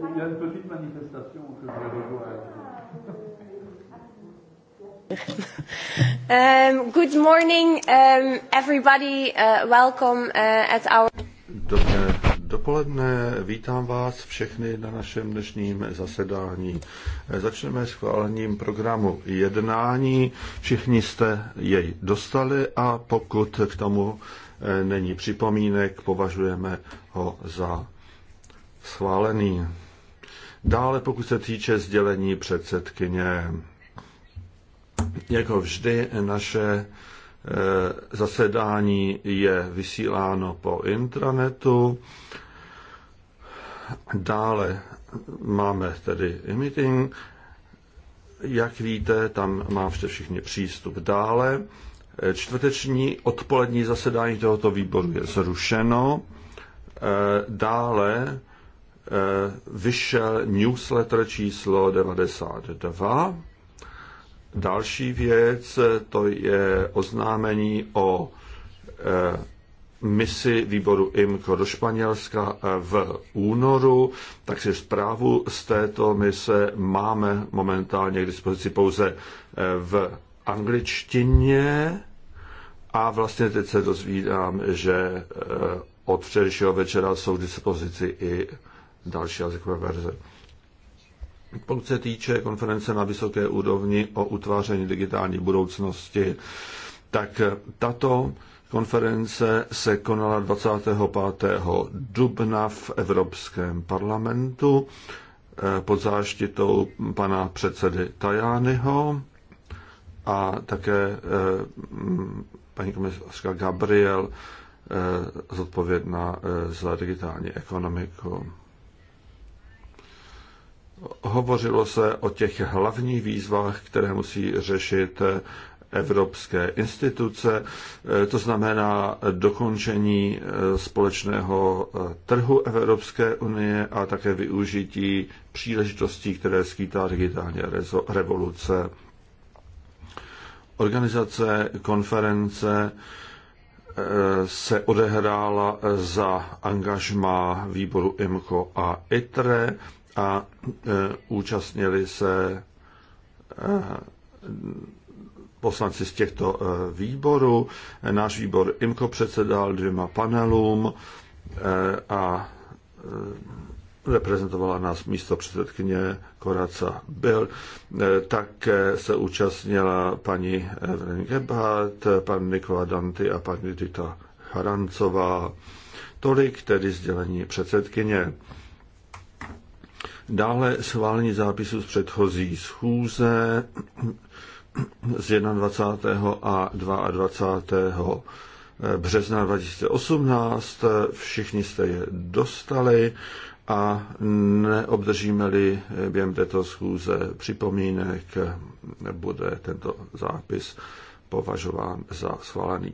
il y a une petite manifestation que Um, good morning, um, everybody. Uh, welcome uh, at our. Dobré dopoledne, vítám vás všechny na našem dnešním zasedání. Začneme schválením programu jednání. Všichni jste jej dostali a pokud k tomu uh, není připomínek, považujeme ho za schválený. Dále, pokud se týče sdělení předsedkyně, jako vždy naše eh, zasedání je vysíláno po intranetu. Dále máme tedy i meeting Jak víte, tam mám vše všichni přístup dále. Eh, čtvrteční odpolední zasedání tohoto výboru je zrušeno. Eh, dále Eh, vyšel newsletter číslo 92. Další věc, to je oznámení o eh, misi výboru IMCO do Španělska eh, v únoru, takže zprávu z této mise máme momentálně k dispozici pouze v angličtině a vlastně teď se dozvídám, že od včerejšího večera jsou k dispozici i další jazykové verze. Pokud se týče konference na vysoké úrovni o utváření digitální budoucnosti, tak tato konference se konala 25. dubna v Evropském parlamentu eh, pod záštitou pana předsedy Tajányho a také eh, paní komisařka Gabriel eh, zodpovědná za digitální ekonomiku. Hovořilo se o těch hlavních výzvách, které musí řešit evropské instituce, to znamená dokončení společného trhu Evropské unie a také využití příležitostí, které skýtá digitální revoluce. Organizace konference eh, se odehrála za angažmá výboru IMCO a ITRE a e, účastnili se e, poslanci z těchto e, výborů. Náš výbor IMKO předsedal dvěma panelům a reprezentovala nás místo předsedkyně Koraca Byl. Také se účastnila paní Evelyn Gebhardt, pan Nikola Danty a paní Dita Charancová. Tolik tedy sdělení předsedkyně. Dále schválení zápisu z předchozí schůze z 21. a 22. března 2018. Všichni jste je dostali a neobdržíme-li během této schůze připomínek, bude tento zápis považován za schválený.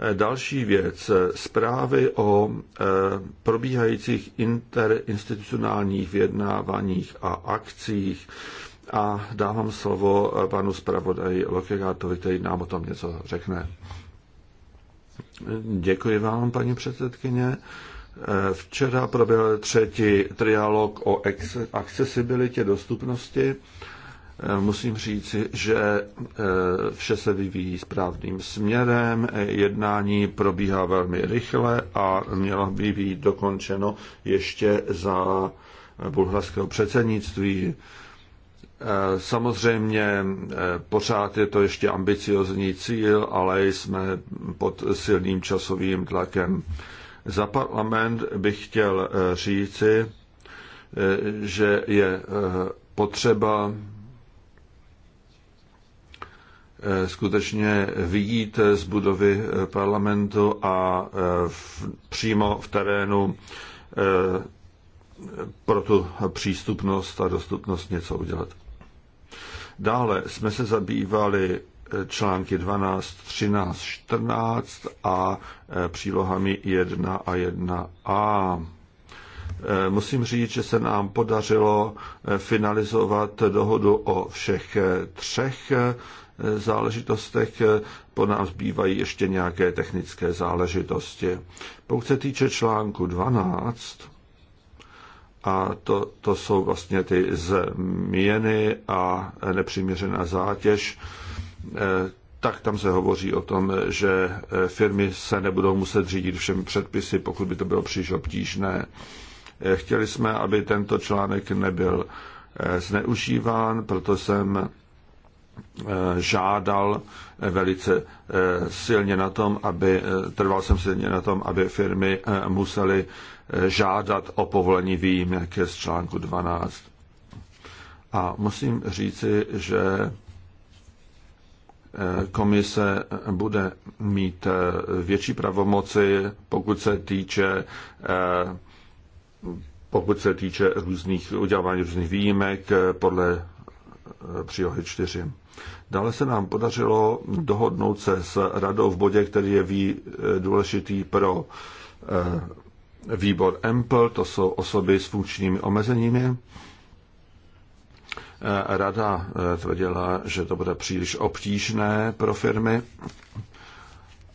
Eh, další věc, eh, zprávy o eh, probíhajících interinstitucionálních vyjednáváních a akcích a dávám slovo panu zpravodaji Lokegátovi, který nám o tom něco řekne. Děkuji vám, paní předsedkyně. Včera proběhl třetí trialog o accesibilitě dostupnosti Eh, musím říci, že eh, vše se vyvíjí správným směrem, jednání probíhá velmi rychle a mělo by být dokončeno ještě za eh, bulharského předsednictví. Samozřejmě pořád je to ještě ambiciozní cíl, ale jsme pod silným časovým tlakem. Za parlament bych chtěl říci, že je potřeba Eh, skutečně vidít z budovy eh, parlamentu a eh, v, přímo v terénu pro tu přístupnost a dostupnost něco udělat. Dále jsme se zabývali články 12, 13, 14 a přílohami 1 a 1a. Musím říct, že se nám podařilo finalizovat dohodu o všech třech záležitostech. Po nás bývají ještě nějaké technické záležitosti. Pokud se týče článku 12, a to, to jsou vlastně ty změny a nepřiměřená zátěž, eh, tak tam se hovoří o tom, že eh, firmy se nebudou muset řídit všemi předpisy, pokud by to bylo příliš obtížné. Eh, chtěli jsme, aby tento článek nebyl zneužíván, proto jsem Eh, žádal velice eh, silně na tom, aby, eh, trval jsem silně na tom, aby firmy musely žádat o povolení výjimek z článku 12. A musím říci, že komise bude mít větší pravomoci, pokud se týče pokud se týče různých udělávání různých výjimek podle přílohy 4. Dále se nám podařilo dohodnout se s radou v bodě, který je vý, eh, důležitý pro eh, výbor EMPL, to jsou osoby s funkčními omezeními. Eh, rada tvrdila, že to bude příliš obtížné pro firmy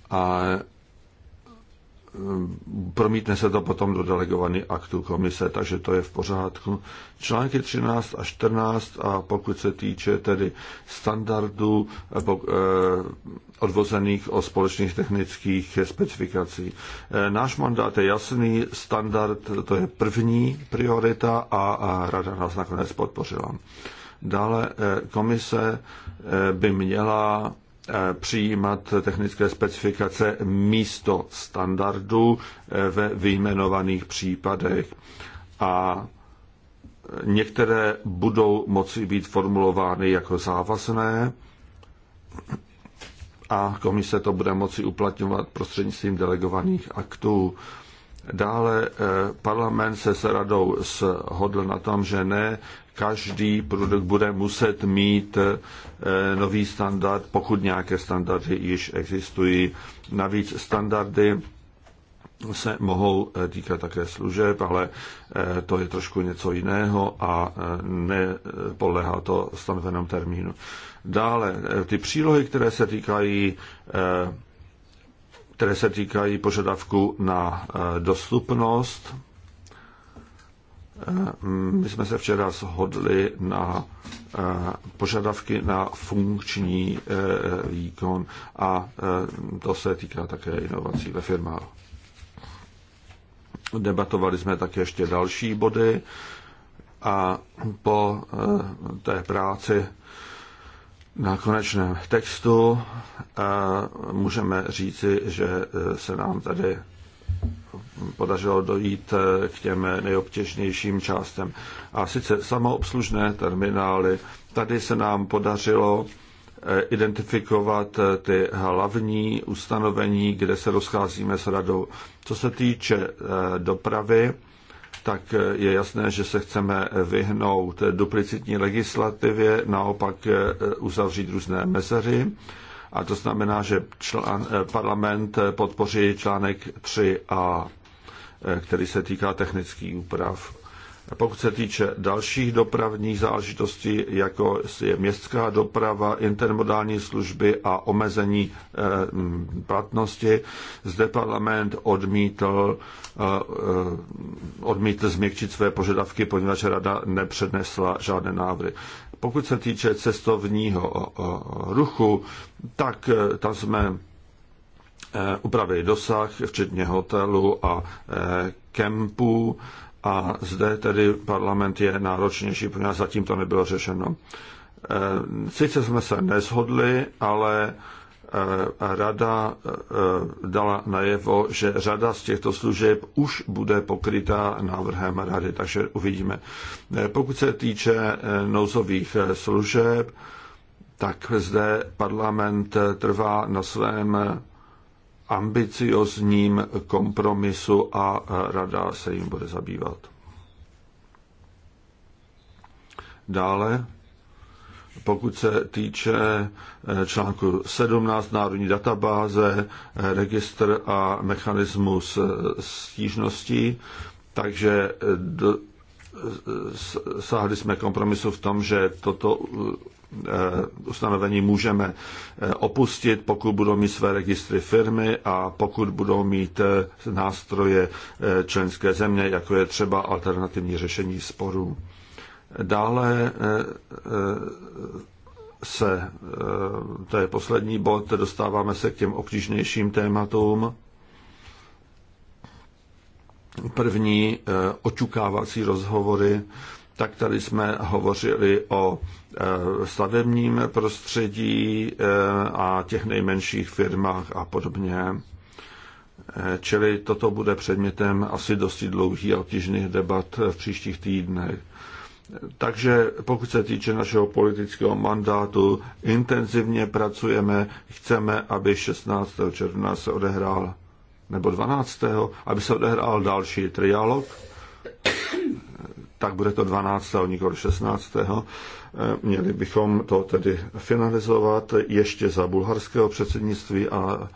a Eh, promítne se to potom do delegovaný aktu komise, takže to je v pořádku. Články 13 a 14 a pokud se týče tedy standardů eh, eh, odvozených o společných technických specifikací. Náš mandát je jasný, standard to je první priorita a rada nás nakonec podpořila. Dále komise by měla Eh, přijímat technické specifikace místo standardu eh, ve vyjmenovaných případech. A eh, některé budou moci být formulovány jako závazné a komise to bude moci uplatňovat prostřednictvím delegovaných aktů. Dále parlament se s radou shodl na tom, že ne každý produkt bude muset mít eh, nový standard, pokud nějaké standardy již existují. Navíc standardy se mohou eh, týkat také služeb, ale eh, to je trošku něco jiného a nepodlehá to stanovenému termínu. Dále, ty přílohy, které se týkají které se týkají požadavku na dostupnost Eh, my jsme se včera shodli na eh, požadavky na funkční eh, výkon a to se týká také inovací ve firmách. Debatovali jsme také ještě další body a po té práci na konečném textu můžeme říci, že se nám tady podařilo dojít eh, k těm nejobtěžnějším částem. A sice samoobslužné terminály. Tady se nám podařilo eh, identifikovat eh, ty hlavní ustanovení, kde se rozcházíme s radou. Co se týče dopravy, tak je jasné, že se chceme vyhnout duplicitní legislativě, naopak uzavřít různé mezery. A to znamená, že člán, eh, parlament eh, podpoří článek 3a, eh, který se týká technických úprav. Pokud se týče dalších dopravních záležitostí, jako je městská doprava, intermodální služby a omezení platnosti, zde parlament odmítl, odmítl změkčit své požadavky, poněvadž rada nepřednesla žádné návrhy. Pokud se týče cestovního ruchu, tak eh, tam jsme eh, upravili dosah, včetně hotelu a eh, kempu a zde tedy parlament je náročnější, protože zatím to nebylo řešeno. Sice jsme se neshodli, ale rada dala najevo, že řada z těchto služeb už bude pokrytá návrhem rady, takže uvidíme. Pokud se týče nouzových služeb, tak zde parlament trvá na svém ambiciozním kompromisu a rada se jim bude zabývat. Dále, pokud se týče článku 17 Národní databáze, registr a mechanismus stížností, takže sáhli jsme kompromisu v tom, že toto Eh, ustanovení můžeme eh, opustit, pokud budou mít své registry firmy a pokud budou mít eh, nástroje členské země, jako je třeba alternativní řešení sporů. Dále se, to je poslední bod, dostáváme se k těm obtížnějším tématům. První očukávací rozhovory tak tady jsme hovořili o eh, stavebním prostředí eh, a těch nejmenších firmách a podobně. Eh, čili toto bude předmětem asi dosti dlouhých a obtížných debat v příštích týdnech. Takže pokud se týče našeho politického mandátu, intenzivně pracujeme, chceme, aby 16. června se odehrál, nebo 12. aby se odehrál další trialog tak bude to 12. nikoli 16. Měli bychom to tedy finalizovat ještě za bulharského předsednictví a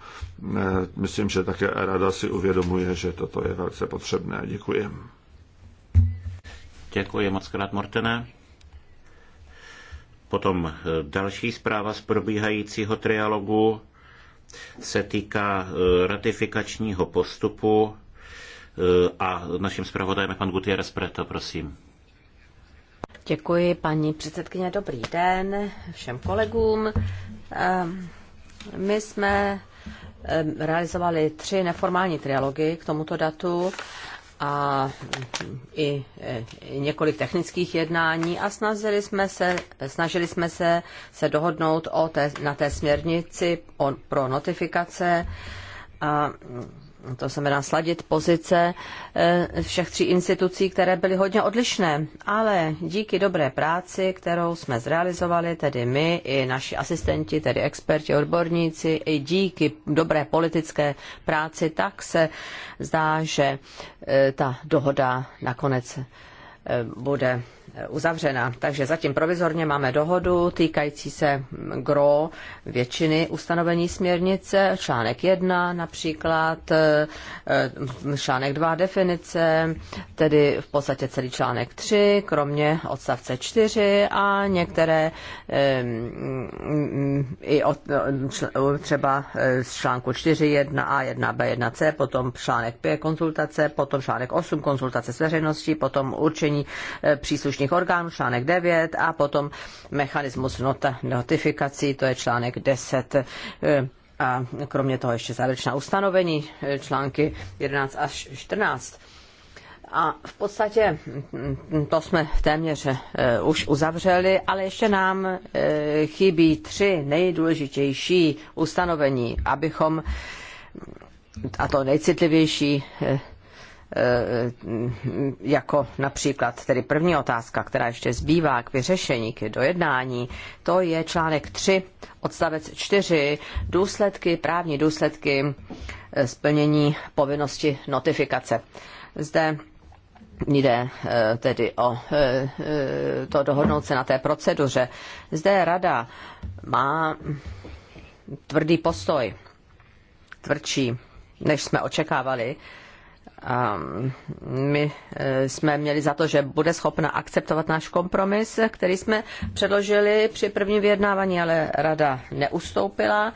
eh, myslím, že také Rada si uvědomuje, že toto je velice potřebné. Děkuji. Děkuji moc krát, Mortene. Potom eh, další zpráva z probíhajícího trialogu se týká eh, ratifikačního postupu Eh, a naším zpravodajem je pan Gutierrez Preto, prosím. Děkuji, paní předsedkyně. Dobrý den všem kolegům. Ehm, my jsme ehm, realizovali tři neformální trialogy k tomuto datu a i, i několik technických jednání a snažili jsme se, snažili jsme se, se dohodnout o té, na té směrnici o, pro notifikace a to znamená sladit pozice eh, všech tří institucí, které byly hodně odlišné. Ale díky dobré práci, kterou jsme zrealizovali, tedy my i naši asistenti, tedy experti, odborníci, i díky dobré politické práci, tak se zdá, že eh, ta dohoda nakonec eh, bude uzavřena. Takže zatím provizorně máme dohodu týkající se gro většiny ustanovení směrnice, článek 1 například, eh, eh, článek 2 definice, tedy v podstatě celý článek 3, kromě odstavce 4 a některé i od, třeba eh, z článku 4, 1a, 1b, 1c, potom článek 5 konzultace, potom článek 8 konzultace s veřejností, potom určení příslušných příslušných orgánů, článek 9, a potom mechanismus notifikací, to je článek 10. Eh, a kromě toho ještě závěrečná ustanovení, eh, články 11 až 14. A v podstatě mm, to jsme téměř eh, už uzavřeli, ale ještě nám chybí tři nejdůležitější ustanovení, abychom a to nejcitlivější Eh, jako například tedy první otázka, která ještě zbývá k vyřešení, k dojednání, to je článek 3, odstavec 4, důsledky, právní důsledky eh, splnění povinnosti notifikace. Zde jde eh, tedy o to dohodnout se na té proceduře. Zde rada má tvrdý postoj, tvrdší, než jsme očekávali Ehm, my eh, jsme měli za to, že bude schopna akceptovat náš kompromis, který jsme předložili při prvním vyjednávání, ale rada neustoupila,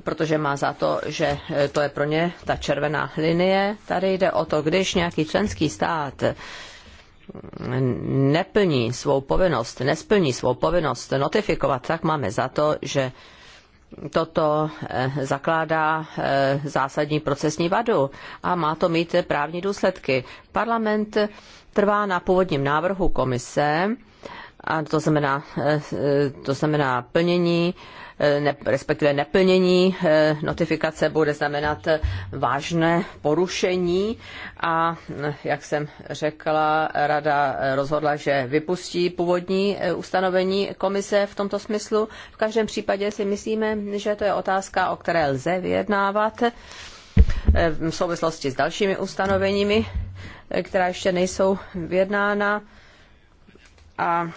protože má za to, že eh, to je pro ně ta červená linie. Tady jde o to, když nějaký členský stát mm, neplní svou povinnost, nesplní svou povinnost notifikovat, tak máme za to, že toto eh, zakládá eh, zásadní procesní vadu a má to mít právní důsledky. Parlament trvá na původním návrhu komise, a to znamená, eh, eh, to znamená plnění, eh, ne, respektive neplnění notifikace bude znamenat vážné porušení a, jak jsem řekla, rada rozhodla, že vypustí původní ustanovení komise v tomto smyslu. V každém případě si myslíme, že to je otázka, o které lze vyjednávat v souvislosti s dalšími ustanoveními, která ještě nejsou vyjednána. A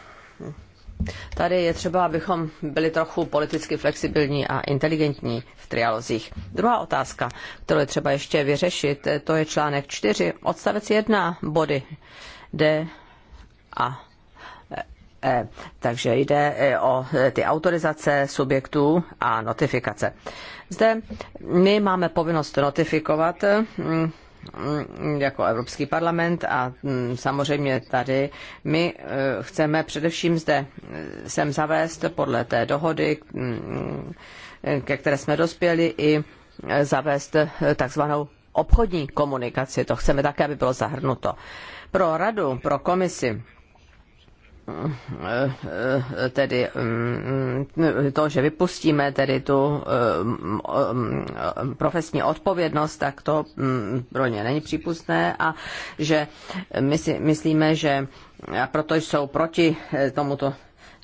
Tady je třeba, abychom byli trochu politicky flexibilní a inteligentní v trialozích. Druhá otázka, kterou je třeba ještě vyřešit, to je článek 4, odstavec 1, body D a E. Takže jde e, o e, ty autorizace subjektů a notifikace. Zde my máme povinnost notifikovat mm, Mm, jako Evropský parlament a mm, samozřejmě tady my eh, chceme především zde eh, sem zavést podle té dohody, mm, ke které jsme dospěli, i eh, zavést takzvanou obchodní komunikaci. To chceme také, aby bylo zahrnuto. Pro radu, pro komisi tedy mm, to, že vypustíme tedy tu mm, mm, profesní odpovědnost, tak to pro ně není přípustné a že my si myslíme, že a proto jsou proti tomuto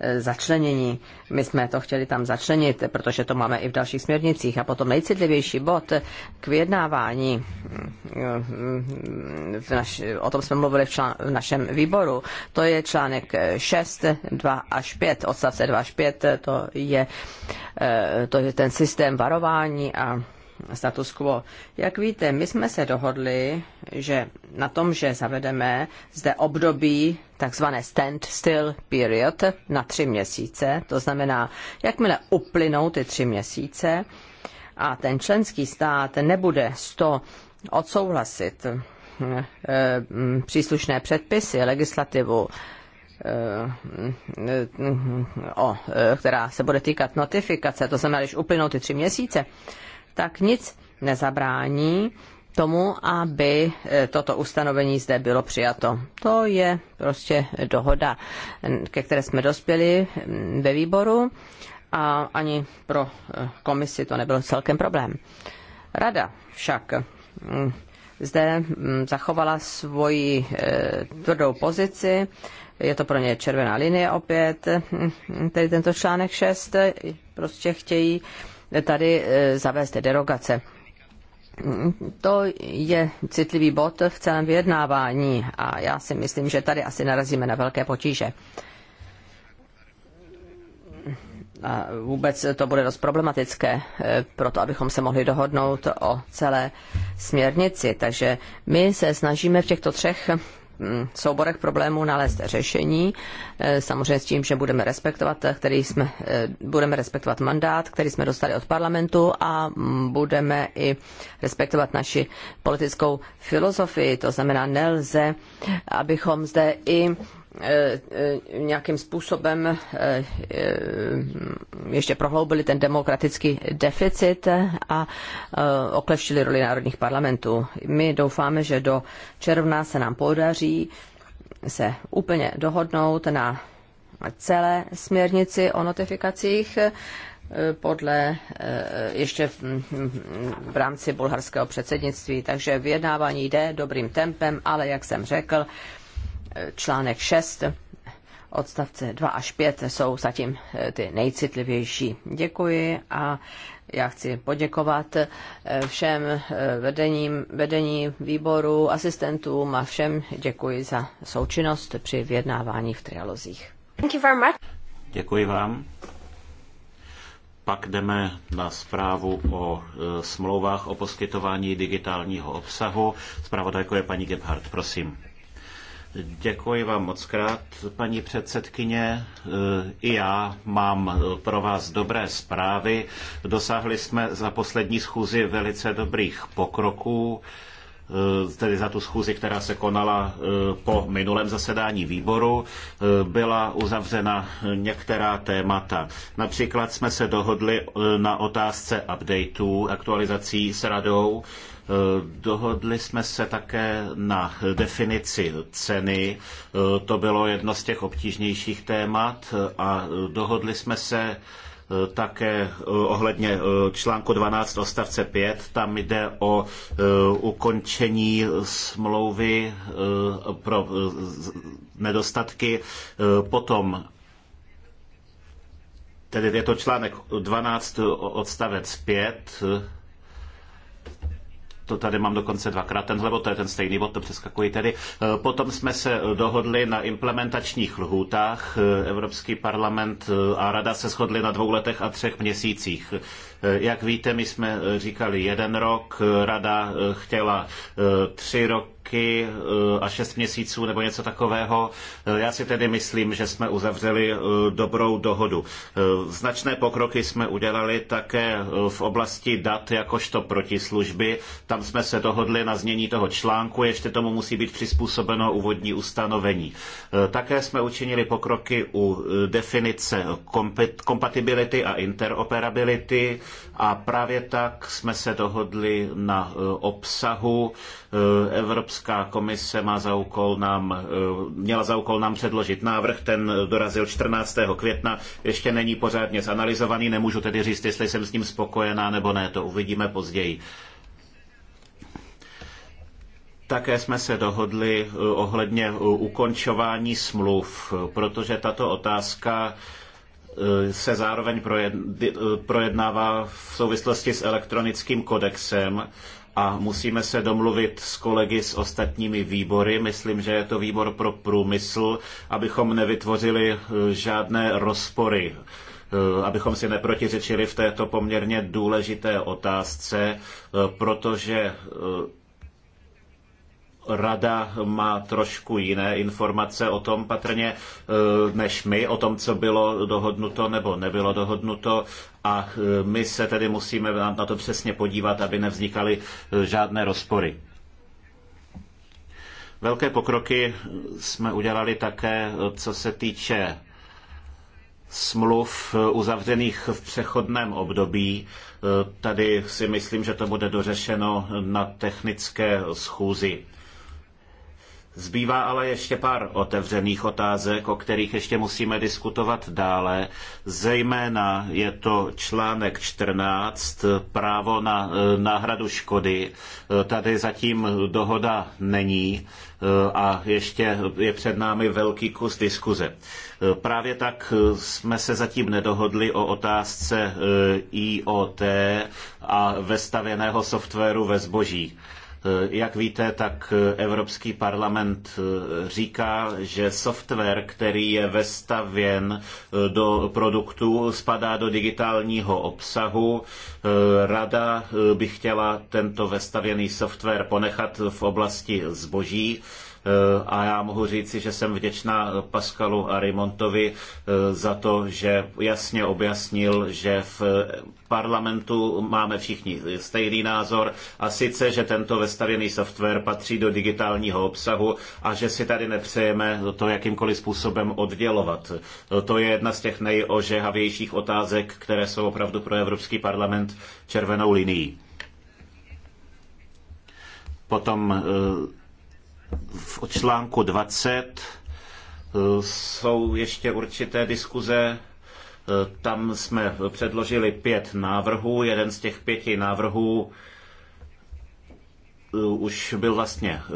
Eh, začlenění. My jsme to chtěli tam začlenit, protože to máme i v dalších směrnicích. A potom nejcitlivější bod k vyjednávání, v mm, mm, naš, o tom jsme mluvili v, člán, v našem výboru, to je článek 6, 2 až 5, odstavce 2 až 5, to je, eh, to je ten systém varování a status quo. Jak víte, my jsme se dohodli že na tom, že zavedeme zde období takzvané standstill period na tři měsíce, to znamená, jakmile uplynou ty tři měsíce a ten členský stát nebude to odsouhlasit eh, mm, příslušné předpisy, legislativu, eh, mm, eh, která se bude týkat notifikace, to znamená, když uplynou ty tři měsíce, tak nic nezabrání tomu, aby e, toto ustanovení zde bylo přijato. To je prostě dohoda, ke které jsme dospěli ve výboru a ani pro e, komisi to nebyl celkem problém. Rada však zde zachovala svoji e, tvrdou pozici, je to pro ně červená linie opět, tedy tento článek 6, prostě chtějí tady e, zavést derogace. To je citlivý bod v celém vyjednávání a já si myslím, že tady asi narazíme na velké potíže. A vůbec to bude dost problematické e, pro to, abychom se mohli dohodnout o celé směrnici. Takže my se snažíme v těchto třech Mm, souborech problémů nalézt řešení, eh, samozřejmě s tím, že budeme respektovat, eh, který jsme, eh, budeme respektovat mandát, který jsme dostali od parlamentu a mm, budeme i respektovat naši politickou filozofii, to znamená nelze, abychom zde i Eh, eh, nějakým způsobem eh, ještě prohloubili ten demokratický deficit a okleštili roli národních parlamentů. My doufáme, že do června se nám podaří se úplně dohodnout na celé směrnici o notifikacích podle ještě v rámci bulharského předsednictví. Takže vyjednávání jde dobrým tempem, ale jak jsem řekl, článek 6 odstavce 2 až 5 jsou zatím eh, ty nejcitlivější. Děkuji a já chci poděkovat eh, všem eh, vedením, vedení výboru, asistentům a všem děkuji za součinnost při vyjednávání v trialozích. Děkuji vám. Pak jdeme na zprávu o e, smlouvách o poskytování digitálního obsahu. Zpravodajko je paní Gebhardt, prosím. Děkuji vám moc krát, paní předsedkyně. I já mám pro vás dobré zprávy. Dosáhli jsme za poslední schůzi velice dobrých pokroků tedy za tu schůzi, která se konala eh, po minulém zasedání výboru, eh, byla uzavřena některá témata. Například jsme se dohodli eh, na otázce updateů, aktualizací s radou Eh, dohodli jsme se také na definici ceny. Eh, to bylo jedno z těch obtížnějších témat a eh, dohodli jsme se také ohledně článku 12 odstavce 5. Tam jde o ukončení smlouvy pro nedostatky. Potom tedy je to článek 12 odstavec 5 to tady mám dokonce dvakrát tenhle bod, to je ten stejný bod, to přeskakuji tedy. E, potom jsme se dohodli na implementačních lhůtách. E, Evropský parlament e, a rada se shodly na dvou letech a třech měsících. Eh, jak víte, my jsme eh, říkali jeden rok, eh, rada chtěla tři roky a šest měsíců nebo něco takového. Já si tedy myslím, že jsme uzavřeli dobrou dohodu. Značné pokroky jsme udělali také v oblasti dat jakožto protislužby. Tam jsme se dohodli na znění toho článku, ještě tomu musí být přizpůsobeno úvodní ustanovení. Také jsme učinili pokroky u definice kompatibility a interoperability. A právě tak jsme se dohodli na e, obsahu. E, Evropská komise má za úkol nám, e, měla za úkol nám předložit návrh, ten dorazil 14. května, ještě není pořádně zanalizovaný, nemůžu tedy říct, jestli jsem s ním spokojená nebo ne, to uvidíme později. Také jsme se dohodli ohledně ukončování smluv, protože tato otázka Eh, se zároveň eh, projednává v souvislosti s elektronickým kodexem a musíme se domluvit s kolegy s ostatními výbory. Myslím, že je to výbor pro průmysl, abychom nevytvořili eh, žádné rozpory abychom si neprotiřečili v této poměrně důležité otázce, protože Rada má trošku jiné informace o tom patrně e, než my, o tom, co bylo dohodnuto nebo nebylo dohodnuto a e, my se tedy musíme na to přesně podívat, aby nevznikaly e, žádné rozpory. Velké pokroky jsme udělali také, co se týče smluv uzavřených v přechodném období. Tady si myslím, že to bude dořešeno na technické schůzi. Zbývá ale ještě pár otevřených otázek, o kterých ještě musíme diskutovat dále. Zejména je to článek 14, právo na eh, náhradu škody. Eh, tady zatím dohoda není eh, a ještě je před námi velký kus diskuze. Právě tak jsme se zatím nedohodli o otázce IoT a vestavěného softwaru ve zboží. Eh, jak víte, tak eh, Evropský parlament eh, říká, že software, který je vestavěn do produktů, spadá do digitálního obsahu. Rada by chtěla tento vestavěný software ponechat v oblasti zboží a já mohu říci, že jsem vděčná Pascalu a Rimontovi eh, za to, že jasně objasnil, že v parlamentu máme všichni stejný názor a sice, že tento vestavěný software patří do digitálního obsahu a že si tady nepřejeme to jakýmkoliv způsobem oddělovat. To je jedna z těch nejožehavějších otázek, které jsou opravdu pro Evropský parlament červenou linií. Potom eh, v článku 20 eh, jsou ještě určité diskuze. Eh, tam jsme předložili pět návrhů. Jeden z těch pěti návrhů Eh, už byl vlastně eh,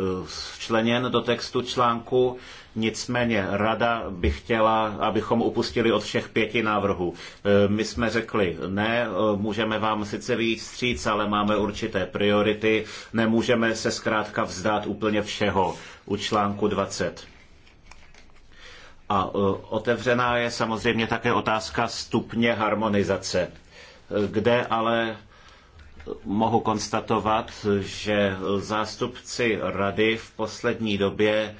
členěn do textu článku, nicméně rada by chtěla, abychom upustili od všech pěti návrhů. Eh, my jsme řekli, ne, můžeme vám sice víc stříc, ale máme určité priority, nemůžeme se zkrátka vzdát úplně všeho u článku 20. A otevřená je samozřejmě také otázka stupně harmonizace, kde ale mohu konstatovat, že zástupci rady v poslední době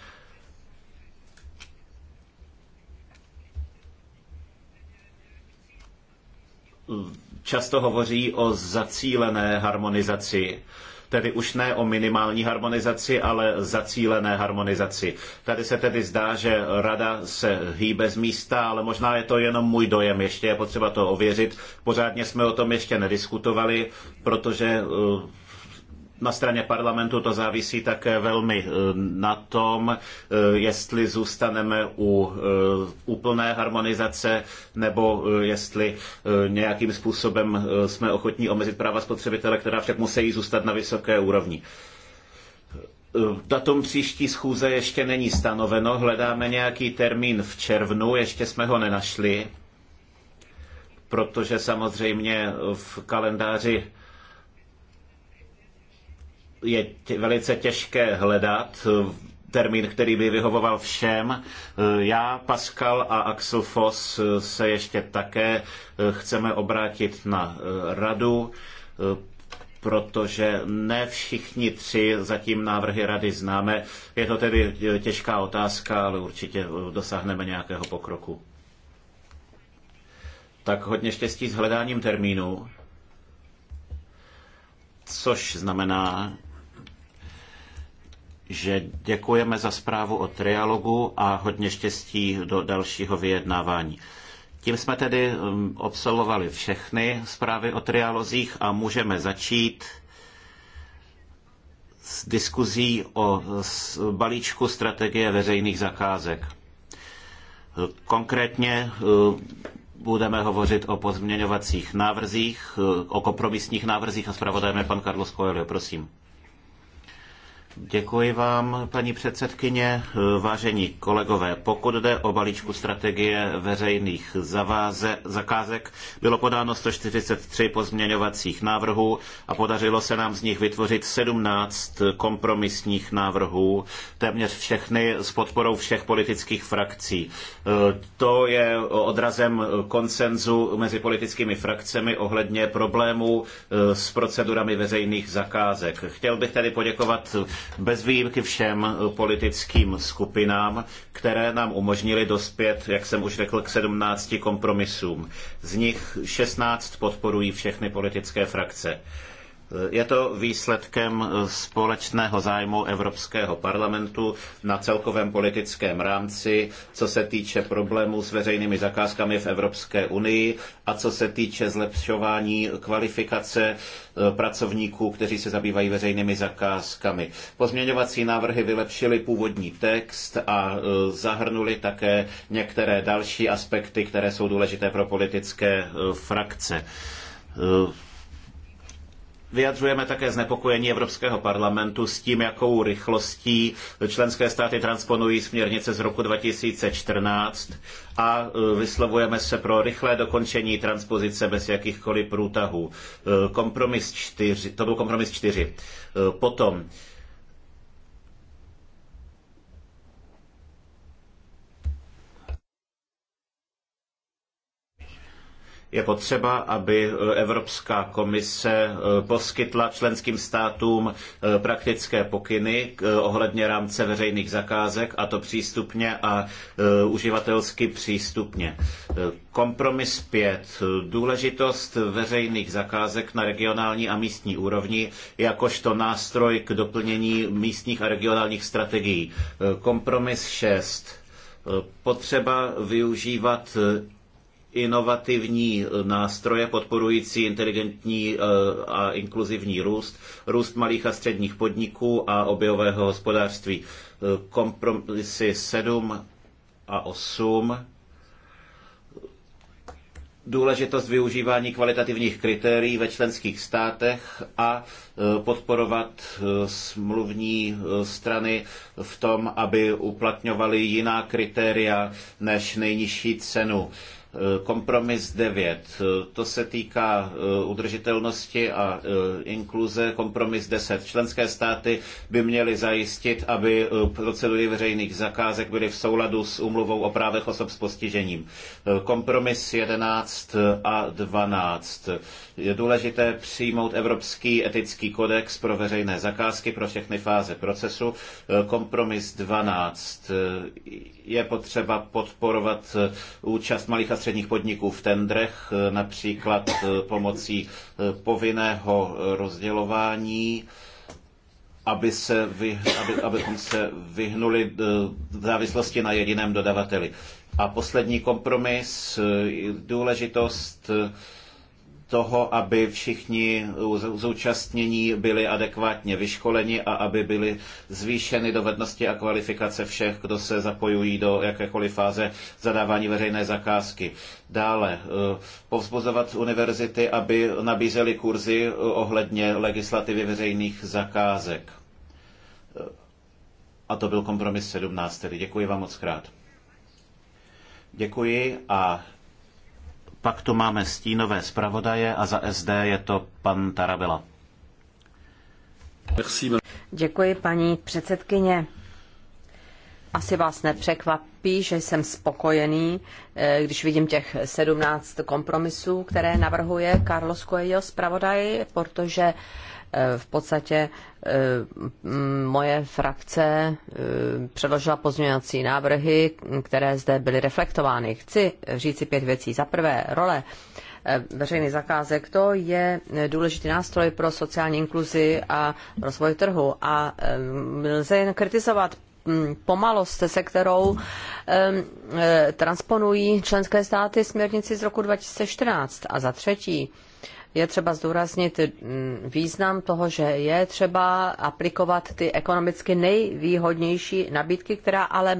často hovoří o zacílené harmonizaci tedy už ne o minimální harmonizaci, ale zacílené harmonizaci. Tady se tedy zdá, že rada se hýbe z místa, ale možná je to jenom můj dojem, ještě je potřeba to ověřit. Pořádně jsme o tom ještě nediskutovali, protože eh, na straně parlamentu to závisí také velmi eh, na tom, eh, jestli zůstaneme u eh, úplné harmonizace nebo jestli nějakým způsobem jsme ochotní omezit práva spotřebitele, která však musí zůstat na vysoké úrovni. Datum příští schůze ještě není stanoveno, hledáme nějaký termín v červnu, ještě jsme ho nenašli, protože samozřejmě v kalendáři je velice těžké hledat eh, termín, který by vyhovoval všem. Eh, já, Pascal a Axel Foss eh, se ještě také chceme obrátit na radu, protože ne všichni tři zatím návrhy rady známe. Je to tedy těžká otázka, ale určitě dosáhneme nějakého pokroku. Tak hodně štěstí s hledáním termínu, což znamená, že děkujeme za zprávu o trialogu a hodně štěstí do dalšího vyjednávání. Tím jsme tedy obsolovali um, všechny zprávy o trialozích a můžeme začít s diskuzí o balíčku strategie veřejných zakázek. Konkrétně uh, budeme hovořit o pozměňovacích návrzích, uh, o kompromisních návrzích a zpravodajem je pan Carlos Coelho, prosím. Děkuji vám, paní předsedkyně. Vážení kolegové, pokud jde o balíčku strategie veřejných zaváze, zakázek, bylo podáno 143 pozměňovacích návrhů a podařilo se nám z nich vytvořit 17 kompromisních návrhů, téměř všechny s podporou všech politických frakcí. To je odrazem konsenzu mezi politickými frakcemi ohledně problémů s procedurami veřejných zakázek. Chtěl bych tedy poděkovat bez výjimky všem politickým skupinám, které nám umožnily dospět, jak jsem už řekl, k 17 kompromisům. Z nich 16 podporují všechny politické frakce. Je to výsledkem eh, společného zájmu Evropského parlamentu na celkovém politickém rámci, co se týče problémů s veřejnými zakázkami v Evropské unii a co se týče zlepšování kvalifikace eh, pracovníků, kteří se zabývají veřejnými zakázkami. Pozměňovací návrhy vylepšily původní text a eh, zahrnuli také některé další aspekty, které jsou důležité pro politické frakce. Vyjadřujeme také znepokojení Evropského parlamentu s tím, jakou rychlostí členské státy transponují směrnice z roku 2014 a e, vyslovujeme se pro rychlé dokončení transpozice bez jakýchkoliv průtahů. E, kompromis 4, to byl kompromis 4. E, potom Je potřeba, aby Evropská komise eh, poskytla členským státům eh, praktické pokyny eh, ohledně rámce veřejných zakázek, a to přístupně a uživatelsky přístupně. Kompromis 5. Důležitost veřejných zakázek na regionální a místní úrovni jakožto nástroj k doplnění místních a regionálních strategií. Kompromis 6 potřeba využívat inovativní eh, nástroje podporující inteligentní eh, a inkluzivní růst, růst malých a středních podniků a objevového hospodářství. Eh, kompromisy 7 a 8 důležitost využívání kvalitativních kritérií ve členských státech a podporovat smluvní strany v tom, aby uplatňovali jiná kritéria než nejnižší cenu. Eh, kompromis 9, eh, to se týká eh, udržitelnosti a inkluze. Kompromis 10, členské státy by měly zajistit, aby procedury veřejných zakázek byly v souladu s úmluvou o právech osob s postižením. Kompromis 11 a 12. Je důležité přijmout Evropský etický kodex pro veřejné zakázky pro všechny fáze procesu. Kompromis 12. Je potřeba podporovat účast malých a středních podniků v tendrech, eh, například eh, pomocí eh, povinného rozdělování, aby se vy, aby, abychom se vyhnuli závislosti na jediném dodavateli. A poslední kompromis, důležitost toho, aby všichni zúčastnění byli adekvátně vyškoleni a aby byly zvýšeny dovednosti a kvalifikace všech, kdo se zapojují do jakékoliv fáze zadávání veřejné zakázky. Dále eh, povzbuzovat univerzity, aby nabízely kurzy eh, ohledně legislativy veřejných zakázek. Eh, a to byl kompromis 17. děkuji vám moc krát. Děkuji a pak tu máme stínové zpravodaje a za SD je to pan Tarabela. Děkuji, paní předsedkyně. Asi vás nepřekvapí, že jsem spokojený, eh, když vidím těch 17 kompromisů, které navrhuje Carlos Coelho zpravodaj, protože v podstatě eh, moje frakce eh, předložila pozměňovací návrhy, které zde byly reflektovány. Chci říci pět věcí. Za prvé, role eh, veřejných zakázek, to je důležitý nástroj pro sociální inkluzi a rozvoj trhu. A lze jen kritizovat hm, pomalost, se kterou transponují členské státy směrnici z roku 2014. A za třetí, je třeba zdůraznit význam toho, že je třeba aplikovat ty ekonomicky nejvýhodnější nabídky, která ale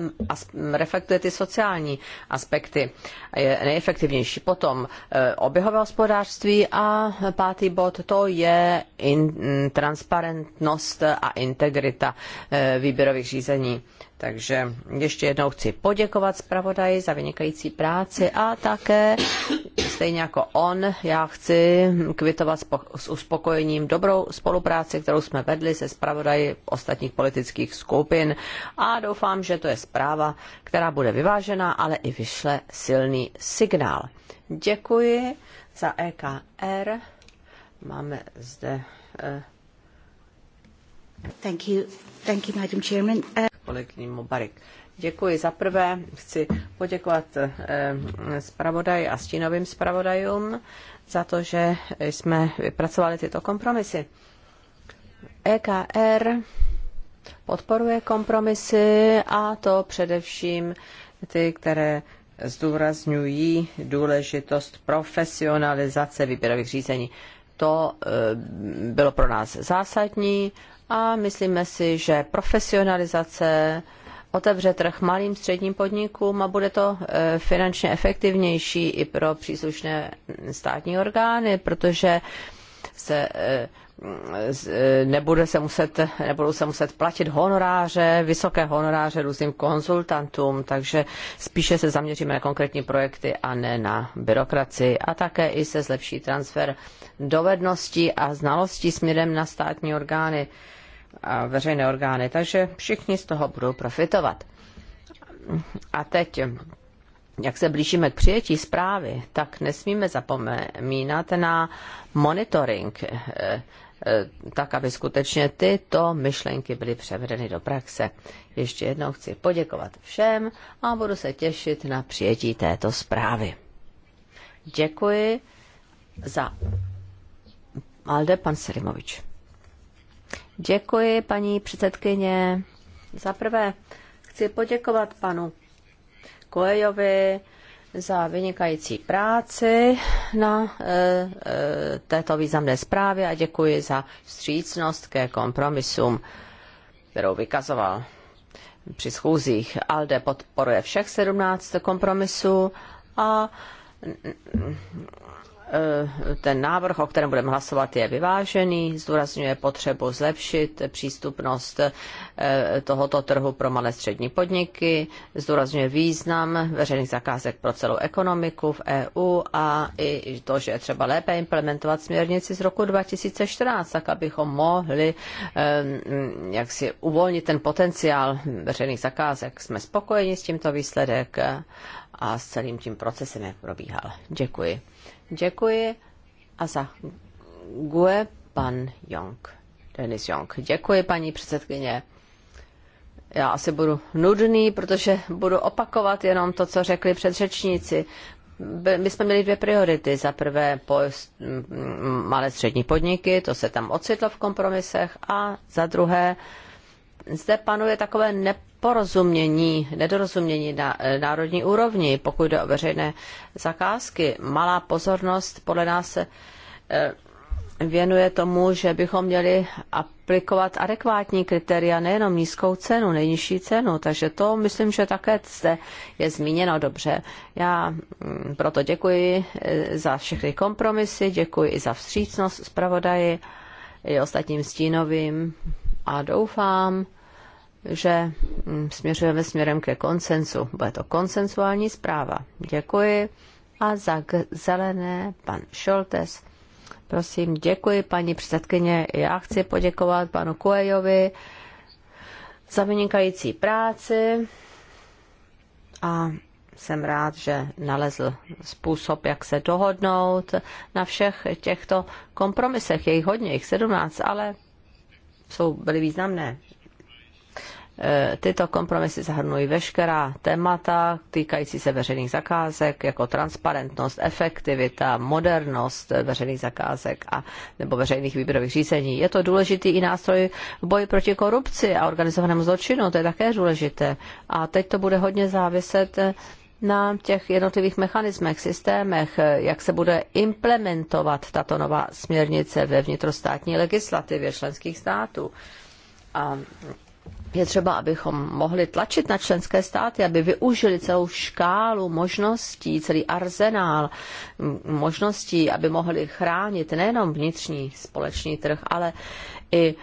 reflektuje ty sociální aspekty. Je nejefektivnější. Potom e, oběhové hospodářství a pátý bod, to je transparentnost a integrita e, výběrových řízení. Takže ještě jednou chci poděkovat zpravodaji za vynikající práci a také stejně jako on, já chci kvitovat s uspokojením dobrou spolupráci, kterou jsme vedli se zpravodaji ostatních politických skupin a doufám, že to je zpráva, která bude vyvážená, ale i vyšle silný signál. Děkuji za EKR. Máme zde. Eh, Thank you. Thank you, Madam Chairman. Uh... Děkuji. Za prvé chci poděkovat eh, zpravodaj a stínovým zpravodajům za to, že jsme vypracovali tyto kompromisy. EKR podporuje kompromisy a to především ty, které zdůrazňují důležitost profesionalizace výběrových řízení. To eh, bylo pro nás zásadní a myslíme si, že profesionalizace otevře trh malým středním podnikům a bude to e, finančně efektivnější i pro příslušné státní orgány, protože se e, e, nebude se muset, nebudou se muset platit honoráře, vysoké honoráře různým konzultantům, takže spíše se zaměříme na konkrétní projekty a ne na byrokracii. A také i se zlepší transfer dovedností a znalostí směrem na státní orgány a veřejné orgány, takže všichni z toho budou profitovat. A teď, jak se blížíme k přijetí zprávy, tak nesmíme zapomínat na monitoring, eh, eh, tak aby skutečně tyto myšlenky byly převedeny do praxe. Ještě jednou chci poděkovat všem a budu se těšit na přijetí této zprávy. Děkuji za Alde pan Selimovič. Děkuji, paní předsedkyně. Za prvé chci poděkovat panu Koejovi za vynikající práci na e, e, této významné zprávě a děkuji za vstřícnost ke kompromisům, kterou vykazoval při schůzích. ALDE podporuje všech 17 kompromisů a Eh, ten návrh, o kterém budeme hlasovat, je vyvážený, zdůrazňuje potřebu zlepšit přístupnost eh, tohoto trhu pro malé střední podniky, zdůrazňuje význam veřejných zakázek pro celou ekonomiku v EU a i to, že je třeba lépe implementovat směrnici z roku 2014, tak abychom mohli eh, jak si uvolnit ten potenciál veřejných zakázek. Jsme spokojeni s tímto výsledek a s celým tím procesem, jak probíhal. Děkuji. Děkuji a za Gue pan Jong. Denis Jong. Děkuji, paní předsedkyně. Já asi budu nudný, protože budu opakovat jenom to, co řekli předřečníci. My jsme měli dvě priority. Za prvé po mm, malé střední podniky, to se tam ocitlo v kompromisech, a za druhé zde panuje takové ne neporozumění, nedorozumění na eh, národní úrovni, pokud jde o veřejné zakázky. Malá pozornost podle nás se eh, věnuje tomu, že bychom měli aplikovat adekvátní kritéria, nejenom nízkou cenu, nejnižší cenu. Takže to myslím, že také zde je zmíněno dobře. Já mm, proto děkuji eh, za všechny kompromisy, děkuji i za vstřícnost zpravodaji, i ostatním stínovým a doufám, že mm, směřujeme směrem ke konsenzu, Bude to konsensuální zpráva. Děkuji. A za zelené pan Šoltes. Prosím, děkuji paní předsedkyně. Já chci poděkovat panu Kuejovi za vynikající práci a jsem rád, že nalezl způsob, jak se dohodnout na všech těchto kompromisech. Je jich hodně, jich 17, ale jsou, byly významné E, tyto kompromisy zahrnují veškerá témata týkající se veřejných zakázek, jako transparentnost, efektivita, modernost veřejných zakázek a nebo veřejných výběrových řízení. Je to důležitý i nástroj v boji proti korupci a organizovanému zločinu, to je také důležité. A teď to bude hodně záviset na těch jednotlivých mechanismech, systémech, jak se bude implementovat tato nová směrnice ve vnitrostátní legislativě členských států. A je třeba, abychom mohli tlačit na členské státy, aby využili celou škálu možností, celý arzenál možností, aby mohli chránit nejenom vnitřní společný trh, ale i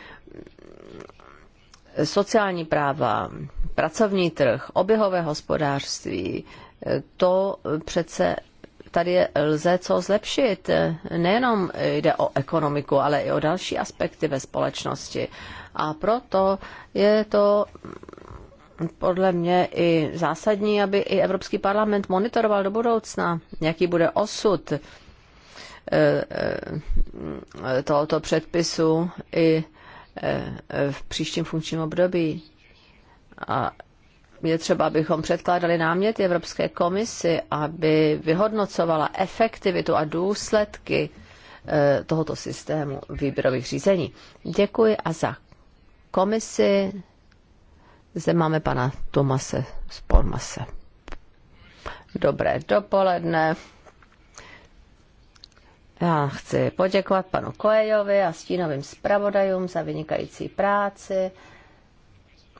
sociální práva, pracovní trh, oběhové hospodářství, to přece tady lze co zlepšit. Nejenom jde o ekonomiku, ale i o další aspekty ve společnosti. A proto je to podle mě i zásadní, aby i Evropský parlament monitoroval do budoucna, jaký bude osud eh, eh, tohoto předpisu i eh, v příštím funkčním období. A je třeba, abychom předkládali náměty Evropské komisi, aby vyhodnocovala efektivitu a důsledky e, tohoto systému výběrových řízení. Děkuji a za komisi zde máme pana Tomase Spormase. Dobré dopoledne. Já chci poděkovat panu Koejovi a stínovým zpravodajům za vynikající práci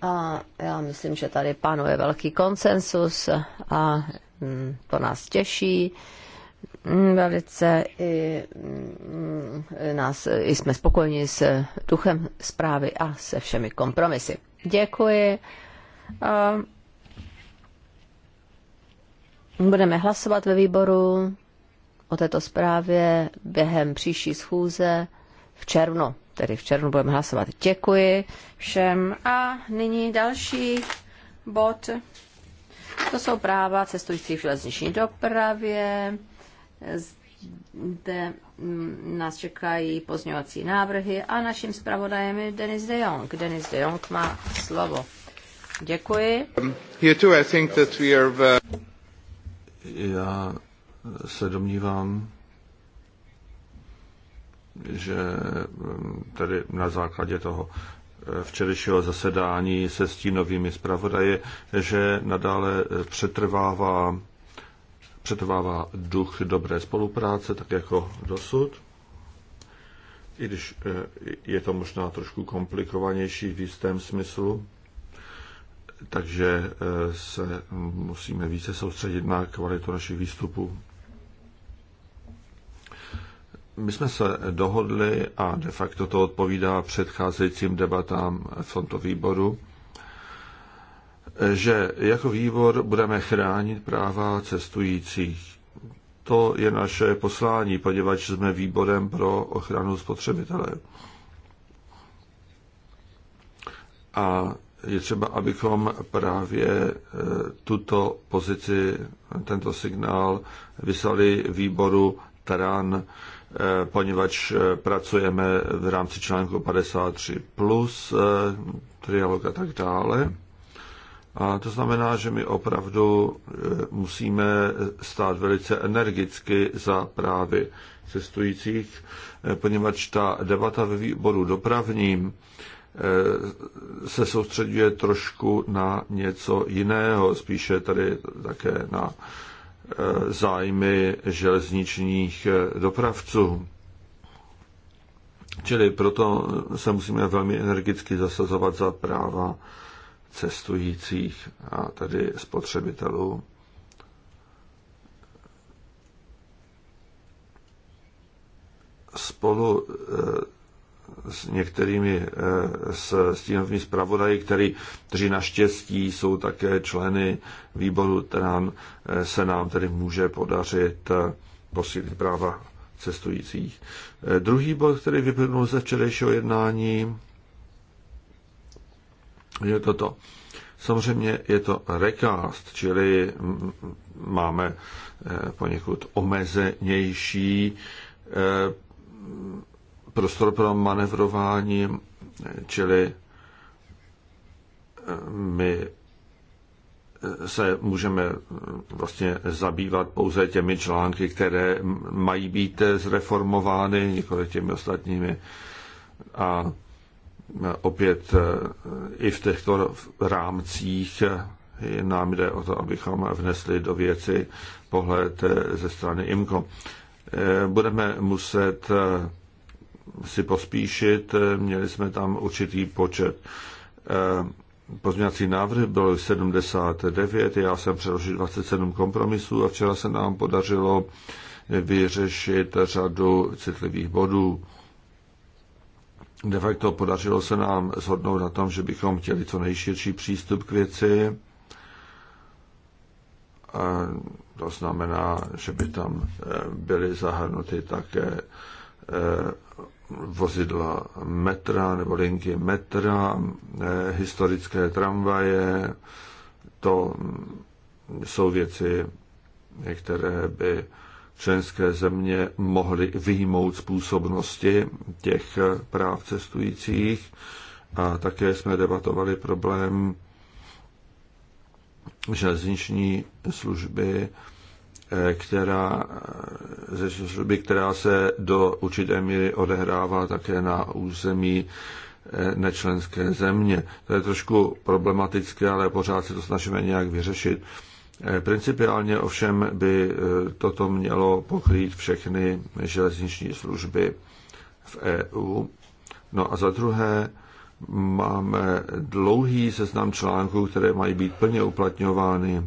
a já myslím, že tady panuje velký konsensus a mm, to nás těší mm, velice i, mm, nás, i jsme spokojeni s duchem zprávy a se všemi kompromisy. Děkuji. A budeme hlasovat ve výboru o této zprávě během příští schůze v červnu. Tedy v červnu budeme hlasovat. Děkuji všem. A nyní další bod. To jsou práva Cestující v železniční dopravě. Zde mm, nás čekají pozměňovací návrhy a naším zpravodajem je Denis de Jong. Denis de Jong má slovo. Děkuji. Um, here too, I think that we are... Uh, Já se domnívám, že mm, tedy na základě toho eh, včerejšího zasedání se stínovými zpravodaji, že nadále eh, přetrvává, přetrvává duch dobré spolupráce, tak jako dosud. I když eh, je to možná trošku komplikovanější v jistém smyslu, takže se musíme více soustředit na kvalitu našich výstupů. My jsme se dohodli, a de facto to odpovídá předcházejícím debatám v tomto výboru, že jako výbor budeme chránit práva cestujících. To je naše poslání, poněvadž jsme výborem pro ochranu spotřebitele. A je třeba, abychom právě e, tuto pozici, tento signál vyslali výboru Taran, Eh, poněvadž eh, pracujeme v rámci článku 53 plus eh, trialog a tak dále. A to znamená, že my opravdu musíme stát velice energicky za právy cestujících, poněvadž ta debata ve výboru dopravním se soustředuje trošku na něco jiného, spíše tady také na zájmy železničních eh, dopravců. Čili proto se musíme velmi energicky zasazovat za práva cestujících a tedy spotřebitelů. Spolu eh, s některými eh, s stínovými zpravodaji, který, kteří naštěstí jsou také členy výboru TRAN, eh, se nám tedy může podařit eh, posílit práva cestujících. Druhý bod, který vyplnul ze včerejšího jednání, je toto. Samozřejmě je to recast, čili mm, mm, máme poněkud omezenější prostor pro manevrování, čili eh, my eh, se můžeme eh, vlastně zabývat pouze těmi články, které mají být zreformovány, nikoli těmi ostatními. A opět i v těchto rámcích nám jde o to, abychom vnesli do věci pohled ze strany IMCO. Budeme muset si pospíšit. Eh, měli jsme tam určitý počet eh, pozměňovací návrh byl 79, já jsem přeložil 27 kompromisů a včera se nám podařilo vyřešit řadu citlivých bodů. De facto podařilo se nám shodnout na tom, že bychom chtěli co nejširší přístup k věci. A eh, to znamená, že by tam byly zahrnuty také Eh, vozidla metra nebo linky metra, eh, historické tramvaje, to jsou věci, které by členské země mohly vyjmout z působnosti těch práv cestujících. A také jsme debatovali problém železniční služby Eh, která, eh, ze služby, která se do určité míry odehrává také na území eh, nečlenské země. To je trošku problematické, ale pořád se to snažíme nějak vyřešit. Principiálně ovšem by toto mělo pokrýt všechny železniční služby v EU. No a za druhé máme dlouhý seznam článků, které mají být plně uplatňovány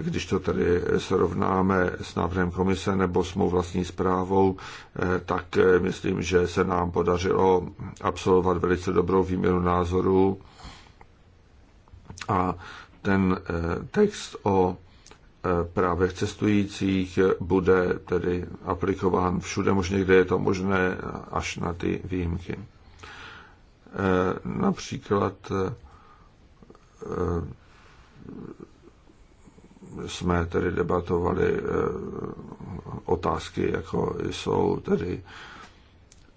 když to tedy srovnáme s návrhem komise nebo s mou vlastní zprávou, eh, tak eh, myslím, že se nám podařilo absolvovat velice dobrou výměnu názorů a ten eh, text o právech cestujících bude tedy aplikován všude možně, kde je to možné, až na ty výjimky. Například jsme tedy debatovali eh, otázky, jako jsou tedy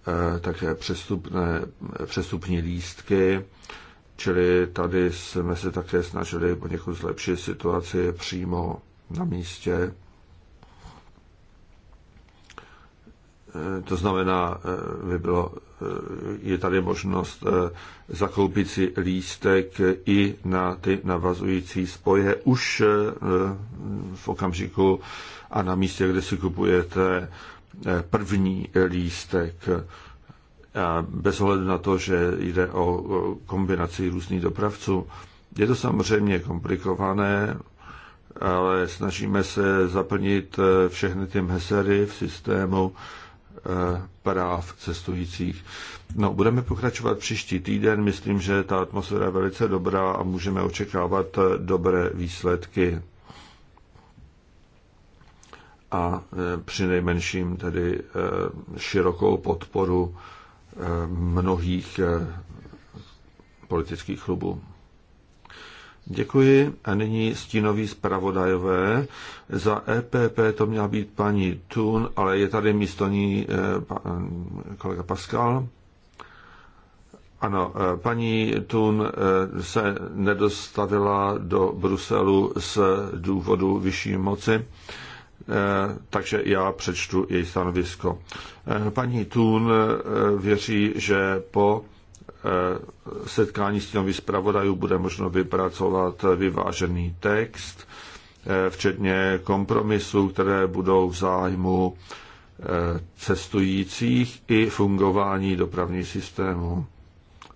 eh, také přestupné, přestupní lístky, čili tady jsme se také snažili poněkud zlepšit situaci přímo na místě Eh, to znamená, eh, by bylo, eh, je tady možnost zakoupit si lístek i na ty navazující spoje už v okamžiku a na místě, kde si kupujete první lístek. A bez ohledu na to, že jde o kombinaci různých dopravců, je to samozřejmě komplikované, ale snažíme se zaplnit všechny ty mesery v systému Eh, práv cestujících. No, budeme pokračovat příští týden. Myslím, že ta atmosféra je velice dobrá a můžeme očekávat eh, dobré výsledky. A eh, při nejmenším tedy širokou podporu mnohých politických klubů. Děkuji a nyní stínový zpravodajové. Za EPP to měla být paní Tun, ale je tady místo ní eh, pan eh, kolega Pascal. Ano, eh, paní Tun se nedostavila do Bruselu z důvodu vyšší moci, takže já přečtu její stanovisko. Paní Tun věří, že po Eh, setkání s stínových zpravodajů bude možno vypracovat vyvážený text, eh, včetně kompromisů, které budou v zájmu eh, cestujících i fungování dopravní systému.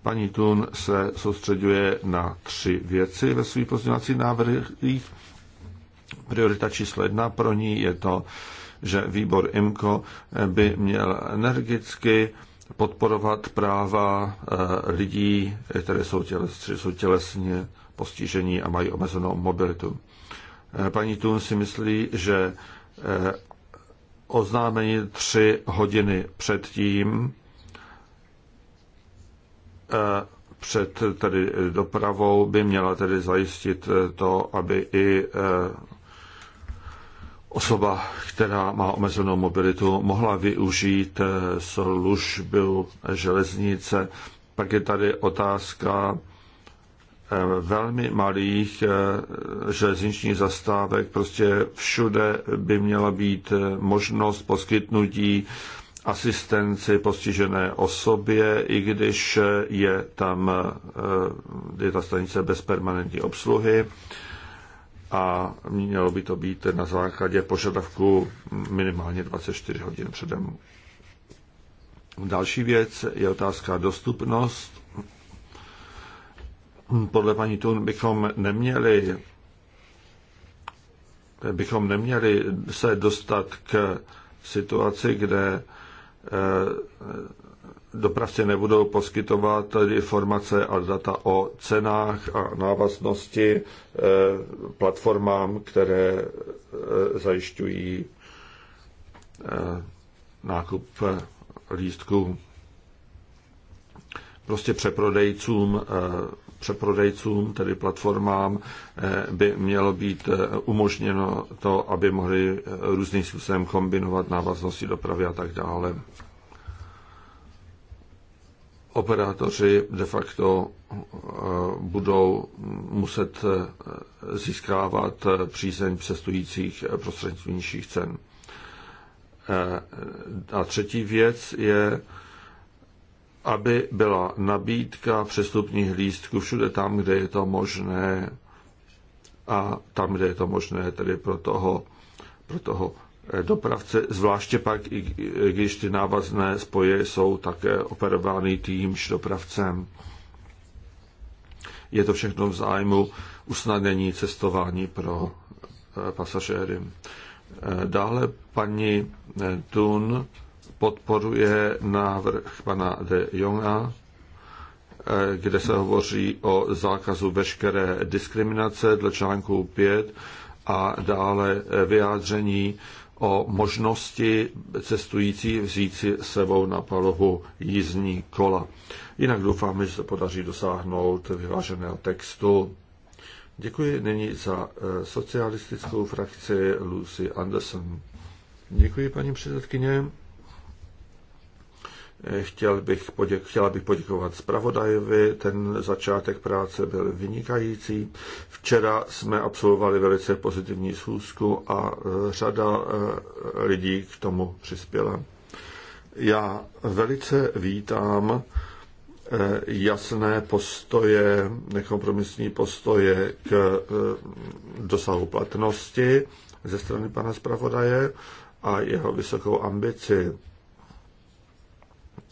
Paní Tun se soustředuje na tři věci ve svých pozměňovacích návrhích. Priorita číslo jedna pro ní je to, že výbor IMCO by měl energicky podporovat práva eh, lidí, které jsou, těles, jsou tělesně postižení a mají omezenou mobilitu. Eh, paní Tun si myslí, že eh, oznámení tři hodiny předtím, před tedy dopravou by měla tedy zajistit to, aby i osoba, která má omezenou mobilitu, mohla využít eh, službu železnice. Pak je tady otázka eh, velmi malých eh, železničních zastávek. Prostě všude by měla být možnost poskytnutí asistenci postižené osobě, i když je tam je ta stanice bez permanentní obsluhy a mělo by to být na základě požadavku minimálně 24 hodin předem. Další věc je otázka dostupnost. Podle paní Tun bychom neměli bychom neměli se dostat k situaci, kde eh, dopravci nebudou poskytovat tedy informace a data o cenách a návaznosti eh, platformám, které eh, zajišťují eh, nákup lístků prostě přeprodejcům, přeprodejcům, tedy platformám, by mělo být umožněno to, aby mohli různým způsobem kombinovat návaznosti dopravy a tak dále operátoři de facto eh, budou muset eh, získávat eh, přízeň přestujících prostřednictvím nižších cen. A třetí věc je, aby byla nabídka přestupních lístků všude tam, kde je to možné a tam, kde je to možné, tedy pro toho, pro toho dopravce, zvláště pak, i když ty návazné spoje jsou také operovány týmž dopravcem. Je to všechno v zájmu usnadnění cestování pro eh, pasažéry. Eh, dále paní eh, Tun podporuje návrh pana de Jonga, kde se hovoří o zákazu veškeré diskriminace dle článku 5 a dále vyjádření o možnosti cestující vzít si sebou na palohu jízdní kola. Jinak doufáme, že se podaří dosáhnout vyváženého textu. Děkuji nyní za eh, socialistickou frakci Lucy Anderson. Děkuji, paní předsedkyně. Chtěl bych poděk, chtěla bych poděkovat zpravodajovi, ten začátek práce byl vynikající. Včera jsme absolvovali velice pozitivní schůzku a e, řada e, lidí k tomu přispěla. Já velice vítám e, jasné postoje, nekompromisní postoje k dosahu platnosti ze strany pana zpravodaje a jeho vysokou ambici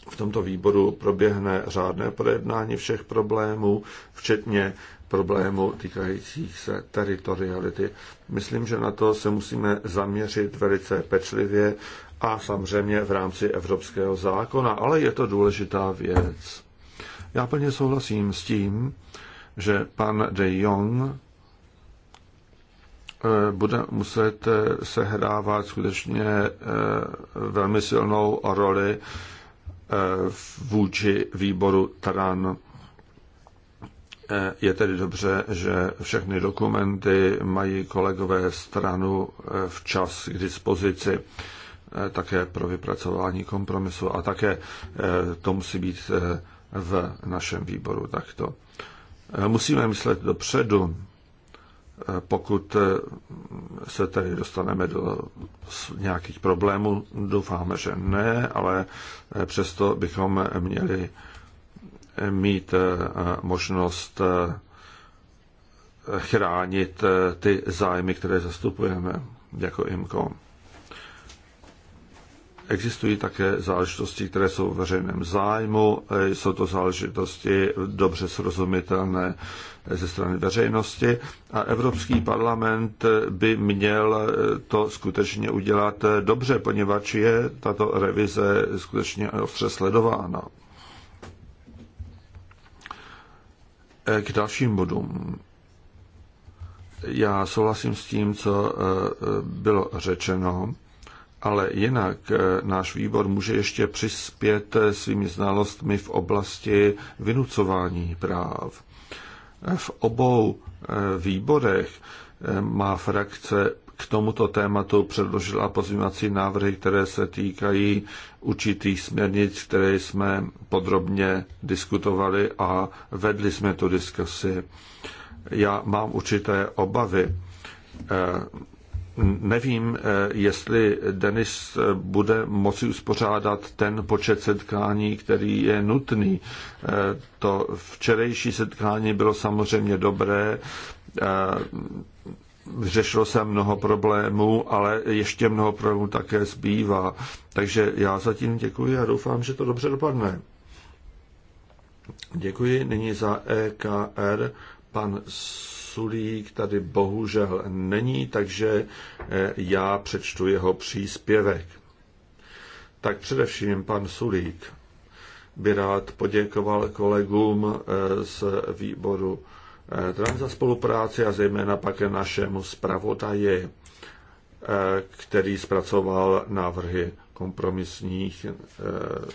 v tomto výboru proběhne řádné projednání všech problémů, včetně problémů týkajících se teritoriality. Myslím, že na to se musíme zaměřit velice pečlivě a samozřejmě v rámci evropského zákona, ale je to důležitá věc. Já plně souhlasím s tím, že pan de Jong eh, bude muset sehrávat skutečně eh, velmi silnou roli Eh, vůči výboru TRAN. Eh, je tedy dobře, že všechny dokumenty mají kolegové stranu eh, včas k dispozici také pro vypracování kompromisu a také to musí být v našem výboru takto. Musíme myslet dopředu, pokud eh, se tedy dostaneme do nějakých problémů, doufáme, že ne, ale eh, přesto bychom měli eh, mít možnost chránit ty zájmy, které zastupujeme jako IMCO. Existují také záležitosti, které jsou v veřejném zájmu, jsou to záležitosti dobře srozumitelné ze strany veřejnosti a Evropský parlament by měl to skutečně udělat dobře, poněvadž je tato revize skutečně ostře sledována. E, k dalším bodům. Já souhlasím s tím, co e, bylo řečeno, ale jinak e, náš výbor může ještě přispět svými znalostmi v oblasti vynucování práv. V obou eh, výborech eh, má frakce k tomuto tématu předložila pozměňovací návrhy, které se týkají určitých směrnic, které jsme podrobně diskutovali a vedli jsme tu diskusi. Já mám určité obavy eh, Nevím, eh, jestli Denis eh, bude moci uspořádat ten počet setkání, který je nutný. Eh, to včerejší setkání bylo samozřejmě dobré, řešilo se mnoho problémů, ale ještě mnoho problémů také zbývá. Takže já zatím děkuji a doufám, že to dobře dopadne. Děkuji nyní za EKR pan Sulík tady bohužel není, takže eh, já přečtu jeho příspěvek. Tak především pan Sulík by rád poděkoval kolegům eh, z výboru eh, transa za spolupráci a zejména pak našemu zpravodaji, který zpracoval návrhy kompromisních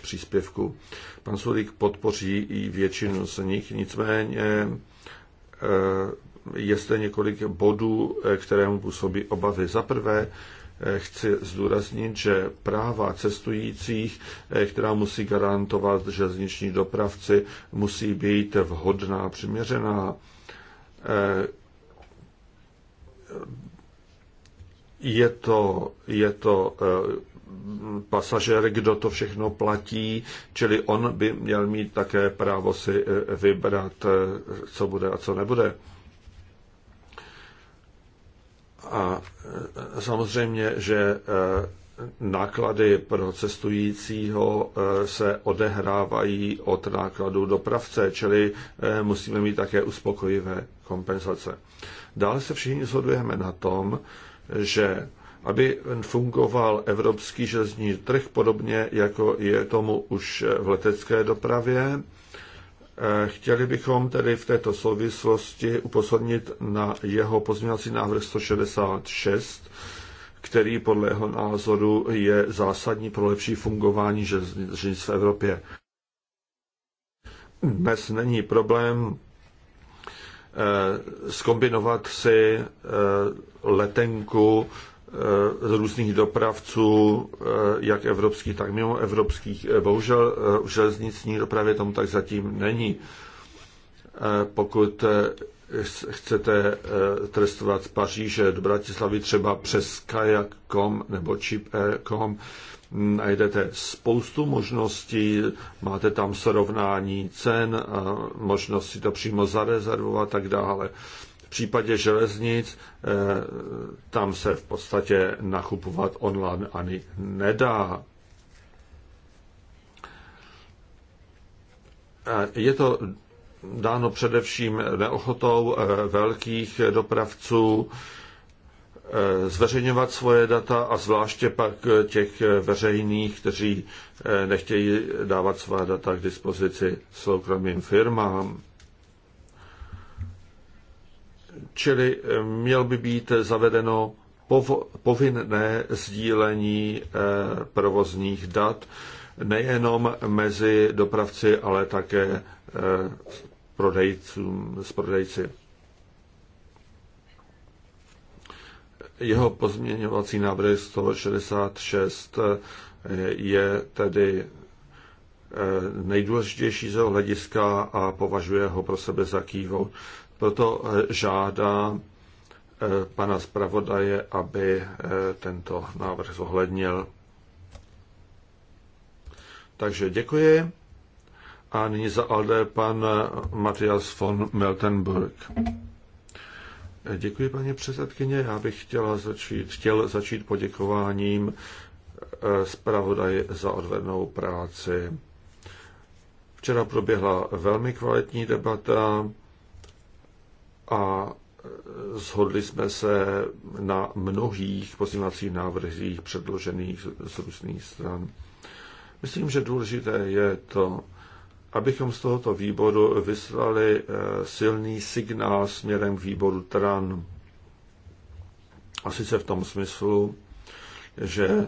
příspěvků. Pan Sulík podpoří i většinu z nich, nicméně je zde několik bodů, eh, kterému působí obavy. Za prvé, eh, chci zdůraznit, že práva cestujících, eh, která musí garantovat železniční dopravci, musí být vhodná, a přiměřená. Je to, je to pasažér, kdo to všechno platí, čili on by měl mít také právo si vybrat, co bude a co nebude. A e, samozřejmě, že e, náklady pro cestujícího e, se odehrávají od nákladů dopravce, čili musíme mít také uspokojivé kompenzace. Dále se všichni shodujeme na tom, že aby fungoval evropský železní trh podobně, jako je tomu už v letecké dopravě, Eh, chtěli bychom tedy v této souvislosti upozornit na jeho pozměňovací návrh 166, který podle jeho názoru je zásadní pro lepší fungování železnic v Evropě. Dnes není problém eh, skombinovat si eh, letenku Eh, z různých dopravců, eh, jak evropských, tak mimo evropských. Eh, bohužel v železniční dopravě tomu tak zatím není. Pokud chcete trestovat z Paříže do Bratislavy třeba přes kajak.com nebo chip.com, najdete spoustu možností, máte tam srovnání cen, možnost si to přímo zarezervovat a tak dále. V případě železnic eh, tam se v podstatě nakupovat online ani nedá. Eh, je to dáno především neochotou eh, velkých dopravců zveřejňovat svoje data a zvláště pak těch veřejných, kteří nechtějí dávat svá data k dispozici soukromým firmám. Čili eh, měl by být zavedeno povinné sdílení eh, provozních dat nejenom mezi dopravci, ale také eh, prodejcům, s prodejci. Jeho pozměňovací návrh 166 je tedy nejdůležitější z hlediska a považuje ho pro sebe za kývo. Proto eh, žádá eh, pana zpravodaje, aby eh, tento návrh zohlednil. Takže děkuji. A nyní za ALDE pan Matthias von Meltenburg. Děkuji, paní předsedkyně. Já bych chtěla začít, chtěl začít poděkováním zpravodaji za odvednou práci. Včera proběhla velmi kvalitní debata a shodli jsme se na mnohých pozměňovacích návrzích předložených z různých stran. Myslím, že důležité je to, abychom z tohoto výboru vyslali eh, silný signál směrem k výboru TRAN. A sice v tom smyslu, že eh,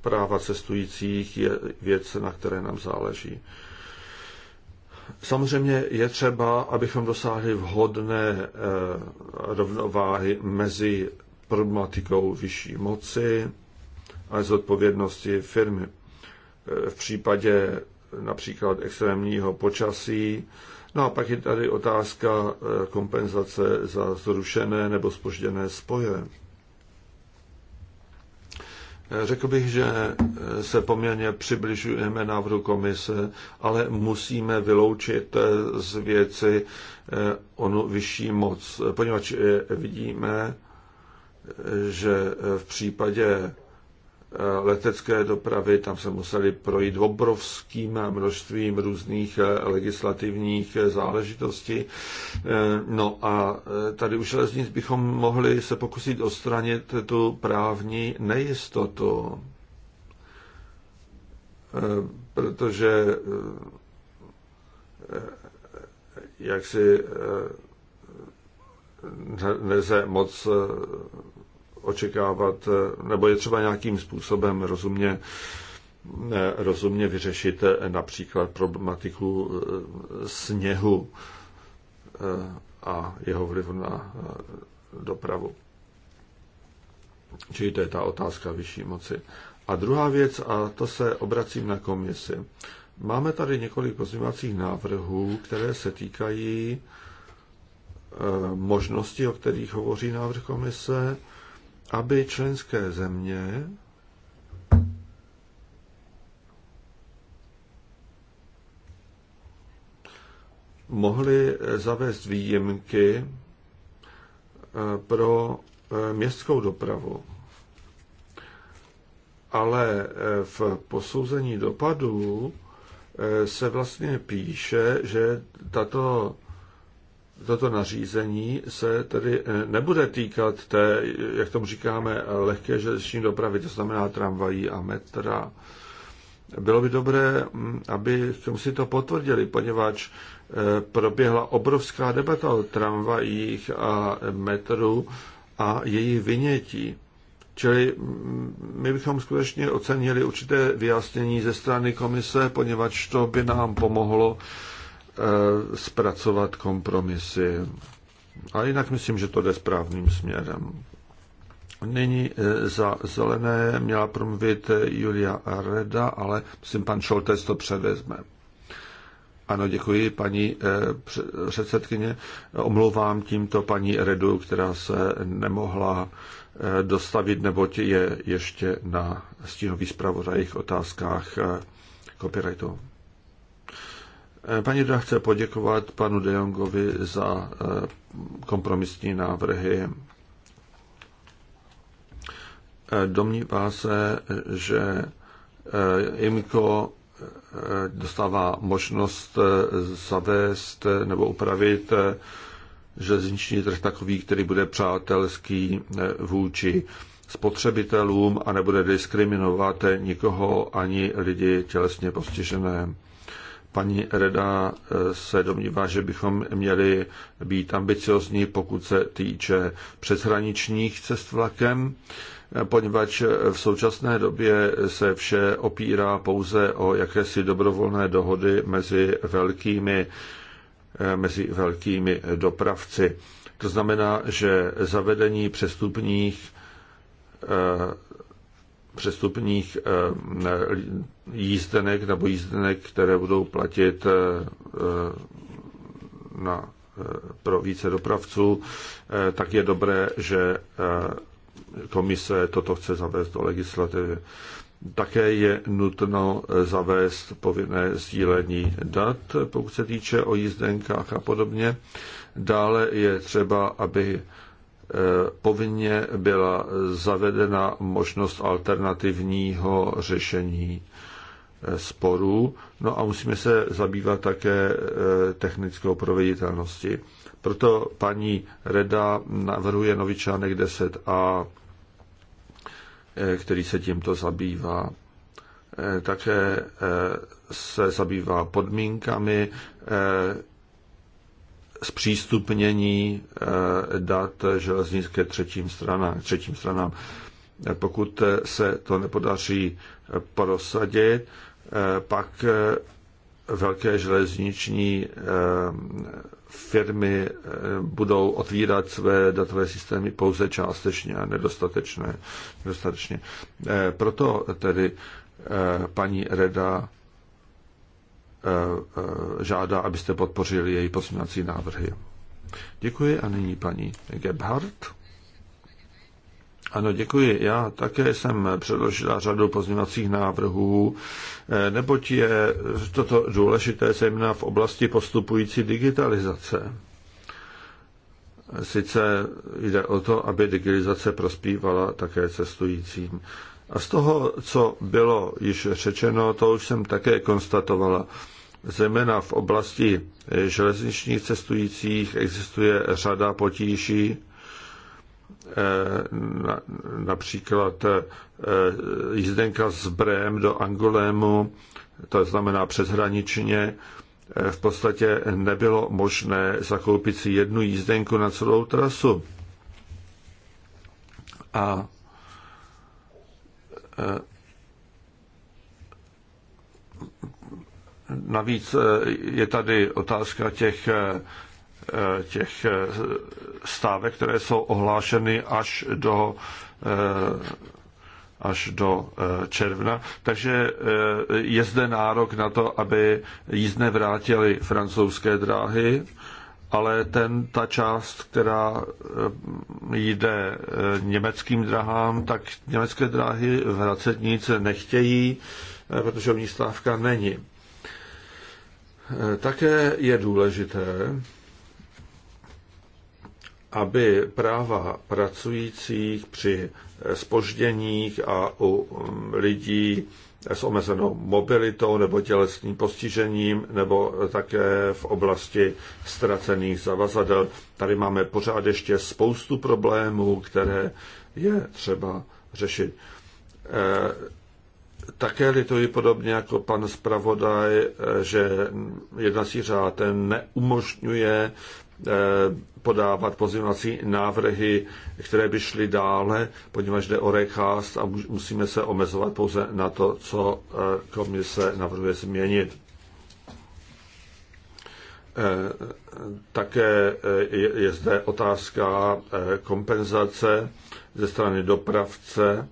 práva cestujících je věc, na které nám záleží. Samozřejmě je třeba, abychom dosáhli vhodné eh, rovnováhy mezi problematikou vyšší moci a zodpovědnosti firmy. Eh, v případě například extrémního počasí. No a pak je tady otázka eh, kompenzace za zrušené nebo spožděné spoje. Řekl bych, že se poměrně přibližujeme návrhu komise, ale musíme vyloučit z věci eh, onu vyšší moc, poněvadž eh, vidíme, eh, že v případě Eh, letecké dopravy, tam se museli projít obrovským množstvím různých eh, legislativních eh, záležitostí. No a tady u železnic bychom mohli se pokusit odstranit tu právní nejistotu, protože jak si nelze moc očekávat, nebo je třeba nějakým způsobem rozumně, rozumně vyřešit například problematiku eh, sněhu eh, a jeho vlivu na eh, dopravu. Čili to je ta otázka vyšší moci. A druhá věc, a to se obracím na komisi. Máme tady několik pozměňovacích návrhů, které se týkají možnosti, o kterých hovoří návrh komise, aby členské země mohly zavést výjimky eh, pro eh, městskou dopravu. Ale eh, v posouzení dopadů se vlastně píše, že tato toto nařízení se tedy eh, nebude týkat té, jak tomu říkáme, lehké železniční dopravy, to znamená tramvají a metra. Bylo by dobré, mm, aby si to potvrdili, poněvadž eh, proběhla obrovská debata o tramvajích a metru a jejich vynětí. Čili mm, my bychom skutečně ocenili určité vyjasnění ze strany komise, poněvadž to by nám pomohlo Eh, zpracovat kompromisy. A jinak myslím, že to jde správným směrem. Nyní eh, za zelené měla promluvit eh, Julia Reda, ale myslím, pan Šoltes to převezme. Ano, děkuji, paní předsedkyně. Omlouvám tímto paní Redu, která se nemohla dostavit, neboť je ještě na stínových zpravodajích otázkách copyrightu. Paní Duda chce poděkovat panu De Jongovi za eh, kompromisní návrhy. Eh, domnívá se, že eh, IMCO dostává možnost zavést nebo upravit železniční trh takový, který bude přátelský vůči spotřebitelům a nebude diskriminovat nikoho ani lidi tělesně postižené. Paní Reda eh, se domnívá, že bychom měli být ambiciozní, pokud se týče přeshraničních cest vlakem, eh, poněvadž v současné době se vše opírá pouze o jakési dobrovolné dohody mezi velkými, eh, mezi velkými dopravci. To znamená, že zavedení přestupních přestupních eh, jízdenek nebo jízdenek, které budou platit eh, eh, na, pro více dopravců, tak je dobré, že komise toto chce zavést do legislativy. Také je nutno zavést povinné sdílení dat, pokud se týče o jízdenkách a podobně. Dále je třeba, aby povinně byla zavedena možnost alternativního řešení eh, sporů. No a musíme se zabývat také eh, technickou proveditelnosti. Proto paní Reda navrhuje nový článek 10a, eh, který se tímto zabývá. Také se zabývá podmínkami zpřístupnění eh, dat železnické třetím stranám. Třetím stranám. Eh, pokud se to nepodaří eh, prosadit, pak velké železniční firmy budou otvírat své datové systémy pouze částečně a nedostatečně. nedostatečně. Proto tedy paní Reda Eh, eh, žádá, abyste podpořili její pozměňovací návrhy. Děkuji a nyní paní Gebhardt. Ano, děkuji. Já také jsem předložila řadu pozměňovacích návrhů, eh, neboť je toto důležité zejména v oblasti postupující digitalizace. Sice jde o to, aby digitalizace prospívala také cestujícím. Z toho, co bylo již řečeno, to už jsem také konstatovala. Zejména v oblasti eh, železničních cestujících existuje řada potíží, eh, například eh, jízdenka z Brém do Angolému, to znamená přeshraničně, v podstatě nebylo možné zakoupit si jednu jízdenku na celou trasu. A Eh, navíc eh, je tady otázka těch, eh, těch stávek, které jsou ohlášeny až do, až do června. Takže je zde nárok na to, aby jízdné vrátili francouzské dráhy ale ten, ta část, která eh, jde eh, německým drahám, tak německé dráhy vracet nic nechtějí, eh, protože v ní stávka není. Také je důležité, aby práva pracujících při spožděních a u mm, lidí s omezenou mobilitou nebo tělesným postižením nebo také v oblasti ztracených zavazadel. Tady máme pořád ještě spoustu problémů, které je třeba řešit. Eh, také lituji podobně jako pan zpravodaj, eh, že jednací řád neumožňuje Eh, podávat pozměňovací návrhy, které by šly dále, poněvadž jde o recast a musíme se omezovat pouze na to, co eh, komise navrhuje změnit. Eh, také je zde otázka kompenzace ze strany dopravce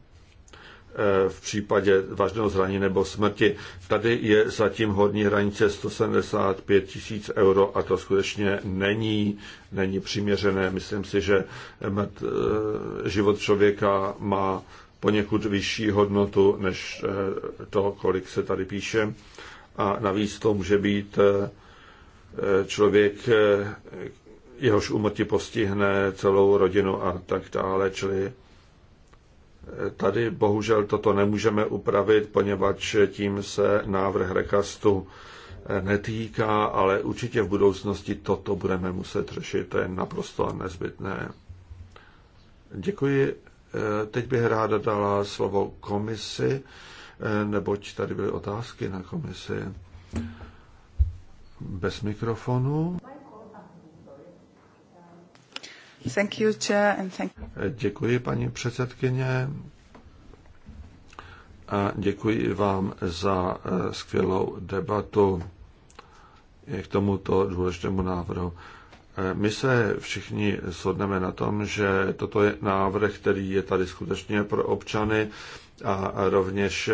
Eh, v případě vážného zranění nebo smrti. Tady je zatím horní hranice 175 tisíc euro a to skutečně není, není přiměřené. Myslím si, že eh, život člověka má poněkud vyšší hodnotu než eh, to, kolik se tady píše. A navíc to může být člověk, jehož úmrtí postihne celou rodinu a tak dále, čili Tady bohužel toto nemůžeme upravit, poněvadž tím se návrh rekastu netýká, ale určitě v budoucnosti toto budeme muset řešit, to je naprosto nezbytné. Děkuji. Teď bych ráda dala slovo komisi, neboť tady byly otázky na komisi. Bez mikrofonu. Thank you, chair, and thank... Eh, děkuji, paní předsedkyně. A děkuji vám za eh, skvělou debatu k tomuto důležitému návrhu. Eh, my se všichni shodneme na tom, že toto je návrh, který je tady skutečně pro občany a rovněž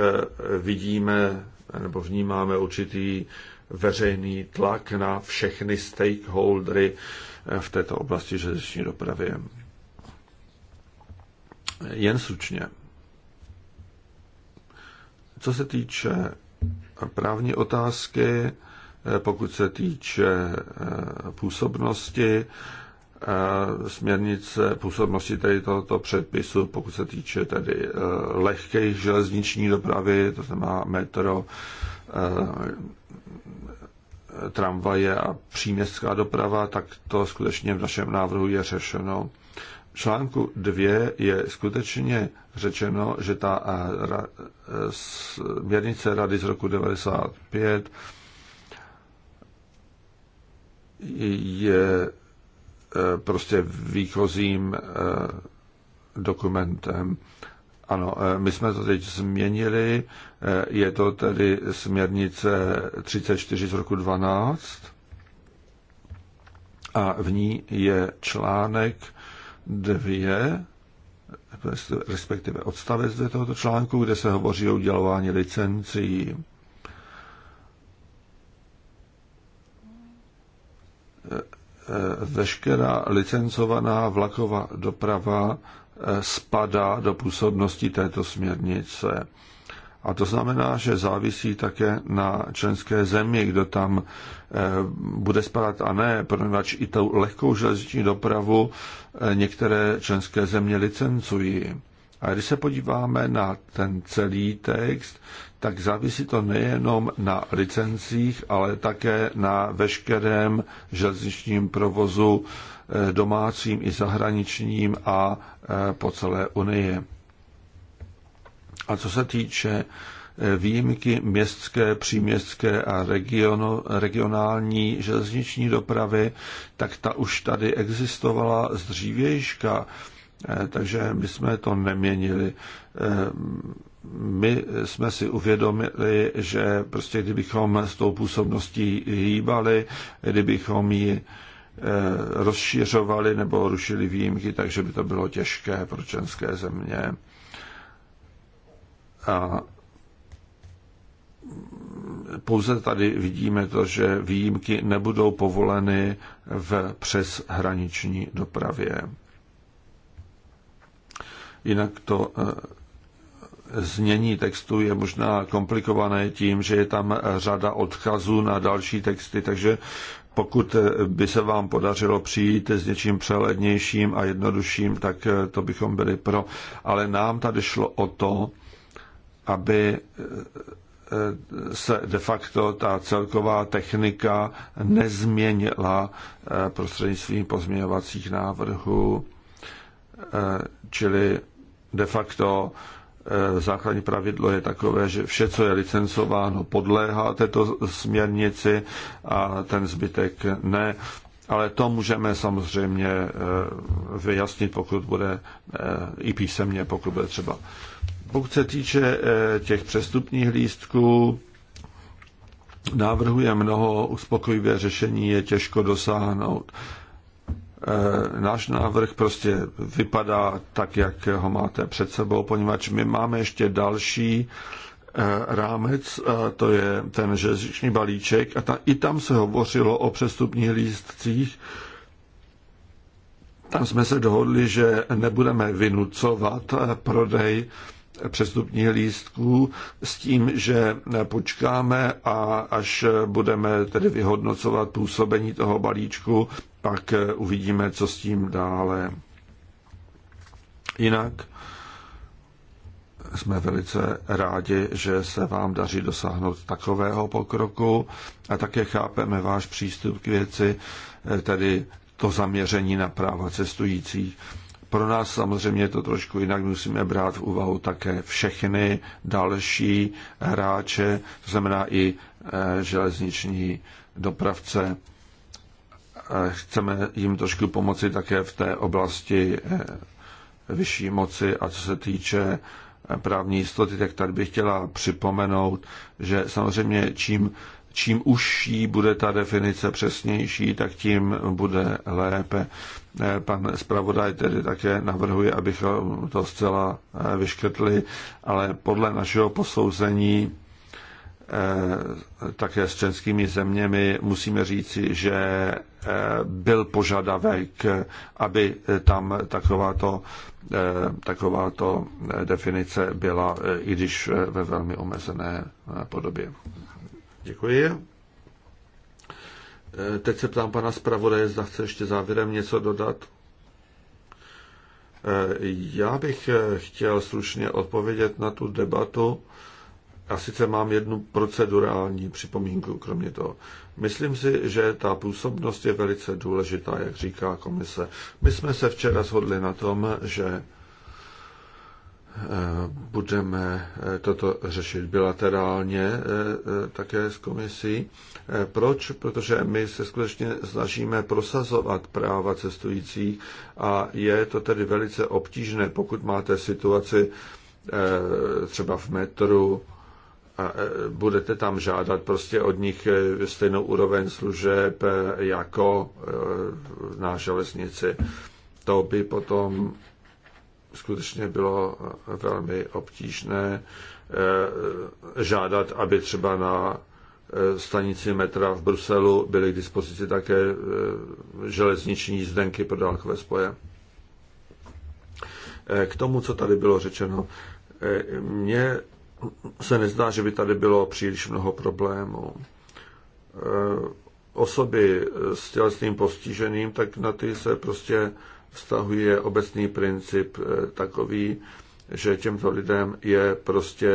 vidíme nebo vnímáme určitý veřejný tlak na všechny stakeholdery, v této oblasti železniční dopravy. Jen slučně. Co se týče právní otázky, pokud se týče eh, působnosti, eh, směrnice působnosti tedy tohoto předpisu, pokud se týče tedy eh, lehké železniční dopravy, to znamená metro, tramvaje a příměstská doprava, tak to skutečně v našem návrhu je řešeno. V článku 2 je skutečně řečeno, že ta eh, eh, směrnice Rady z roku 95 je eh, prostě výchozím dokumentem. Ano, my jsme to teď změnili, Eh, je to tedy směrnice 34 z roku 12 a v ní je článek 2, respektive odstavec zde tohoto článku, kde se hovoří o udělování licencí. Eh, veškerá licencovaná vlaková doprava eh, spadá do působnosti této směrnice. A to znamená, že závisí také na členské zemi, kdo tam eh, bude spadat a ne, protože i tou lehkou železniční dopravu eh, některé členské země licencují. A když se podíváme na ten celý text, tak závisí to nejenom na licencích, ale také na veškerém železničním provozu eh, domácím i zahraničním a po celé Unii. A co se týče eh, výjimky městské, příměstské a regionu, regionální železniční dopravy, tak ta už tady existovala z dřívějška, eh, takže my jsme to neměnili. Eh, my jsme si uvědomili, že prostě kdybychom s tou působností hýbali, kdybychom ji rozšiřovali nebo rušili výjimky, takže by to bylo těžké pro české země. A pouze tady vidíme to, že výjimky nebudou povoleny v přeshraniční dopravě. Jinak to eh, znění textu je možná komplikované tím, že je tam řada odkazů na další texty, takže pokud eh, by se vám podařilo přijít s něčím přehlednějším a jednodušším, tak eh, to bychom byli pro. Ale nám tady šlo o to, aby eh, eh, se de facto ta celková technika nezměnila eh, prostřednictvím pozměňovacích návrhů, čili de facto základní pravidlo je takové, že vše, co je licencováno, podléhá této směrnici a ten zbytek ne. Ale to můžeme samozřejmě vyjasnit, pokud bude i písemně, pokud bude třeba. Pokud se týče eh, těch přestupních lístků, návrhu je mnoho, uspokojivé řešení je těžko dosáhnout. Eh, náš návrh prostě vypadá tak, jak ho máte před sebou, poněvadž my máme ještě další eh, rámec, to je ten železniční balíček, a ta, i tam se hovořilo o přestupních lístcích. Tam jsme se dohodli, že nebudeme vynucovat prodej přestupních lístků s tím, že počkáme a až budeme tedy vyhodnocovat působení toho balíčku, pak uvidíme, co s tím dále. Jinak jsme velice rádi, že se vám daří dosáhnout takového pokroku a také chápeme váš přístup k věci, tedy to zaměření na práva cestujících. Pro nás samozřejmě je to trošku jinak, musíme brát v úvahu také všechny další hráče, to znamená i e, železniční dopravce. E, chceme jim trošku pomoci také v té oblasti e, vyšší moci a co se týče právní jistoty, tak tady bych chtěla připomenout, že samozřejmě čím čím užší bude ta definice přesnější, tak tím bude lépe. Pan zpravodaj tedy také navrhuje, abychom to zcela eh, vyškrtli, ale podle našeho posouzení eh, také s českými zeměmi musíme říci, že eh, byl požadavek, aby tam takováto, takováto definice byla, i když ve velmi omezené podobě. Děkuji. E, teď se ptám pana zpravodaje, zda chce ještě závěrem něco dodat. E, já bych e, chtěl slušně odpovědět na tu debatu. A sice mám jednu procedurální připomínku, kromě toho. Myslím si, že ta působnost je velice důležitá, jak říká komise. My jsme se včera shodli na tom, že Eh, budeme eh, toto řešit bilaterálně eh, také s komisí. Proč? Protože my se skutečně snažíme prosazovat práva cestujících a je to tedy velice obtížné, pokud máte situaci třeba v metru, a budete tam žádat prostě od nich stejnou úroveň služeb jako na železnici. To by potom skutečně bylo velmi obtížné eh, žádat, aby třeba na eh, stanici metra v Bruselu byly k dispozici také eh, železniční jízdenky pro dálkové spoje. K tomu, co tady bylo řečeno, mně se nezdá, že by tady bylo příliš mnoho problémů. Osoby s tělesným postižením, tak na ty se prostě vztahuje obecný princip eh, takový, že těmto lidem je prostě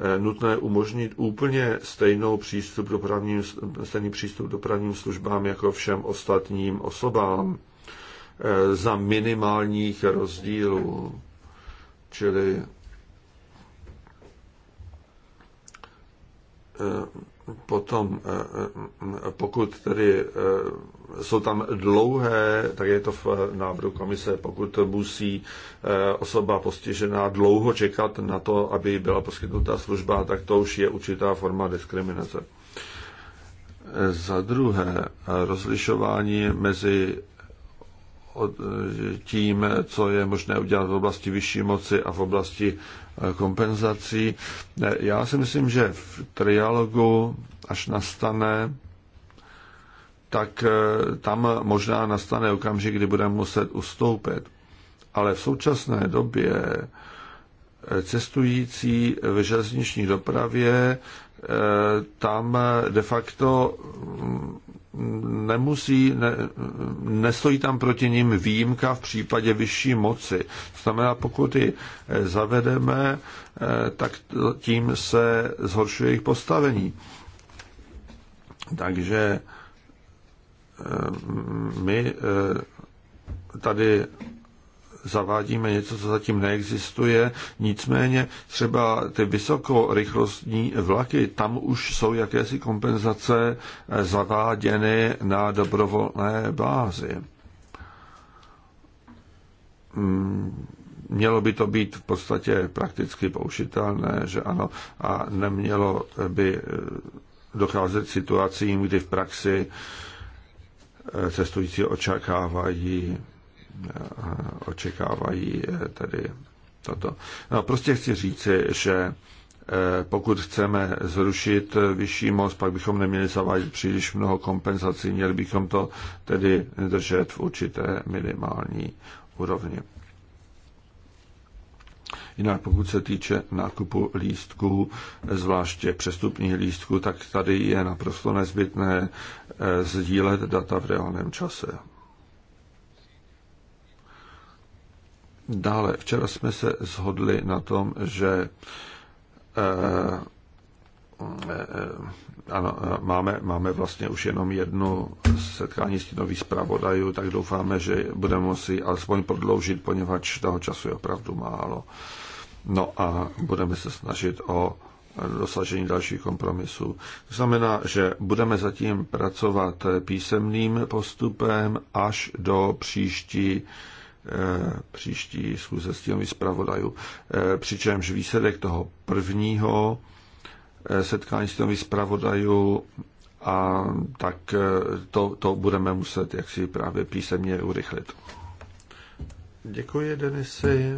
eh, nutné umožnit úplně stejnou přístup dopravním, stejný přístup dopravním službám jako všem ostatním osobám eh, za minimálních rozdílů. Čili potom, pokud tedy jsou tam dlouhé, tak je to v eh, návrhu komise, pokud musí eh, osoba postižená dlouho čekat na to, aby byla poskytnutá služba, tak to už je určitá forma diskriminace. Za druhé, rozlišování mezi eh, tím, co je možné udělat v oblasti vyšší moci a v oblasti kompenzací. Já si myslím, že v trialogu, až nastane tak eh, tam možná nastane okamžik, kdy budeme muset ustoupit. Ale v současné době eh, cestující v železniční dopravě eh, tam de facto mm, nemusí, ne, nestojí tam proti ním výjimka v případě vyšší moci. To znamená, pokud ji zavedeme, tak tím se zhoršuje jejich postavení. Takže my eh, tady zavádíme něco, co zatím neexistuje. Nicméně třeba ty vysokorychlostní vlaky, tam už jsou jakési kompenzace eh, zaváděny na dobrovolné bázi. Mm, mělo by to být v podstatě prakticky poušitelné, že ano, a nemělo by eh, docházet situacím, kdy v praxi uh, cestující očekávají, očekávají eh, tedy toto. No, prostě chci říci, že eh, pokud chceme zrušit vyšší most, pak bychom neměli zavádět příliš mnoho kompenzací, měli bychom to tedy držet v určité minimální úrovni. Jinak pokud se týče nákupu lístků, eh, zvláště přestupních lístků, tak tady je naprosto nezbytné Eh, sdílet data v reálném čase. Dále, včera jsme se shodli na tom, že eh, eh, ano, máme, máme vlastně už jenom jednu setkání s nových zpravodajů, tak doufáme, že budeme moci alespoň prodloužit, poněvadž toho času je opravdu málo. No a budeme se snažit o dosažení dalších kompromisů. To znamená, že budeme zatím pracovat písemným postupem až do příští eh, příští schůze stínových zpravodajů. Eh, přičemž výsledek toho prvního eh, setkání tím zpravodajů a tak to, to budeme muset jaksi právě písemně urychlit. Děkuji, Denisy.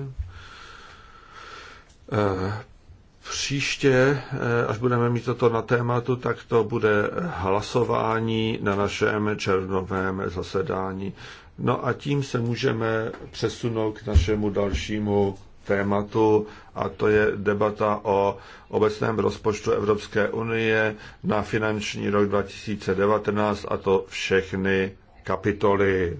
Příště, eh, až budeme mít toto na tématu, tak to bude hlasování na našem červnovém zasedání. No a tím se můžeme přesunout k našemu dalšímu tématu a to je debata o obecném rozpočtu Evropské unie na finanční rok 2019 a to všechny kapitoly.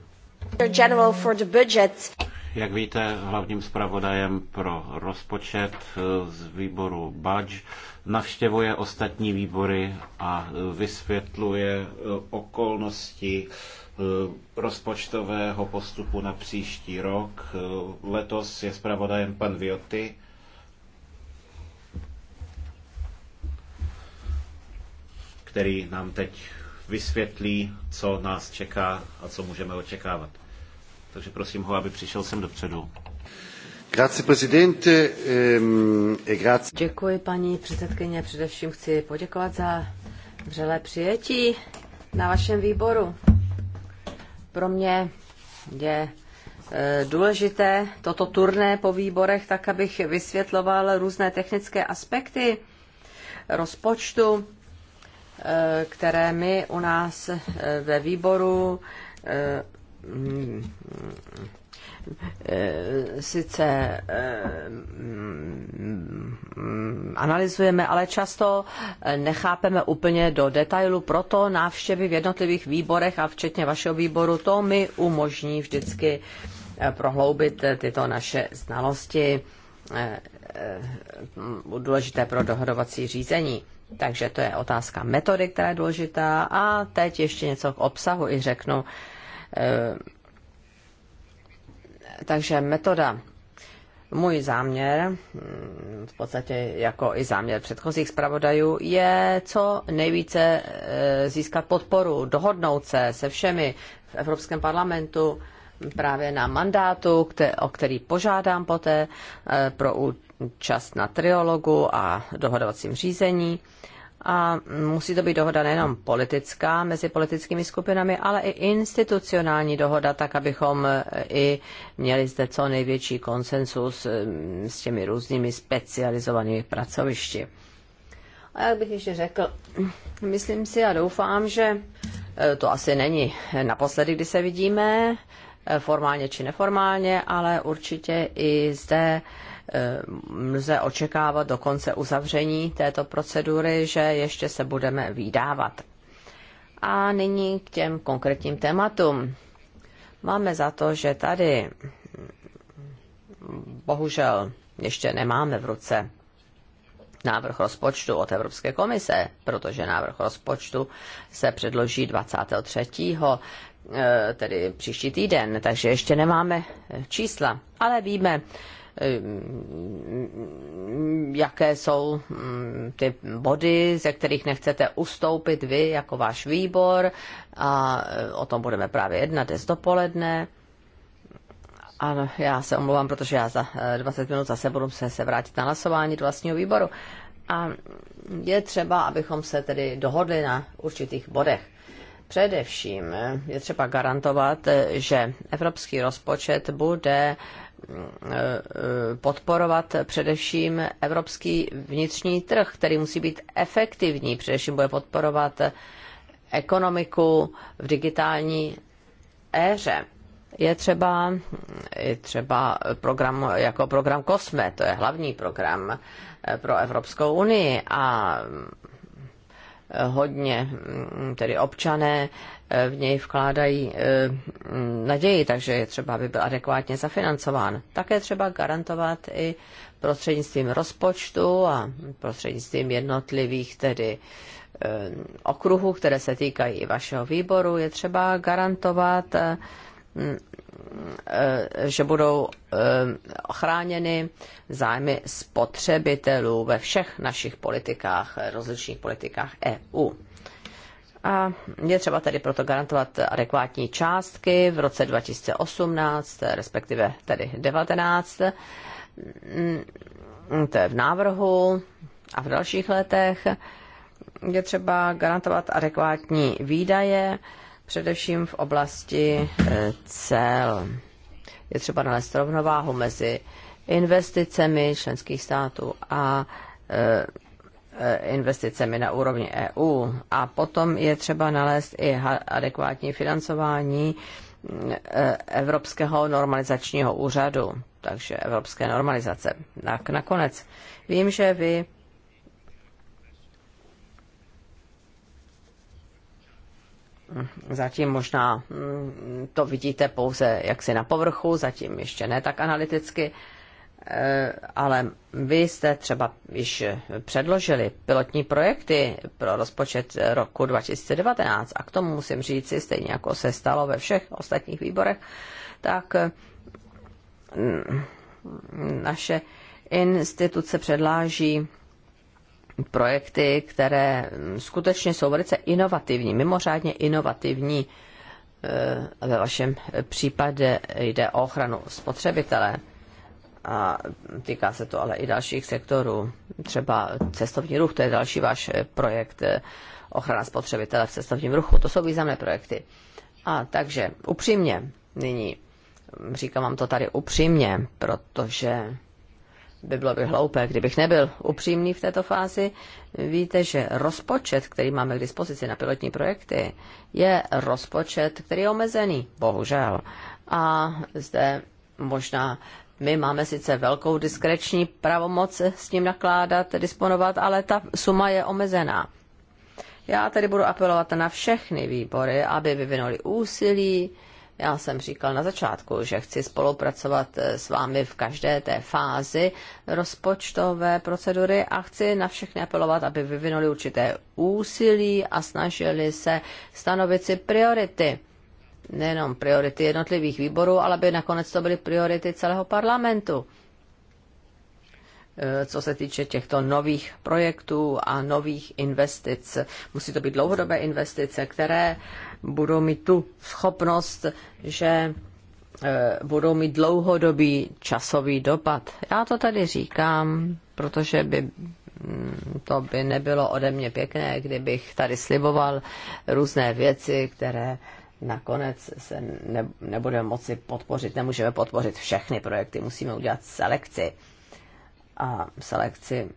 Jak víte, hlavním zpravodajem pro rozpočet eh, z výboru BAČ navštěvuje ostatní výbory a eh, vysvětluje eh, okolnosti rozpočtového postupu na příští rok. Letos je zpravodajem pan Vioty. který nám teď vysvětlí, co nás čeká a co můžeme očekávat. Takže prosím ho, aby přišel sem dopředu. Ehm, e Děkuji, paní předsedkyně. Především chci poděkovat za vřelé přijetí na vašem výboru. Pro mě je e, důležité toto turné po výborech, tak abych vysvětloval různé technické aspekty rozpočtu Eh, které my u nás eh, ve výboru eh, mm, sice mm, analyzujeme, ale často nechápeme úplně do detailu, proto návštěvy v jednotlivých výborech a včetně vašeho výboru, to mi umožní vždycky prohloubit tyto naše znalosti důležité pro dohodovací řízení. Takže to je otázka metody, která je důležitá. A teď ještě něco k obsahu i řeknu. Eh, takže metoda. Můj záměr, mm, v podstatě jako i záměr předchozích zpravodajů, je co nejvíce eh, získat podporu, dohodnout se se všemi v Evropském parlamentu, právě na mandátu, o který požádám poté eh, pro čas na triologu a dohodovacím řízení. A musí to být dohoda nejenom politická mezi politickými skupinami, ale i institucionální dohoda, tak abychom i měli zde co největší konsensus mm, s těmi různými specializovanými pracovišti. A jak bych ještě řekl, myslím si a doufám, že e, to asi není naposledy, kdy se vidíme, e, formálně či neformálně, ale určitě i zde Eh, lze očekávat do konce uzavření této procedury, že ještě se budeme vydávat. A nyní k těm konkrétním tématům. Máme za to, že tady bohužel ještě nemáme v ruce návrh rozpočtu od Evropské komise, protože návrh rozpočtu se předloží 23. Eh, tedy příští týden, takže ještě nemáme eh, čísla, ale víme, Eh, jaké jsou mm, ty body, ze kterých nechcete ustoupit vy jako váš výbor a eh, o tom budeme právě jednat dnes dopoledne. Ano, já se omlouvám, protože já za 20 eh, minut zase budu se, se vrátit na hlasování do vlastního výboru. A je třeba, abychom se tedy dohodli na určitých bodech. Především je třeba garantovat, že evropský rozpočet bude uh, Eh, podporovat především evropský vnitřní trh, který musí být efektivní, především bude podporovat ekonomiku v digitální éře. Je třeba, je třeba program jako program COSME, to je hlavní program eh, pro Evropskou unii a hodně, mm, tedy občané eh, v něj vkládají eh, mm, naději, takže je třeba, aby byl adekvátně zafinancován. Také třeba garantovat i prostřednictvím rozpočtu a prostřednictvím jednotlivých tedy eh, okruhů, které se týkají vašeho výboru, je třeba garantovat Eh, že budou eh, chráněny zájmy spotřebitelů ve všech našich politikách, eh, rozličných politikách EU. A je třeba tedy proto garantovat adekvátní částky v roce 2018, respektive tedy 19. Mm, to je v návrhu a v dalších letech je třeba garantovat adekvátní výdaje především v oblasti eh, cel. Je třeba nalézt rovnováhu mezi investicemi členských států a eh, eh, investicemi na úrovni EU. A potom je třeba nalézt i adekvátní financování Evropského normalizačního úřadu, takže Evropské normalizace. Tak nakonec vím, že vy Zatím možná mm, to vidíte pouze jaksi na povrchu, zatím ještě ne tak analyticky, eh, ale vy jste třeba již předložili pilotní projekty pro rozpočet roku 2019 a k tomu musím říci, stejně jako se stalo ve všech ostatních výborech, tak mm, naše instituce předláží projekty, které skutečně jsou velice inovativní, mimořádně inovativní. Eh, ve vašem případě jde o ochranu spotřebitele a týká se to ale i dalších sektorů. Třeba cestovní ruch, to je další váš projekt eh, ochrana spotřebitele v cestovním ruchu. To jsou významné projekty. A takže upřímně nyní, říkám vám to tady upřímně, protože by bylo by hloupé, kdybych nebyl upřímný v této fázi. Víte, že rozpočet, který máme k dispozici na pilotní projekty, je rozpočet, který je omezený, bohužel. A zde možná my máme sice velkou diskreční pravomoc s ním nakládat, disponovat, ale ta suma je omezená. Já tedy budu apelovat na všechny výbory, aby vyvinuli úsilí já jsem říkal na začátku, že chci spolupracovat eh, s vámi v každé té fázi rozpočtové procedury a chci na všechny apelovat, aby vyvinuli určité úsilí a snažili se stanovit si priority nejenom priority jednotlivých výborů, ale by nakonec to byly priority celého parlamentu. Eh, co se týče těchto nových projektů a nových investic, musí to být dlouhodobé investice, které budou mít tu schopnost, že eh, budou mít dlouhodobý časový dopad. Já to tady říkám, protože by mm, to by nebylo ode mě pěkné, kdybych tady sliboval různé věci, které nakonec se ne, nebudeme moci podpořit. Nemůžeme podpořit všechny projekty, musíme udělat selekci. A selekci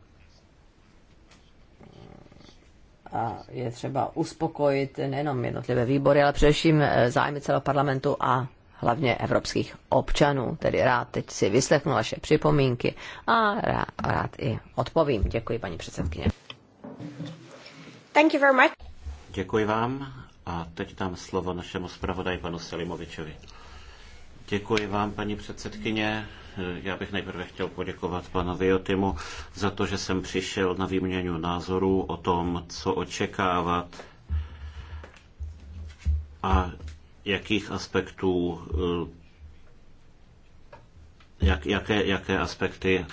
a je třeba uspokojit nejenom jednotlivé výbory, ale především eh, zájmy celého parlamentu a hlavně evropských občanů. Tedy rád teď si vyslechnu vaše připomínky a rád, rád i odpovím. Děkuji, paní předsedkyně. Thank you very much. Děkuji vám a teď dám slovo našemu zpravodaji panu Selimovičovi. Děkuji vám, paní předsedkyně. Já bych nejprve chtěl poděkovat panu Viotimu za to, že jsem přišel na výměnu názorů o tom, co očekávat a jakých aspektů jak, jaké, jaké aspekty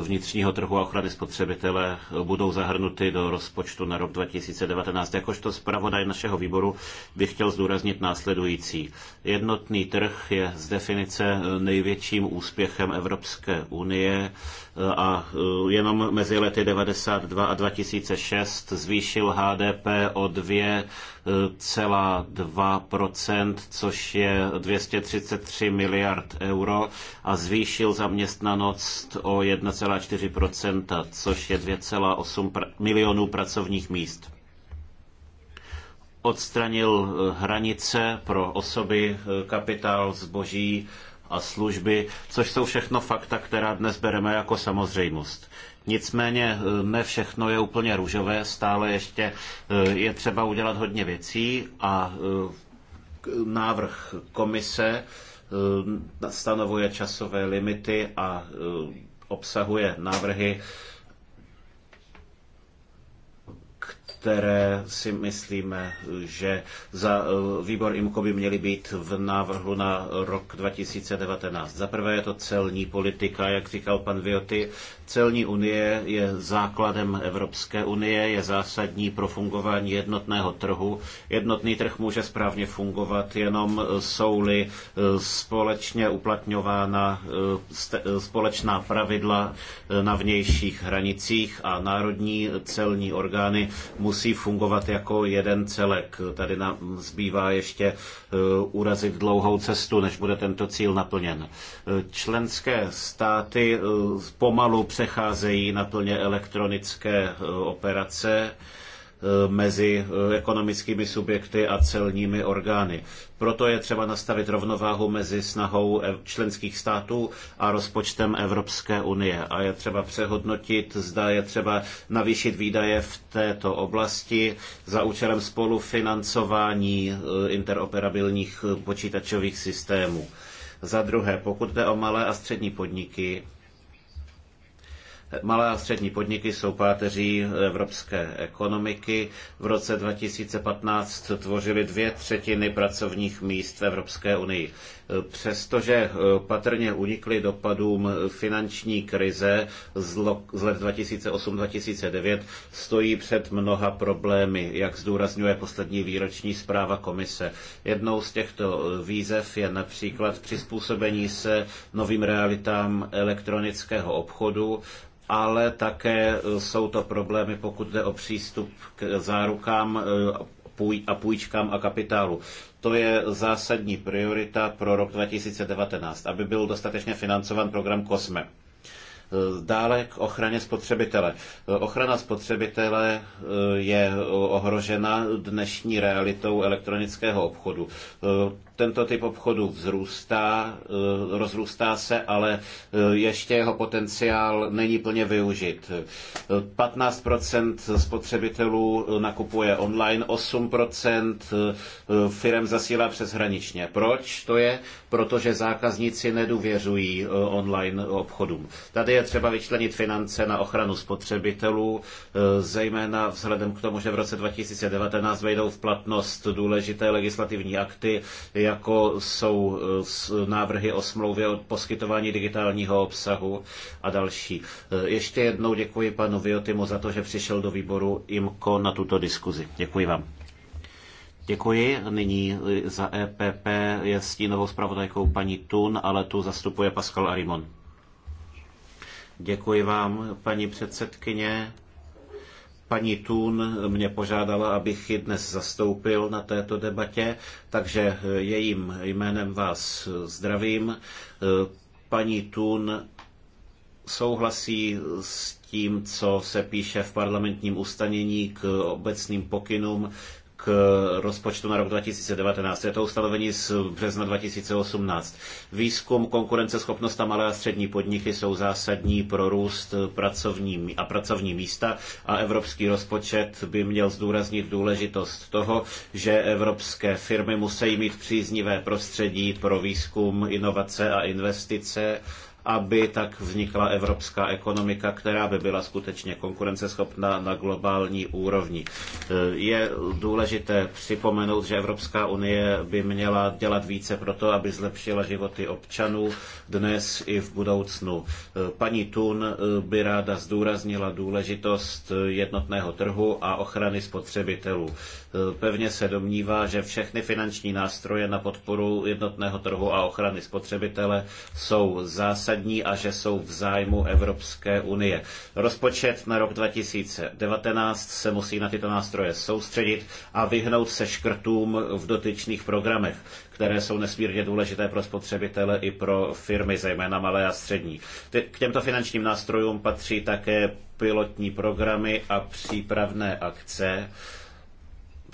vnitřního trhu a ochrany spotřebitele budou zahrnuty do rozpočtu na rok 2019. Jakožto zpravodaj našeho výboru bych chtěl zdůraznit následující. Jednotný trh je z definice největším úspěchem Evropské unie a jenom mezi lety 92 a 2006 zvýšil HDP o dvě. 2,2%, což je 233 miliard euro a zvýšil zaměstnanost o 1,4%, což je 2,8 milionů pracovních míst odstranil eh, hranice pro osoby, eh, kapitál, zboží a služby, což jsou všechno fakta, která dnes bereme jako samozřejmost. Nicméně eh, ne všechno je úplně růžové, stále ještě eh, je třeba udělat hodně věcí a eh, návrh komise stanovuje časové limity a obsahuje návrhy, které si myslíme, že za eh, výbor IMCO by měly být v návrhu na rok 2019. Za prvé je to celní politika, jak říkal pan Vioty. Celní unie je základem Evropské unie, je zásadní pro fungování jednotného trhu. Jednotný trh může správně fungovat, jenom jsou-li eh, společně uplatňována eh, společná pravidla na vnějších hranicích a národní celní orgány musí musí fungovat jako jeden celek. Tady nám zbývá ještě e, urazit dlouhou cestu, než bude tento cíl naplněn. E, členské státy e, pomalu přecházejí na plně elektronické operace. Eh, mezi eh, ekonomickými subjekty a celními orgány. Proto je třeba nastavit rovnováhu mezi snahou členských států a rozpočtem Evropské unie. A je třeba přehodnotit, zda je třeba navýšit výdaje v této oblasti za účelem spolufinancování eh, interoperabilních počítačových systémů. Za druhé, pokud jde o malé a střední podniky, Malé a střední podniky jsou páteří evropské ekonomiky. V roce 2015 tvořily dvě třetiny pracovních míst v Evropské unii. Přestože eh, patrně unikly dopadům finanční krize z let 2008-2009, stojí před mnoha problémy, jak zdůrazňuje poslední výroční zpráva komise. Jednou z těchto eh, výzev je například přizpůsobení se novým realitám elektronického obchodu ale také eh, jsou to problémy, pokud jde o přístup k zárukám a půjčkám a kapitálu. To je zásadní priorita pro rok 2019, aby byl dostatečně financován program COSME. Eh, dále k ochraně spotřebitele. Eh, ochrana spotřebitele eh, je ohrožena dnešní realitou elektronického obchodu. Tento typ obchodu vzrůstá, rozrůstá se, ale ještě jeho potenciál není plně využit. 15% spotřebitelů nakupuje online, 8% firem zasílá přeshraničně. Proč to je? protože zákazníci nedůvěřují eh, online obchodům. Tady je třeba vyčlenit finance na ochranu spotřebitelů, eh, zejména vzhledem k tomu, že v roce 2019 vejdou v platnost důležité legislativní akty, jako jsou eh, návrhy o smlouvě o poskytování digitálního obsahu a další. Ještě jednou děkuji panu Viotimu za to, že přišel do výboru IMKO na tuto diskuzi. Děkuji vám. Děkuji. Nyní e, za EPP je stínovou zpravodajkou paní Tun, ale tu zastupuje Pascal Arimon. Děkuji vám, paní předsedkyně. Paní Tun mě požádala, abych ji dnes zastoupil na této debatě, takže e, jejím jménem vás e, zdravím. Paní Tun souhlasí s tím, co se píše v parlamentním ustanění k obecným pokynům Eh, rozpočtu na rok 2019. Je to ustanovení z března 2018. Výzkum, konkurenceschopnost a malé a střední podniky jsou zásadní pro růst pracovní a pracovní místa a evropský rozpočet by měl zdůraznit důležitost toho, že evropské firmy musí mít příznivé prostředí pro výzkum, inovace a investice aby tak vznikla evropská ekonomika, která by byla skutečně konkurenceschopná na globální úrovni. Je důležité připomenout, že Evropská unie by měla dělat více pro to, aby zlepšila životy občanů dnes i v budoucnu. Paní Thun by ráda zdůraznila důležitost jednotného trhu a ochrany spotřebitelů. Pevně se domnívá, že všechny finanční nástroje na podporu jednotného trhu a ochrany spotřebitele jsou zásadní zásadní a že jsou v zájmu Evropské unie. Rozpočet na rok 2019 se musí na tyto nástroje soustředit a vyhnout se škrtům v dotyčných programech které jsou nesmírně důležité pro spotřebitele i pro firmy, zejména malé a střední. K těmto finančním nástrojům patří také pilotní programy a přípravné akce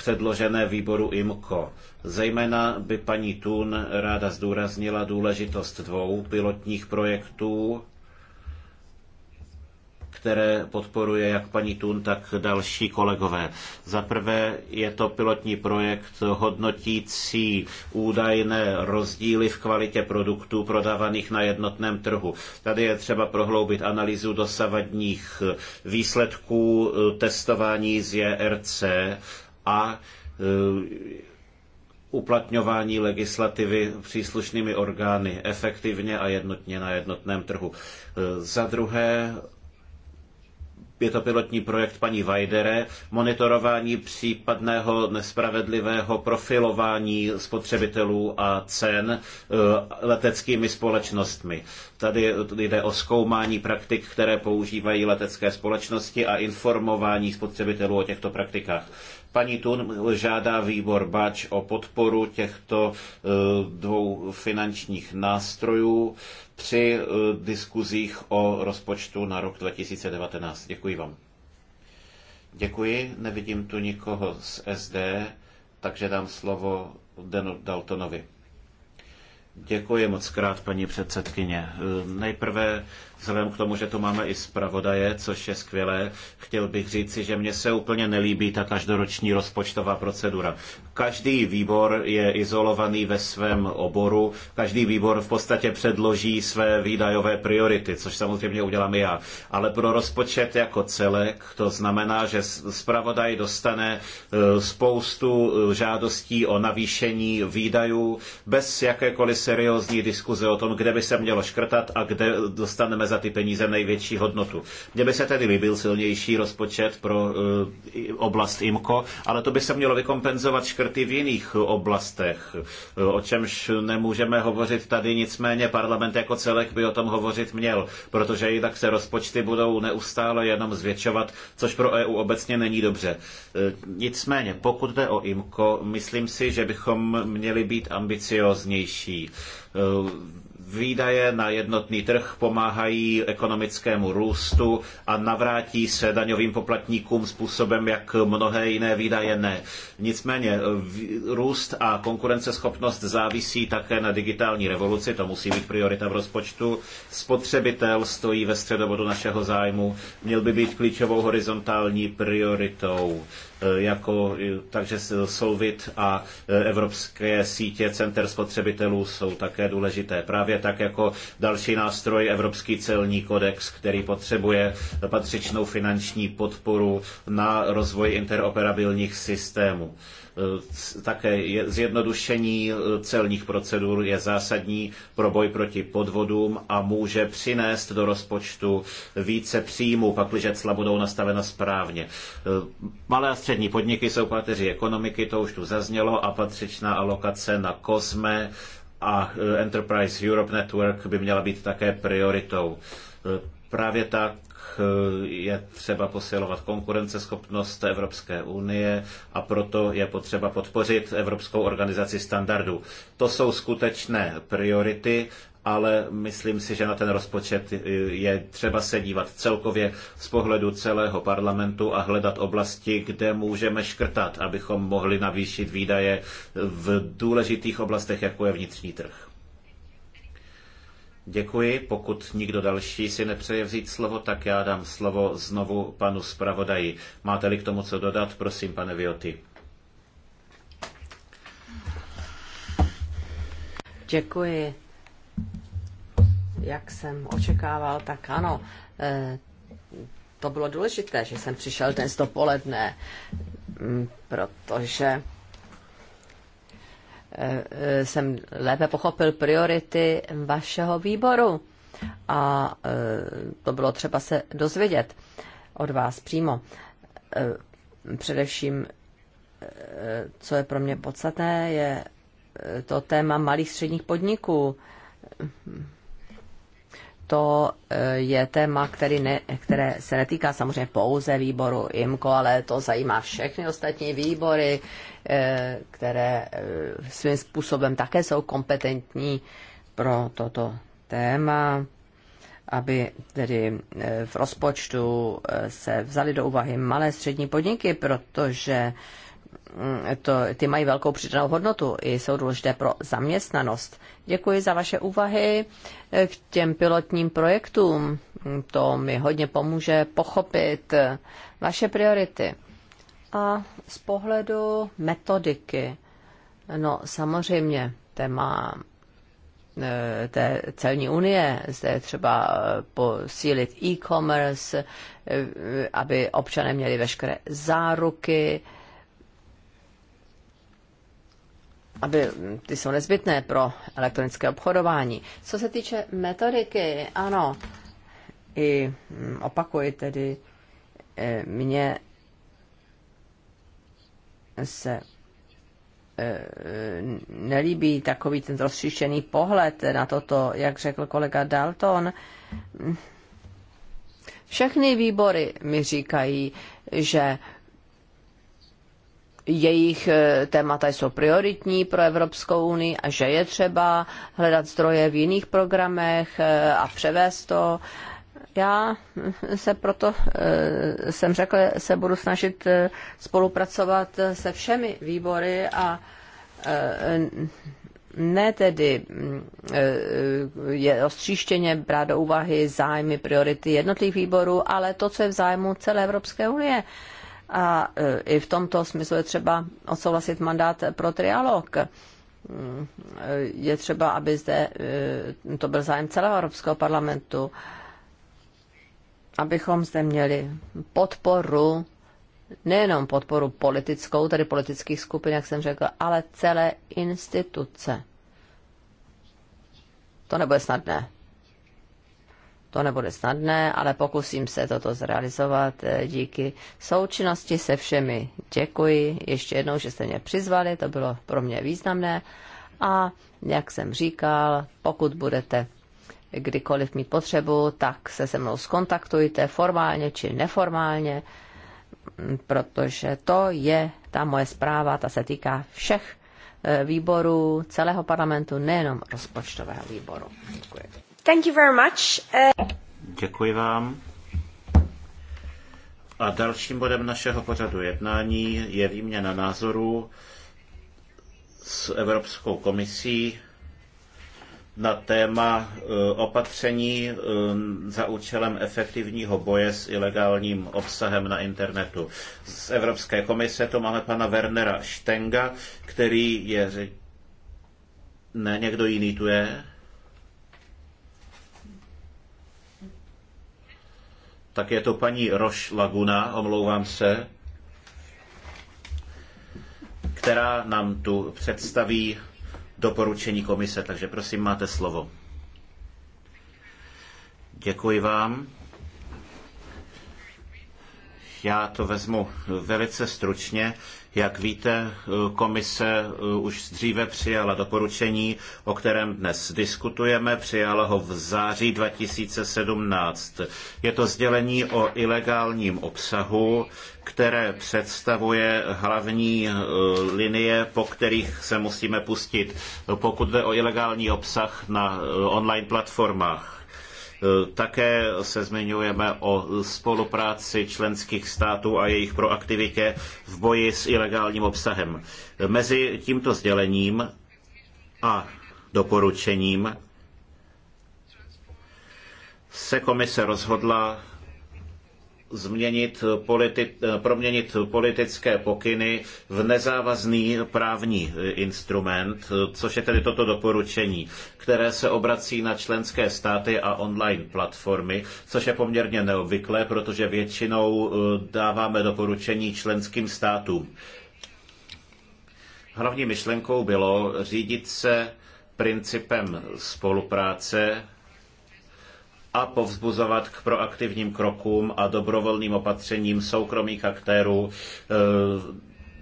předložené výboru IMCO. Zejména by paní Thun ráda zdůraznila důležitost dvou pilotních projektů, které podporuje jak paní Thun, tak další kolegové. Za prvé je to pilotní projekt hodnotící údajné rozdíly v kvalitě produktů prodávaných na jednotném trhu. Tady je třeba prohloubit analýzu dosavadních výsledků testování z JRC a e, uplatňování legislativy příslušnými orgány efektivně a jednotně na jednotném trhu. E, za druhé, je to pilotní projekt paní Vajdere, monitorování případného nespravedlivého profilování spotřebitelů a cen e, leteckými společnostmi. Tady jde o zkoumání praktik, které používají letecké společnosti a informování spotřebitelů o těchto praktikách. Paní Tun žádá výbor Bač o podporu těchto e, dvou finančních nástrojů při e, diskuzích o rozpočtu na rok 2019. Děkuji vám. Děkuji, nevidím tu nikoho z SD, takže dám slovo Denu Daltonovi. Děkuji moc krát, paní předsedkyně. E, nejprve Vzhledem k tomu, že tu máme i zpravodaje, což je skvělé, chtěl bych říci, že mně se úplně nelíbí ta každoroční rozpočtová procedura. Každý výbor je izolovaný ve svém oboru, každý výbor v podstatě předloží své výdajové priority, což samozřejmě udělám i já. Ale pro rozpočet jako celek to znamená, že zpravodaj dostane e, spoustu e, žádostí o navýšení výdajů bez jakékoliv seriózní diskuze o tom, kde by se mělo škrtat a kde dostaneme za ty peníze největší hodnotu. Mně by se tedy líbil silnější rozpočet pro eh, oblast IMCO, ale to by se mělo vykompenzovat škrty v jiných oblastech, eh, o čemž nemůžeme hovořit tady, nicméně parlament jako celek by o tom hovořit měl, protože jinak se rozpočty budou neustále jenom zvětšovat, což pro EU obecně není dobře. Eh, nicméně, pokud jde o IMCO, myslím si, že bychom měli být ambicioznější. Výdaje na jednotný trh pomáhají ekonomickému růstu a navrátí se daňovým poplatníkům způsobem, jak mnohé jiné výdaje ne. Nicméně růst a konkurenceschopnost závisí také na digitální revoluci, to musí být priorita v rozpočtu. Spotřebitel stojí ve středobodu našeho zájmu, měl by být klíčovou horizontální prioritou E, jako, e, takže Solvit a e, evropské sítě center spotřebitelů jsou také důležité. Právě tak jako další nástroj Evropský celní kodex, který potřebuje patřičnou finanční podporu na rozvoj interoperabilních systémů. Eh, také zjednodušení eh, celních procedur je zásadní pro boj proti podvodům a může přinést do rozpočtu více příjmů, pakliže cla budou nastavena správně. Eh, malé a střední podniky jsou páteří ekonomiky, to už tu zaznělo, a patřičná alokace na COSME a Enterprise Europe Network by měla být také prioritou. Právě tak Eh, je třeba posilovat konkurenceschopnost Evropské unie a proto je potřeba podpořit Evropskou organizaci standardů. To jsou skutečné priority, ale myslím si, že na ten rozpočet je třeba se dívat celkově z pohledu celého parlamentu a hledat oblasti, kde můžeme škrtat, abychom mohli navýšit výdaje v důležitých oblastech, jako je vnitřní trh. Děkuji. Pokud nikdo další si nepřeje vzít slovo, tak já dám slovo znovu panu zpravodaji. Máte-li k tomu co dodat, prosím, pane Vioty. Děkuji. Jak jsem očekával, tak ano. Eh, to bylo důležité, že jsem přišel dnes dopoledne, mm, protože Eh, jsem lépe pochopil priority vašeho výboru a eh, to bylo třeba se dozvědět od vás přímo. Eh, především, co je pro mě podstatné, je to téma malých středních podniků to eh, je téma, který ne, které se netýká samozřejmě pouze výboru IMCO, ale to zajímá všechny ostatní výbory, eh, které eh, svým způsobem také jsou kompetentní pro toto téma, aby tedy v rozpočtu se vzali do úvahy malé střední podniky, protože Mm, to, ty mají velkou přidanou hodnotu i jsou důležité pro zaměstnanost. Děkuji za vaše úvahy eh, k těm pilotním projektům. To mi hodně pomůže pochopit eh, vaše priority. A z pohledu metodiky, no samozřejmě, téma eh, té celní unie, zde třeba posílit e-commerce, aby občané měli veškeré záruky, aby ty jsou nezbytné pro elektronické obchodování. Co se týče metodiky, ano, i mm, opakuji tedy, e, mě se e, nelíbí takový ten rozšíšený pohled na toto, jak řekl kolega Dalton. Všechny výbory mi říkají, že jejich eh, témata jsou prioritní pro Evropskou unii a že je třeba hledat zdroje v jiných programech eh, a převést to. Já se proto eh, jsem řekl, se budu snažit spolupracovat se všemi výbory a ne tedy mm, je ostříštěně brát do úvahy zájmy, priority jednotlivých výborů, ale to, co je v zájmu celé Evropské unie. A e, i v tomto smyslu je třeba odsouhlasit mandát pro trialog. Mm, e, je třeba, aby zde e, to byl zájem celého Evropského parlamentu, abychom zde měli podporu nejenom podporu politickou, tedy politických skupin, jak jsem řekl, ale celé instituce. To nebude snadné. To nebude snadné, ale pokusím se toto zrealizovat eh, díky součinnosti se všemi. Děkuji ještě jednou, že jste mě přizvali, to bylo pro mě významné. A jak jsem říkal, pokud budete kdykoliv mít potřebu, tak se se mnou skontaktujte formálně či neformálně, protože to je ta moje zpráva, ta se týká všech eh, výborů, celého parlamentu, nejenom rozpočtového výboru. Děkuji. Thank you very much. Uh... Děkuji vám. A dalším bodem našeho pořadu jednání je výměna názorů s Evropskou komisí na téma eh, opatření eh, za účelem efektivního boje s ilegálním obsahem na internetu. Z Evropské komise to máme pana Wernera Štenga, který je... Ne, někdo jiný tu je? tak je to paní Roš Laguna, omlouvám se, která nám tu představí doporučení komise. Takže prosím, máte slovo. Děkuji vám. Já to vezmu velice stručně. Jak víte, komise eh, už dříve přijala doporučení, o kterém dnes diskutujeme. Přijala ho v září 2017. Je to sdělení o ilegálním obsahu, které představuje hlavní eh, linie, po kterých se musíme pustit, pokud jde o ilegální obsah na eh, online platformách. E, také se zmiňujeme o spolupráci členských států a jejich proaktivitě v boji s ilegálním obsahem. Mezi tímto sdělením a doporučením se komise rozhodla změnit politi- proměnit politické pokyny v nezávazný právní instrument, což je tedy toto doporučení, které se obrací na členské státy a online platformy, což je poměrně neobvyklé, protože většinou eh, dáváme doporučení členským státům. Hlavní myšlenkou bylo řídit se principem spolupráce a povzbuzovat k proaktivním krokům a dobrovolným opatřením soukromých aktérů e,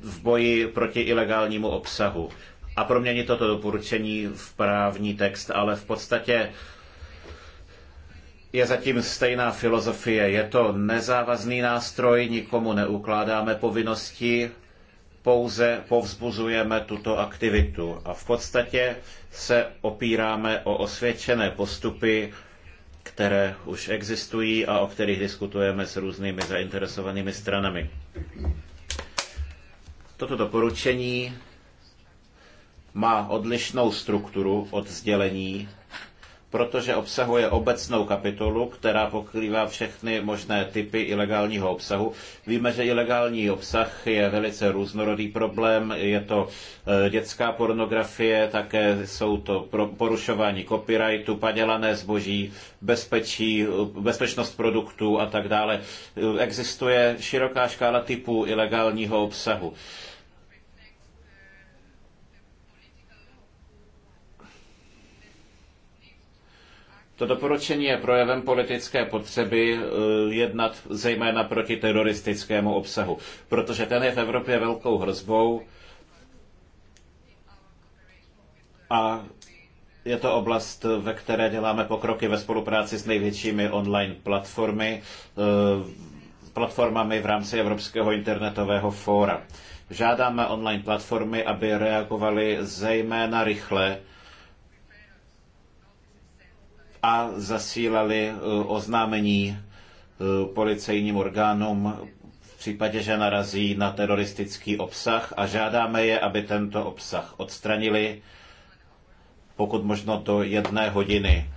v boji proti ilegálnímu obsahu. A proměnit toto doporučení v právní text, ale v podstatě je zatím stejná filozofie. Je to nezávazný nástroj, nikomu neukládáme povinnosti, pouze povzbuzujeme tuto aktivitu. A v podstatě se opíráme o osvědčené postupy které už existují a o kterých diskutujeme s různými zainteresovanými stranami. Toto doporučení má odlišnou strukturu od sdělení protože obsahuje obecnou kapitolu, která pokrývá všechny možné typy ilegálního obsahu. Víme, že ilegální obsah je velice různorodý problém, je to e, dětská pornografie, také jsou to porušování copyrightu, padělané zboží, bezpečí, e, bezpečnost produktů a tak dále. E, existuje široká škála typů ilegálního obsahu. To doporučení je projevem politické potřeby eh, jednat zejména proti teroristickému obsahu, protože ten je v Evropě velkou hrozbou a je to oblast, ve které děláme pokroky ve spolupráci s největšími online platformy, eh, platformami v rámci Evropského internetového fóra. Žádáme online platformy, aby reagovaly zejména rychle a zasílali eh, oznámení eh, policejním orgánům v případě, že narazí na teroristický obsah a žádáme je, aby tento obsah odstranili pokud možno do jedné hodiny.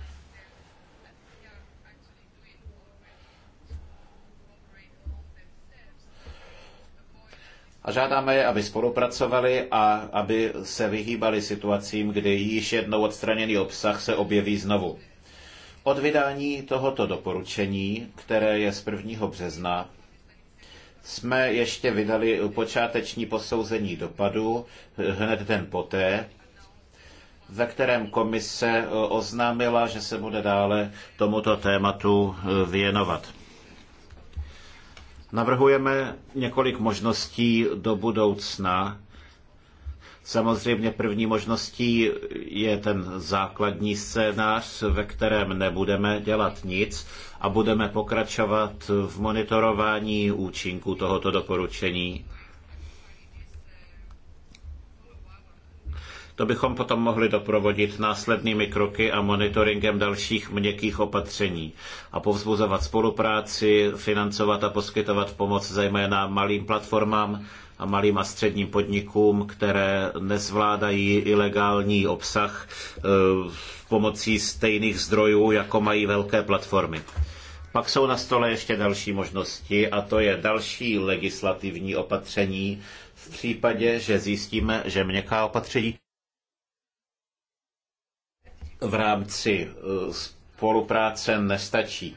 a žádáme je, aby spolupracovali a aby se vyhýbali situacím, kdy již jednou odstraněný obsah se objeví znovu. Od vydání tohoto doporučení, které je z 1. března, jsme ještě vydali počáteční posouzení dopadu hned den poté, ve kterém komise eh, oznámila, že se bude dále tomuto tématu eh, věnovat. Navrhujeme několik možností do budoucna, Samozřejmě první možností je ten základní scénář, ve kterém nebudeme dělat nic a budeme pokračovat v monitorování účinku tohoto doporučení. To bychom potom mohli doprovodit následnými kroky a monitoringem dalších měkkých opatření a povzbuzovat spolupráci, financovat a poskytovat pomoc zejména malým platformám, a malým a středním podnikům, které nezvládají ilegální obsah eh, pomocí stejných zdrojů, jako mají velké platformy. Pak jsou na stole ještě další možnosti a to je další legislativní opatření v případě, že zjistíme, že měkká opatření v rámci eh, spolupráce nestačí.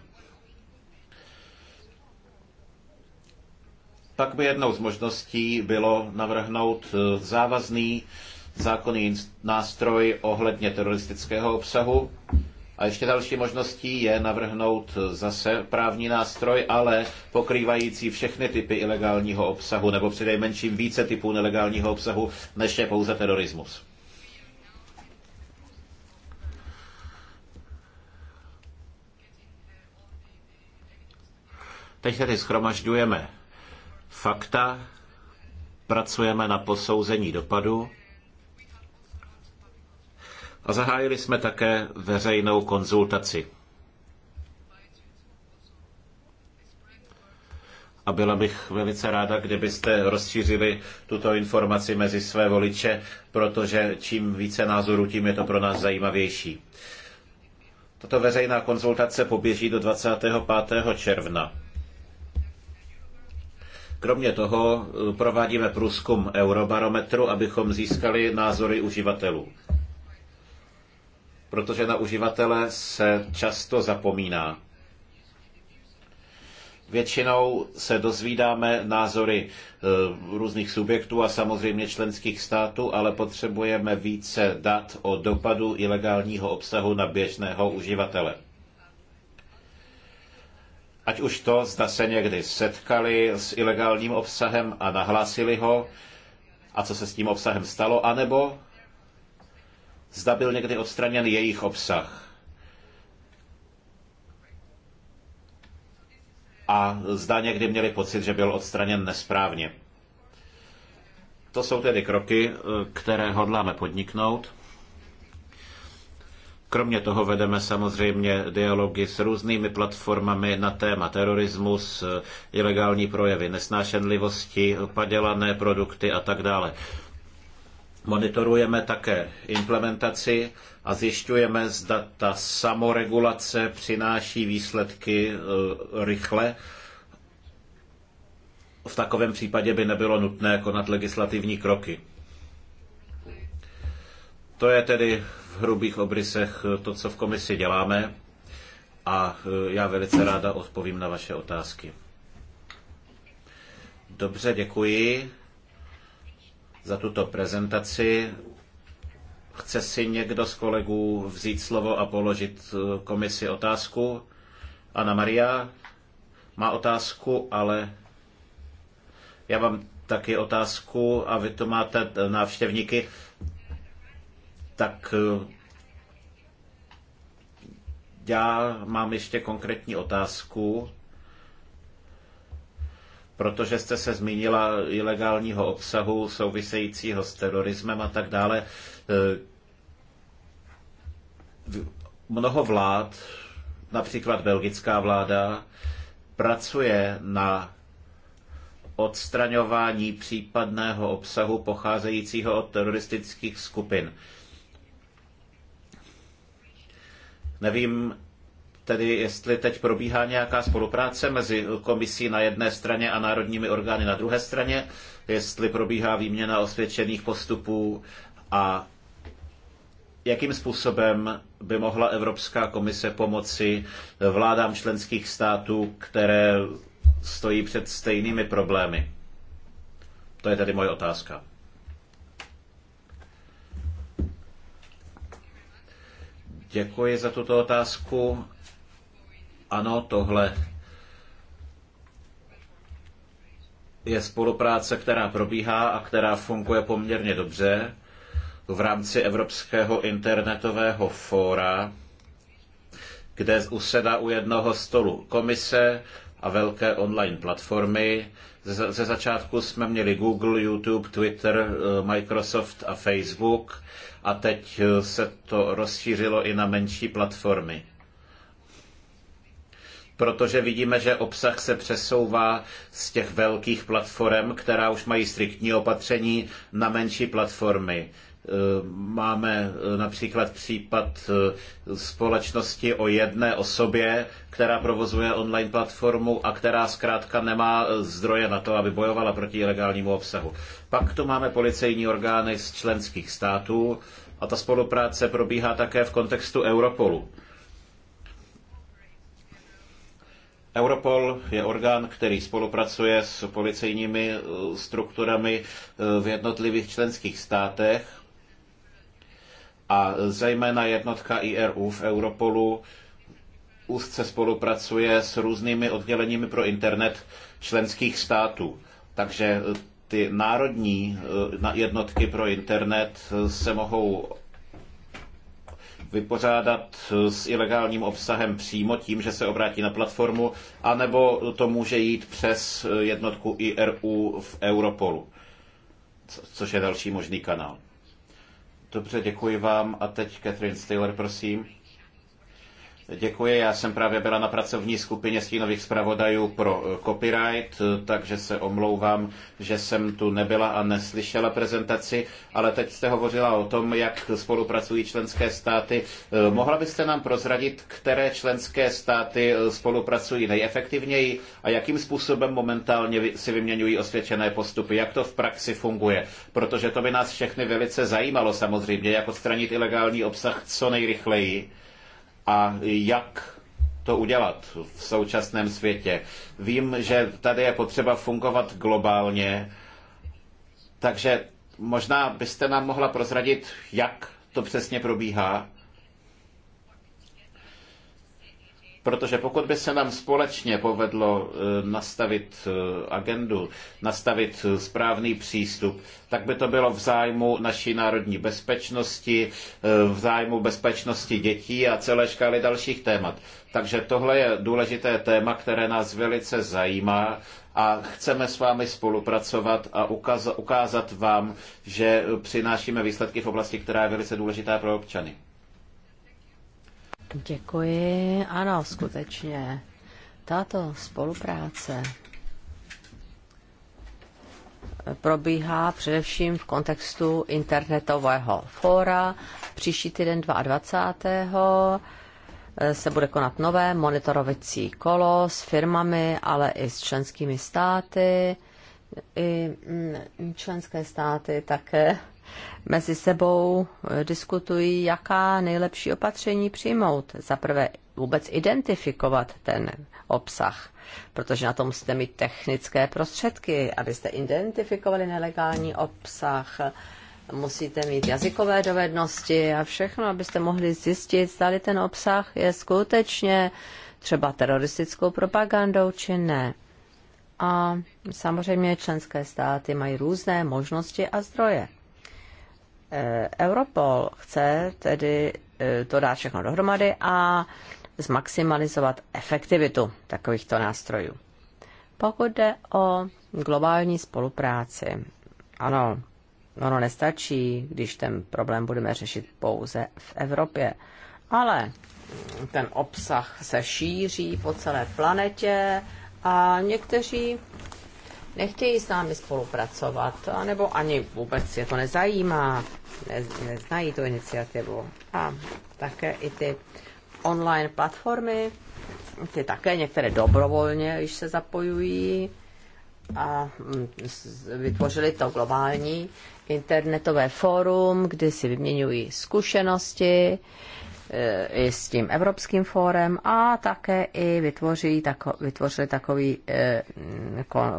pak by jednou z možností bylo navrhnout eh, závazný zákonný nástroj ohledně teroristického obsahu. A ještě další možností je navrhnout eh, zase právní nástroj, ale pokrývající všechny typy ilegálního obsahu, nebo přinejmenším více typů nelegálního obsahu, než je pouze terorismus. Teď tedy schromažďujeme fakta, pracujeme na posouzení dopadu a zahájili jsme také veřejnou konzultaci. a byla bych velice ráda, kdybyste rozšířili tuto informaci mezi své voliče, protože čím více názorů, tím je to pro nás zajímavější. Tato veřejná konzultace poběží do 25. června. Kromě toho eh, provádíme průzkum Eurobarometru, abychom získali názory uživatelů. Protože na uživatele se často zapomíná. Většinou se dozvídáme názory eh, různých subjektů a samozřejmě členských států, ale potřebujeme více dat o dopadu ilegálního obsahu na běžného uživatele. Ať už to, zda se někdy setkali s ilegálním obsahem a nahlásili ho, a co se s tím obsahem stalo, anebo zda byl někdy odstraněn jejich obsah. A zda někdy měli pocit, že byl odstraněn nesprávně. To jsou tedy kroky, eh, které hodláme podniknout. Kromě toho vedeme samozřejmě dialogy s různými platformami na téma terorismus, ilegální projevy nesnášenlivosti, padělané produkty a tak dále. Monitorujeme také implementaci a zjišťujeme, zda ta samoregulace přináší výsledky e, rychle. V takovém případě by nebylo nutné konat legislativní kroky. To je tedy v hrubých obrysech eh, to, co v komisi děláme a eh, já velice ráda odpovím na vaše otázky. Dobře, děkuji za tuto prezentaci. Chce si někdo z kolegů vzít slovo a položit eh, komisi otázku? Ana Maria má otázku, ale já mám taky otázku a vy to máte návštěvníky tak eh, já mám ještě konkrétní otázku, protože jste se zmínila ilegálního obsahu souvisejícího s terorismem a tak dále. Eh, mnoho vlád, například belgická vláda, pracuje na odstraňování případného obsahu pocházejícího od teroristických skupin. Nevím tedy, jestli teď probíhá nějaká spolupráce mezi komisí na jedné straně a národními orgány na druhé straně, jestli probíhá výměna osvědčených postupů a jakým způsobem by mohla Evropská komise pomoci vládám členských států, které stojí před stejnými problémy. To je tedy moje otázka. Děkuji za tuto otázku. Ano, tohle je spolupráce, která probíhá a která funguje poměrně dobře v rámci Evropského internetového fóra, kde usedá u jednoho stolu komise, a velké online platformy. Ze začátku jsme měli Google, YouTube, Twitter, eh, Microsoft a Facebook a teď eh, se to rozšířilo i na menší platformy. Protože vidíme, že obsah se přesouvá z těch velkých platform, která už mají striktní opatření, na menší platformy Eh, máme eh, například případ eh, společnosti o jedné osobě, která provozuje online platformu a která zkrátka nemá zdroje na to, aby bojovala proti ilegálnímu obsahu. Pak tu máme policejní orgány z členských států a ta spolupráce probíhá také v kontextu Europolu. Europol je orgán, který spolupracuje s policejními strukturami v jednotlivých členských státech a zejména jednotka IRU v Europolu úzce spolupracuje s různými odděleními pro internet členských států. Takže ty národní eh, jednotky pro internet eh, se mohou vypořádat eh, s ilegálním obsahem přímo tím, že se obrátí na platformu, anebo to může jít přes jednotku IRU v Europolu, což je další možný kanál. Dobře, děkuji vám. A teď Catherine Steeler, prosím. Děkuji, já jsem právě byla na pracovní skupině stínových zpravodajů pro eh, copyright, eh, takže se omlouvám, že jsem tu nebyla a neslyšela prezentaci, ale teď jste hovořila o tom, jak spolupracují členské státy. Eh, mohla byste nám prozradit, které členské státy spolupracují nejefektivněji a jakým způsobem momentálně si vyměňují osvědčené postupy, jak to v praxi funguje? Protože to by nás všechny velice zajímalo samozřejmě, jak odstranit ilegální obsah co nejrychleji a jak to udělat v současném světě. Vím, že tady je potřeba fungovat globálně, takže možná byste nám mohla prozradit, jak to přesně probíhá. Protože pokud by se nám společně povedlo eh, nastavit eh, agendu, nastavit eh, správný přístup, tak by to bylo v zájmu naší národní bezpečnosti, v zájmu bezpečnosti dětí a celé škály dalších témat. Takže tohle je důležité téma, které nás velice zajímá a chceme s vámi spolupracovat a ukázat vám, že přinášíme výsledky v oblasti, která je velice důležitá pro občany. Děkuji. Ano, skutečně. Tato spolupráce probíhá především v kontextu internetového fóra. Příští týden 22. se bude konat nové monitorovací kolo s firmami, ale i s členskými státy. I mm, členské státy také mezi sebou eh, diskutují, jaká nejlepší opatření přijmout. Za prvé vůbec identifikovat ten obsah, protože na to musíte mít technické prostředky, abyste identifikovali nelegální obsah, musíte mít jazykové dovednosti a všechno, abyste mohli zjistit, zda ten obsah je skutečně třeba teroristickou propagandou či ne. A samozřejmě členské státy mají různé možnosti a zdroje. Eh, Europol chce tedy eh, to dát všechno dohromady a zmaximalizovat efektivitu takovýchto nástrojů. Pokud jde o globální spolupráci, ano, ono nestačí, když ten problém budeme řešit pouze v Evropě, ale ten obsah se šíří po celé planetě a někteří nechtějí s námi spolupracovat, anebo ani vůbec je to nezajímá, neznají tu iniciativu. A také i ty online platformy, ty také některé dobrovolně již se zapojují a mm, vytvořili to globální internetové fórum, kdy si vyměňují zkušenosti, i s tím Evropským fórem a také i vytvoří tako, vytvořili takový eh,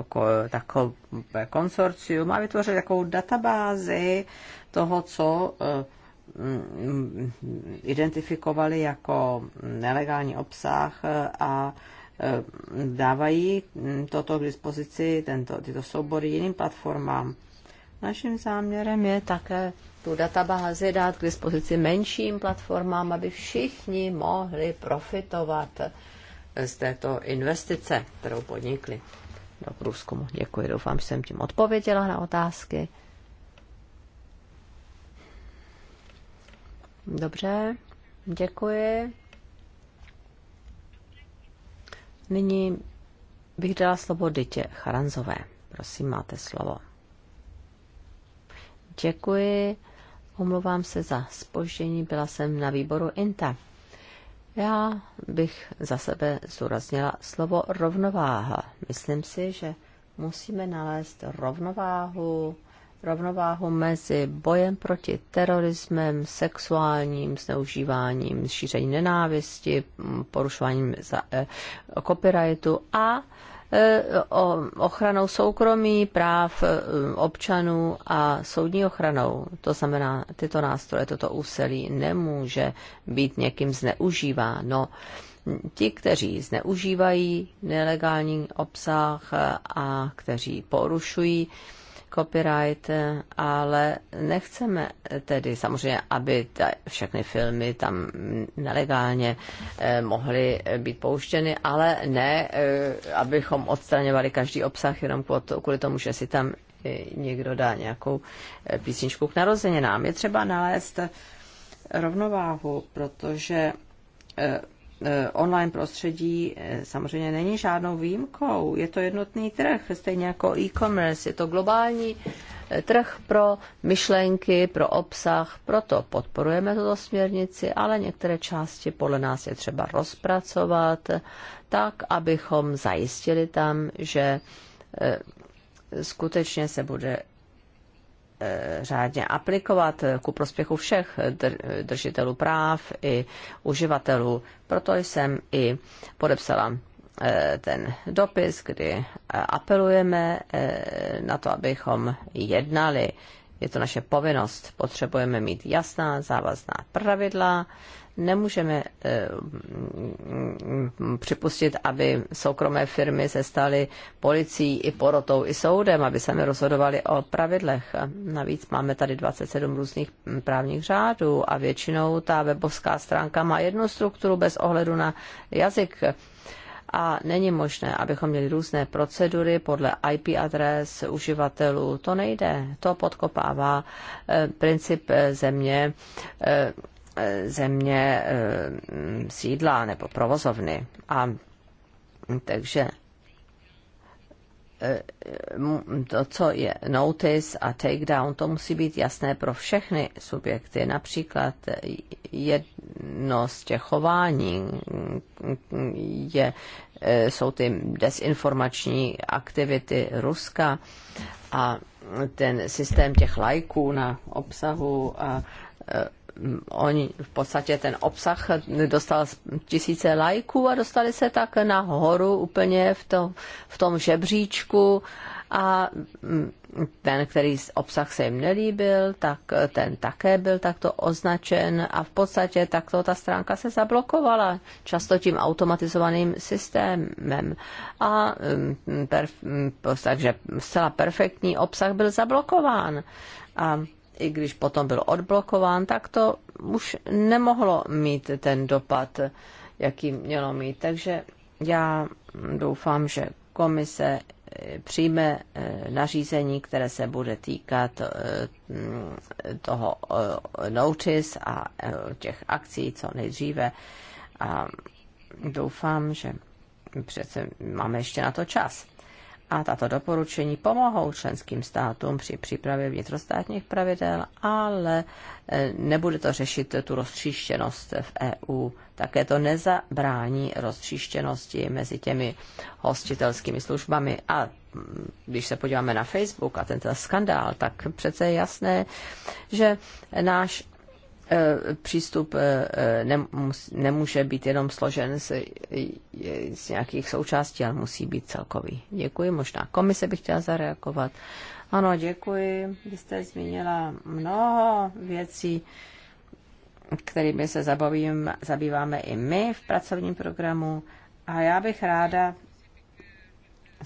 ko, takové konsorcium a vytvořili takovou databázi toho, co eh, identifikovali jako nelegální obsah eh, a dávají toto k dispozici, tento, tyto soubory jiným platformám. Naším záměrem je také tu databázi dát k dispozici menším platformám, aby všichni mohli profitovat z této investice, kterou podnikli do průzkumu. Děkuji, doufám, že jsem tím odpověděla na otázky. Dobře, děkuji. Nyní bych dala slovo Dytě Charanzové. Prosím, máte slovo. Děkuji. Omlouvám se za spoždění, byla jsem na výboru INTA. Já bych za sebe zúraznila slovo rovnováha. Myslím si, že musíme nalézt rovnováhu, rovnováhu mezi bojem proti terorismem, sexuálním zneužíváním, šíření nenávisti, porušováním za, eh, copyrightu a eh, E, ochranou soukromí, práv e, občanů a soudní ochranou. To znamená, tyto nástroje, toto úsilí nemůže být někým zneužíváno. Ti, kteří zneužívají nelegální obsah a kteří porušují copyright, ale nechceme tedy samozřejmě, aby ta, všechny filmy tam nelegálně eh, mohly být pouštěny, ale ne, eh, abychom odstraňovali každý obsah jenom kvůli tomu, že si tam eh, někdo dá nějakou eh, písničku k narozeninám. Je třeba nalézt rovnováhu, protože eh, Eh, online prostředí eh, samozřejmě není žádnou výjimkou. Je to jednotný trh, stejně jako e-commerce. Je to globální eh, trh pro myšlenky, pro obsah, proto podporujeme tuto směrnici, ale některé části podle nás je třeba rozpracovat tak, abychom zajistili tam, že skutečně se bude Eh, řádně aplikovat eh, ku prospěchu všech držitelů práv i uživatelů. Proto jsem i podepsala eh, ten dopis, kdy apelujeme na to, abychom jednali. Je to naše povinnost. Potřebujeme mít jasná závazná pravidla, Nemůžeme eh, mm, mm, připustit, aby soukromé firmy se staly policií i porotou i soudem, aby sami rozhodovali o pravidlech. Navíc máme tady 27 různých mm, právních řádů a většinou ta webovská stránka má jednu strukturu bez ohledu na jazyk a není možné, abychom měli různé procedury podle IP adres uživatelů. To nejde. To podkopává eh, princip eh, země E, země e, sídla nebo provozovny. A takže e, to, co je notice a takedown, to musí být jasné pro všechny subjekty. Například jedno z těch chování je, jsou ty desinformační aktivity Ruska a ten systém těch lajků na obsahu a oni v podstatě ten obsah dostal tisíce lajků a dostali se tak nahoru úplně v tom, v tom žebříčku a ten, který obsah se jim nelíbil, tak ten také byl takto označen a v podstatě takto ta stránka se zablokovala, často tím automatizovaným systémem. A perf, takže zcela perfektní obsah byl zablokován. A i když potom byl odblokován, tak to už nemohlo mít ten dopad, jaký mělo mít. Takže já doufám, že komise eh, přijme eh, nařízení, které se bude týkat eh, toho notice a těch akcí co nejdříve. A doufám, že přece máme ještě na to čas a tato doporučení pomohou členským státům při přípravě vnitrostátních pravidel, ale eh, nebude to řešit tu roztříštěnost v EU. Také to nezabrání roztříštěnosti mezi těmi hostitelskými službami. A mm, když se podíváme na Facebook a ten skandál, tak přece je jasné, že náš Eh, přístup eh, eh, nemůže být jenom složen z, z nějakých součástí, ale musí být celkový. Děkuji. Možná komise bych chtěla zareagovat. Ano, děkuji. Vy jste zmínila mnoho věcí, kterými se zabavím, zabýváme i my v pracovním programu. A já bych ráda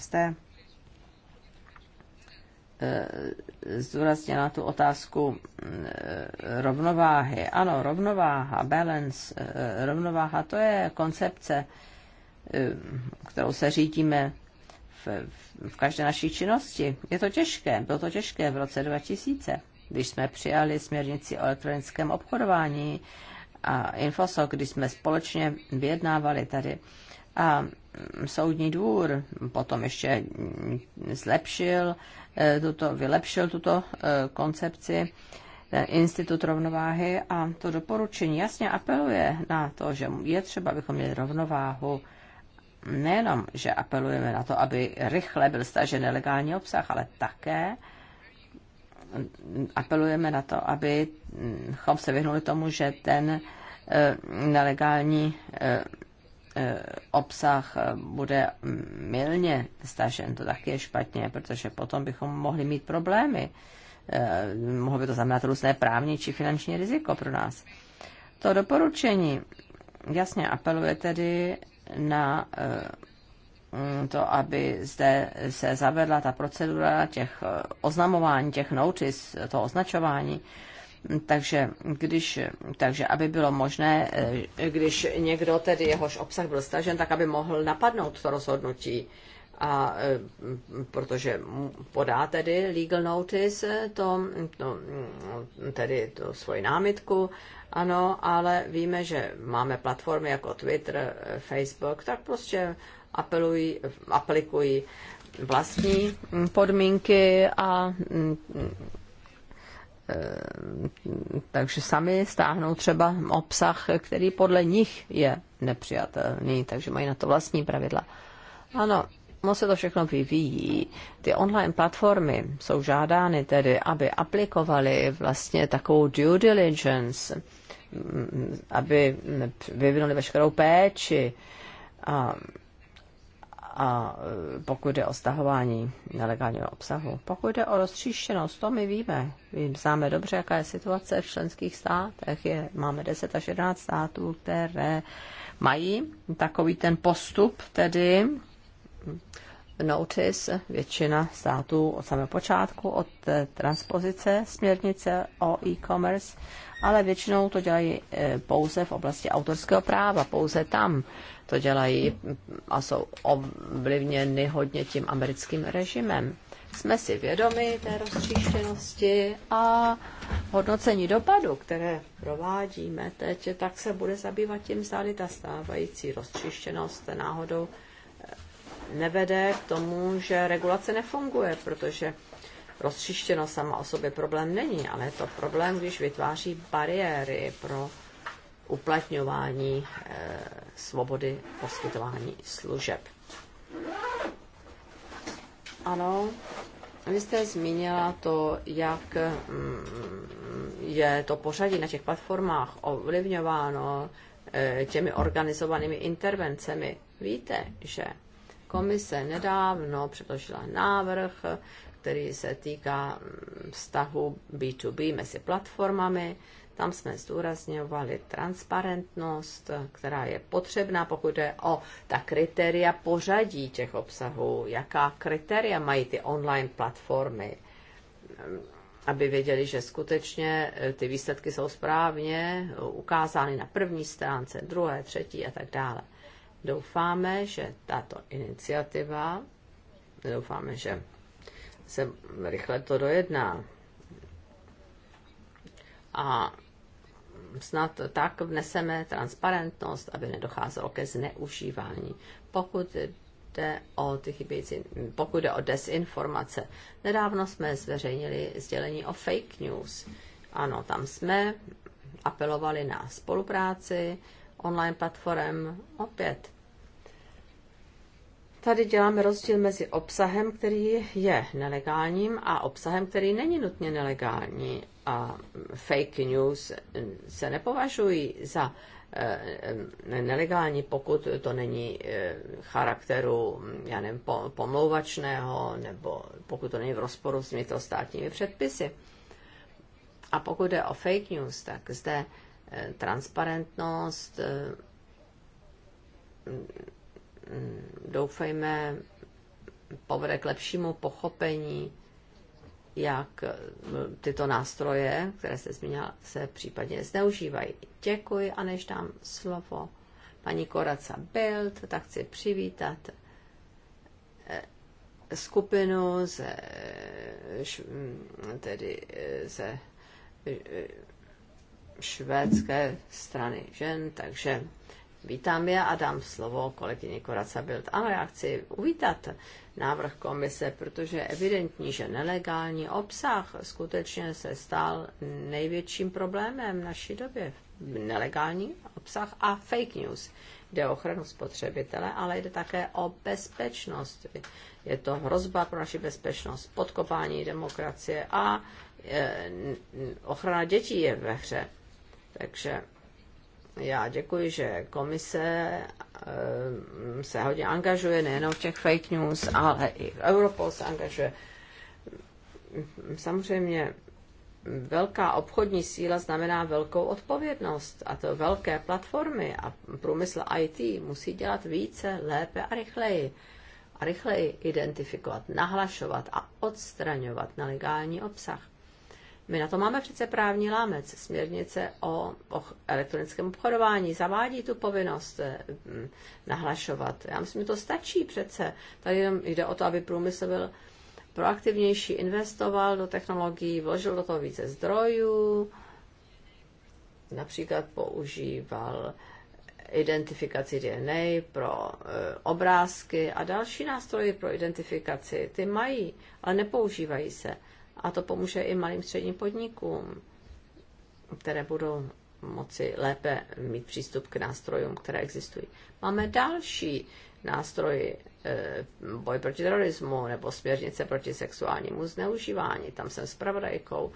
té zdůraznila tu otázku mm, rovnováhy. Ano, rovnováha, balance, eh, rovnováha, to je koncepce, eh, kterou se řídíme v, v každé naší činnosti. Je to těžké, bylo to těžké v roce 2000, když jsme přijali směrnici o elektronickém obchodování a infosok, když jsme společně vyjednávali tady a mm, soudní dvůr potom ještě mm, zlepšil e, tuto, vylepšil tuto e, koncepci e, institut rovnováhy a to doporučení jasně apeluje na to, že je třeba, abychom měli rovnováhu nejenom, že apelujeme na to, aby rychle byl stažen nelegální obsah, ale také mm, apelujeme na to, abychom se vyhnuli tomu, že ten nelegální Eh, obsah eh, bude milně stažen, to taky je špatně, protože potom bychom mohli mít problémy. Eh, mohlo by to znamenat různé právní či finanční riziko pro nás. To doporučení jasně apeluje tedy na to, aby zde se zavedla ta procedura těch oznamování, těch notice, to označování, takže, když, takže aby bylo možné, eh, když někdo tedy jehož obsah byl stažen, tak aby mohl napadnout to rozhodnutí. A eh, protože podá tedy legal notice, to, to, tedy to svoji námitku, ano, ale víme, že máme platformy jako Twitter, eh, Facebook, tak prostě apelují, aplikují vlastní mm, podmínky a mm, Eh, takže sami stáhnou třeba obsah, který podle nich je nepřijatelný, takže mají na to vlastní pravidla. Ano, moc se to všechno vyvíjí. Ty online platformy jsou žádány tedy, aby aplikovaly vlastně takovou due diligence, mm, mm, aby vyvinuli veškerou péči a a e, pokud jde o stahování nelegálního obsahu. Pokud jde o roztříštěnost, to my víme. My známe dobře, jaká je situace v členských státech. Je, máme 10 až 11 států, které mají takový ten postup, tedy notice většina států od samého počátku, od transpozice směrnice o e-commerce, ale většinou to dělají eh, pouze v oblasti autorského práva, pouze tam to dělají a jsou ovlivněny hodně tím americkým režimem. Jsme si vědomi té rozčištěnosti a hodnocení dopadu, které provádíme teď, tak se bude zabývat tím, zda ta stávající rozčištěnost náhodou nevede k tomu, že regulace nefunguje, protože rozčištěnost sama o sobě problém není, ale je to problém, když vytváří bariéry pro uplatňování e, svobody poskytování služeb. Ano, vy jste zmínila to, jak mm, je to pořadí na těch platformách ovlivňováno eh, těmi organizovanými intervencemi. Víte, že Komise nedávno předložila návrh, který se týká mm, vztahu B2B mezi platformami. Tam jsme zdůrazňovali transparentnost, která je potřebná, pokud je o ta kritéria pořadí těch obsahů, jaká kritéria mají ty online platformy, mm, aby věděli, že skutečně e, ty výsledky jsou správně e, ukázány na první stránce, druhé, třetí a tak dále. Doufáme, že tato iniciativa, doufáme, že se rychle to dojedná. A snad tak vneseme transparentnost, aby nedocházelo ke zneužívání. Pokud jde o ty chybějící, pokud jde o desinformace. Nedávno jsme zveřejnili sdělení o fake news. Ano, tam jsme apelovali na spolupráci online platform opět Tady děláme rozdíl mezi obsahem, který je nelegálním a obsahem, který není nutně nelegální. A fake news se nepovažují za eh, nelegální, pokud to není eh, charakteru, já nevím, pomlouvačného, nebo pokud to není v rozporu s vnitrostátními předpisy. A pokud jde o fake news, tak zde eh, transparentnost Mm, doufejme, povede k lepšímu pochopení, jak eh, tyto nástroje, které jste zmínila, se případně zneužívají. Děkuji a než dám slovo paní Koraca Bild, tak chci přivítat eh, skupinu ze, eh, mm, tedy ze švédské strany žen, takže Vítám je a dám slovo kolegyni Koraca Bild. Ano, já chci uvítat návrh komise, protože je evidentní, že nelegální obsah skutečně se stal největším problémem v naší době. Nelegální obsah a fake news. Jde o ochranu spotřebitele, ale jde také o bezpečnost. Je to hrozba pro naši bezpečnost, podkopání demokracie a e, ochrana dětí je ve hře. Takže já děkuji, že komise eh, se hodně angažuje nejenom v těch fake news, ale i v Europol se angažuje. Samozřejmě velká obchodní síla znamená velkou odpovědnost a to velké platformy a průmysl IT musí dělat více, lépe a rychleji. A rychleji identifikovat, nahlašovat a odstraňovat nelegální obsah. My na to máme přece právní lámec. Směrnice o, o elektronickém obchodování zavádí tu povinnost eh, nahlašovat. Já myslím, že to stačí přece. Tady jenom jde o to, aby průmysl byl proaktivnější, investoval do technologií, vložil do toho více zdrojů, například používal identifikaci DNA pro e, obrázky a další nástroje pro identifikaci. Ty mají, ale nepoužívají se. A to pomůže i malým středním podnikům, které budou moci lépe mít přístup k nástrojům, které existují. Máme další nástroj eh, boj proti terorismu nebo směrnice proti sexuálnímu zneužívání. Tam jsem pravodajkou,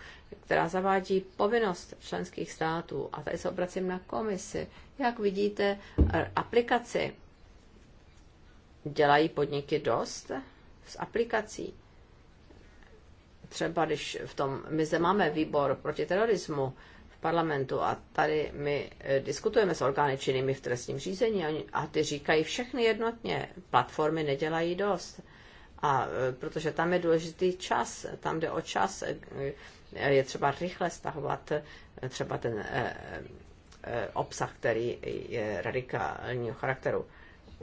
která zavádí povinnost členských států. A tady se obracím na komisi. Jak vidíte, eh, aplikaci dělají podniky dost s aplikací třeba když v tom, my zde máme výbor proti terorismu v parlamentu a tady my eh, diskutujeme s orgány činnými v trestním řízení a ty říkají všechny jednotně, platformy nedělají dost. A eh, protože tam je důležitý čas, tam jde o čas, eh, je třeba rychle stahovat třeba ten obsah, který je radikálního charakteru.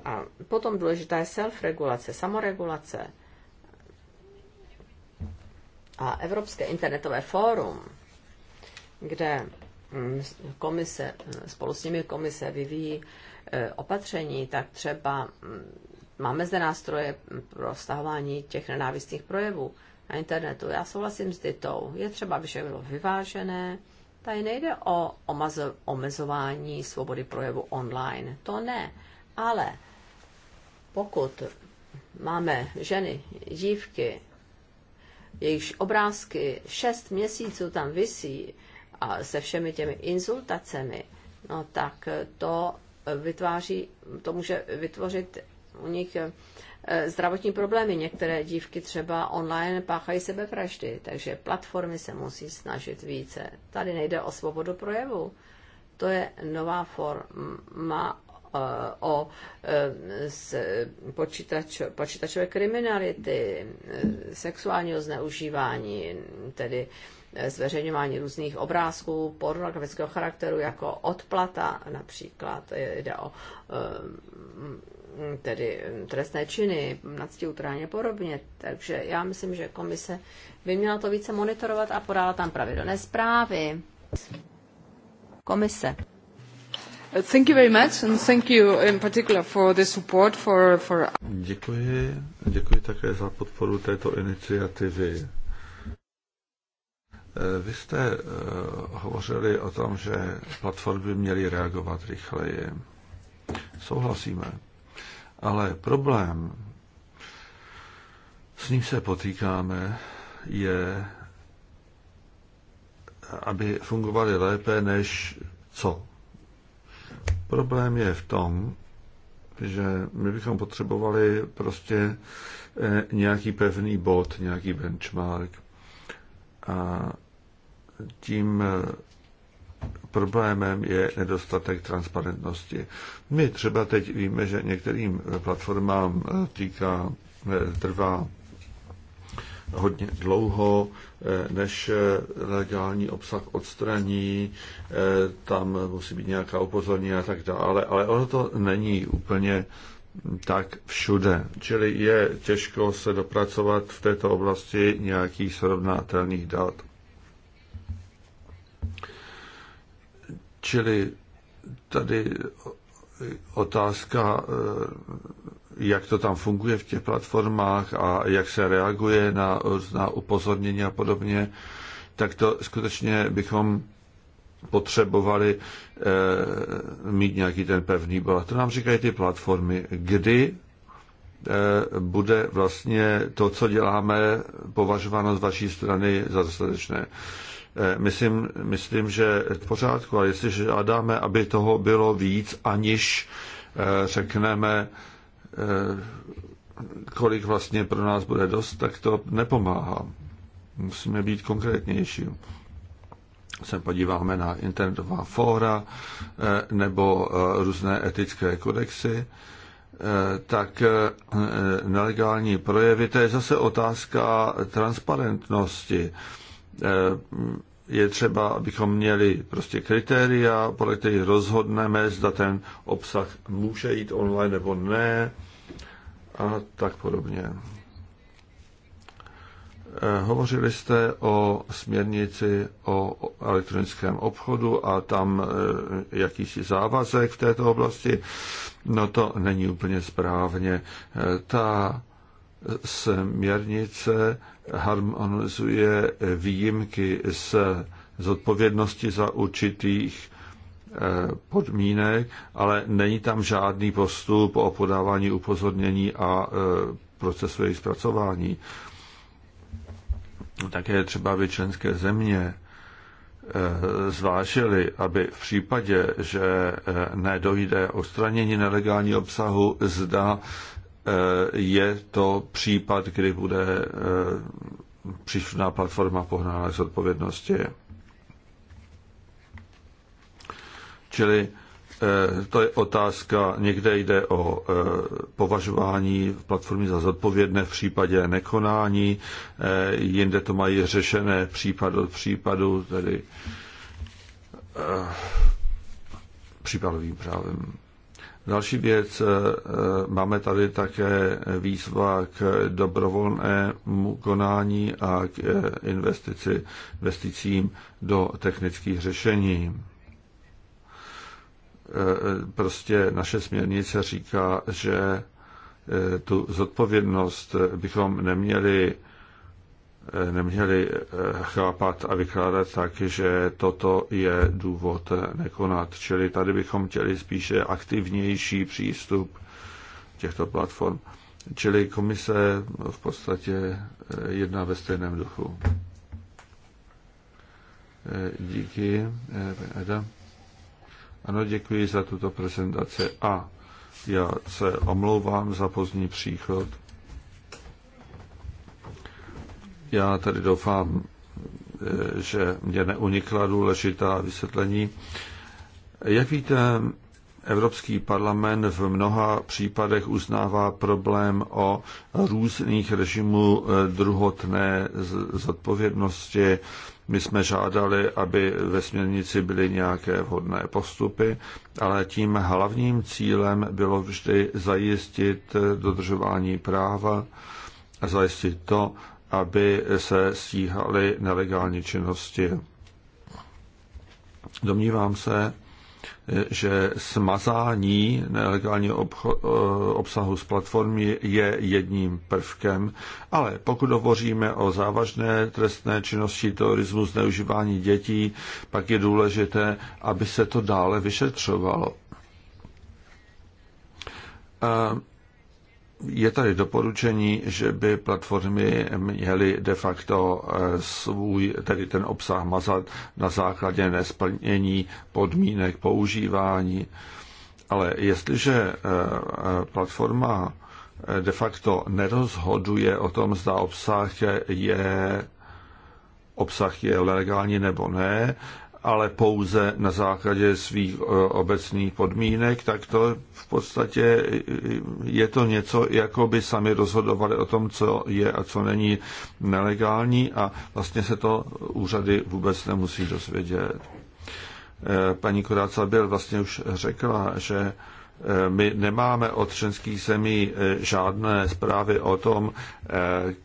A potom důležitá je self-regulace, samoregulace a Evropské internetové fórum, kde mm, komise, mm, spolu s nimi komise vyvíjí e, opatření, tak třeba mm, máme zde nástroje pro stahování těch nenávistných projevů na internetu. Já souhlasím s Ditou. Je třeba, aby všechno bylo vyvážené. Tady nejde o omezování svobody projevu online. To ne. Ale pokud máme ženy, dívky, jejichž obrázky šest měsíců tam visí a se všemi těmi insultacemi, no tak to vytváří, to může vytvořit u nich eh, zdravotní problémy. Některé dívky třeba online páchají sebevraždy, takže platformy se musí snažit více. Tady nejde o svobodu projevu. To je nová forma o z počítač, počítačové kriminality, sexuálního zneužívání, tedy e, zveřejňování různých obrázků pornografického charakteru jako odplata například, jde o e, tedy trestné činy, a podobně. Takže já myslím, že komise by měla to více monitorovat a podala tam pravidelné zprávy. Komise. Thank you very much and thank you in particular for the support for, for... Děkuji, děkuji také za podporu této iniciativy. Eh, vy jste eh, hovořili o tom, že platformy měly reagovat rychleji. Souhlasíme. Ale problém, s ním se potýkáme, je, aby fungovaly lépe než co Problém je v tom, že my bychom potřebovali prostě eh, nějaký pevný bod, nějaký benchmark. A tím eh, problémem je nedostatek transparentnosti. My třeba teď víme, že některým platformám eh, týká, trvá hodně dlouho, eh, než eh, legální obsah odstraní, eh, tam musí být nějaká upozornění a tak dále, ale ono to není úplně tak všude. Čili je těžko se dopracovat v této oblasti nějakých srovnatelných dat. Čili tady otázka jak to tam funguje v těch platformách a jak se reaguje na, na upozornění a podobně, tak to skutečně bychom potřebovali e, mít nějaký ten pevný bod. To nám říkají ty platformy, kdy e, bude vlastně to, co děláme, považováno z vaší strany za dostatečné. E, myslím, myslím, že v pořádku, ale jestliže žádáme, aby toho bylo víc, aniž e, řekneme, Eh, kolik vlastně pro nás bude dost, tak to nepomáhá. Musíme být konkrétnější. Se podíváme na internetová fóra eh, nebo eh, různé etické kodexy, tak nelegální projevy, to je zase otázka transparentnosti je třeba, abychom měli prostě kritéria, podle kterých rozhodneme, zda ten obsah může jít online nebo ne a tak podobně. Eh, hovořili jste o směrnici o elektronickém obchodu a tam eh, jakýsi závazek v této oblasti. No to není úplně správně. Eh, ta směrnice harmonizuje výjimky z zodpovědnosti za určitých eh, podmínek, ale není tam žádný postup o podávání upozornění a eh, procesu jejich zpracování. Také třeba, by členské země eh, zvážili, aby v případě, že nedojde odstranění nelegální obsahu, zda Eh, je to případ, kdy bude eh, příslušná platforma pohnána z odpovědnosti. Čili eh, to je otázka, někde jde o považování platformy za zodpovědné v případě nekonání, jinde to mají řešené případ od případu, tedy případovým právem. Další věc, eh, eh, máme tady také výzva k dobrovolnému konání a k eh, investici, investicím do technických řešení. Prostě naše směrnice říká, že tu zodpovědnost bychom neměli neměli eh, chápat a vykládat tak, že toto je důvod nekonat. Čili tady bychom chtěli spíše aktivnější přístup těchto platform. Čili komise v podstatě eh, jedná ve stejném duchu. Eh, díky, Eda. Ano, děkuji za tuto prezentaci a já se omlouvám za pozdní příchod. Já tady doufám, eh, že mě neunikla důležitá vysvětlení. Jak víte, Evropský parlament v mnoha případech uznává problém o různých režimů eh, druhotné zodpovědnosti. My jsme žádali, aby ve směrnici byly nějaké vhodné postupy, ale tím hlavním cílem bylo vždy zajistit eh, dodržování práva a zajistit to, aby se stíhaly nelegální činnosti. Domnívám se, že smazání nelegálního obsahu z platformy je jedním prvkem, ale pokud hovoříme o závažné trestné činnosti terorismu, zneužívání dětí, pak je důležité, aby se to dále vyšetřovalo. Je tady doporučení, že by platformy měly de facto eh, svůj, tedy ten obsah mazat na základě nesplnění podmínek používání. Ale jestliže eh, eh, platforma de facto nerozhoduje o tom, zda obsah je obsah je legální nebo ne, ale pouze na základě svých eh, obecných podmínek, tak to v podstatě eh, eh, je to něco, jako by sami rozhodovali o tom, co je a co není nelegální a vlastně se to úřady vůbec nemusí dozvědět. Paní Koráca byl vlastně už řekla, že my nemáme od členských zemí e, žádné zprávy o tom, e,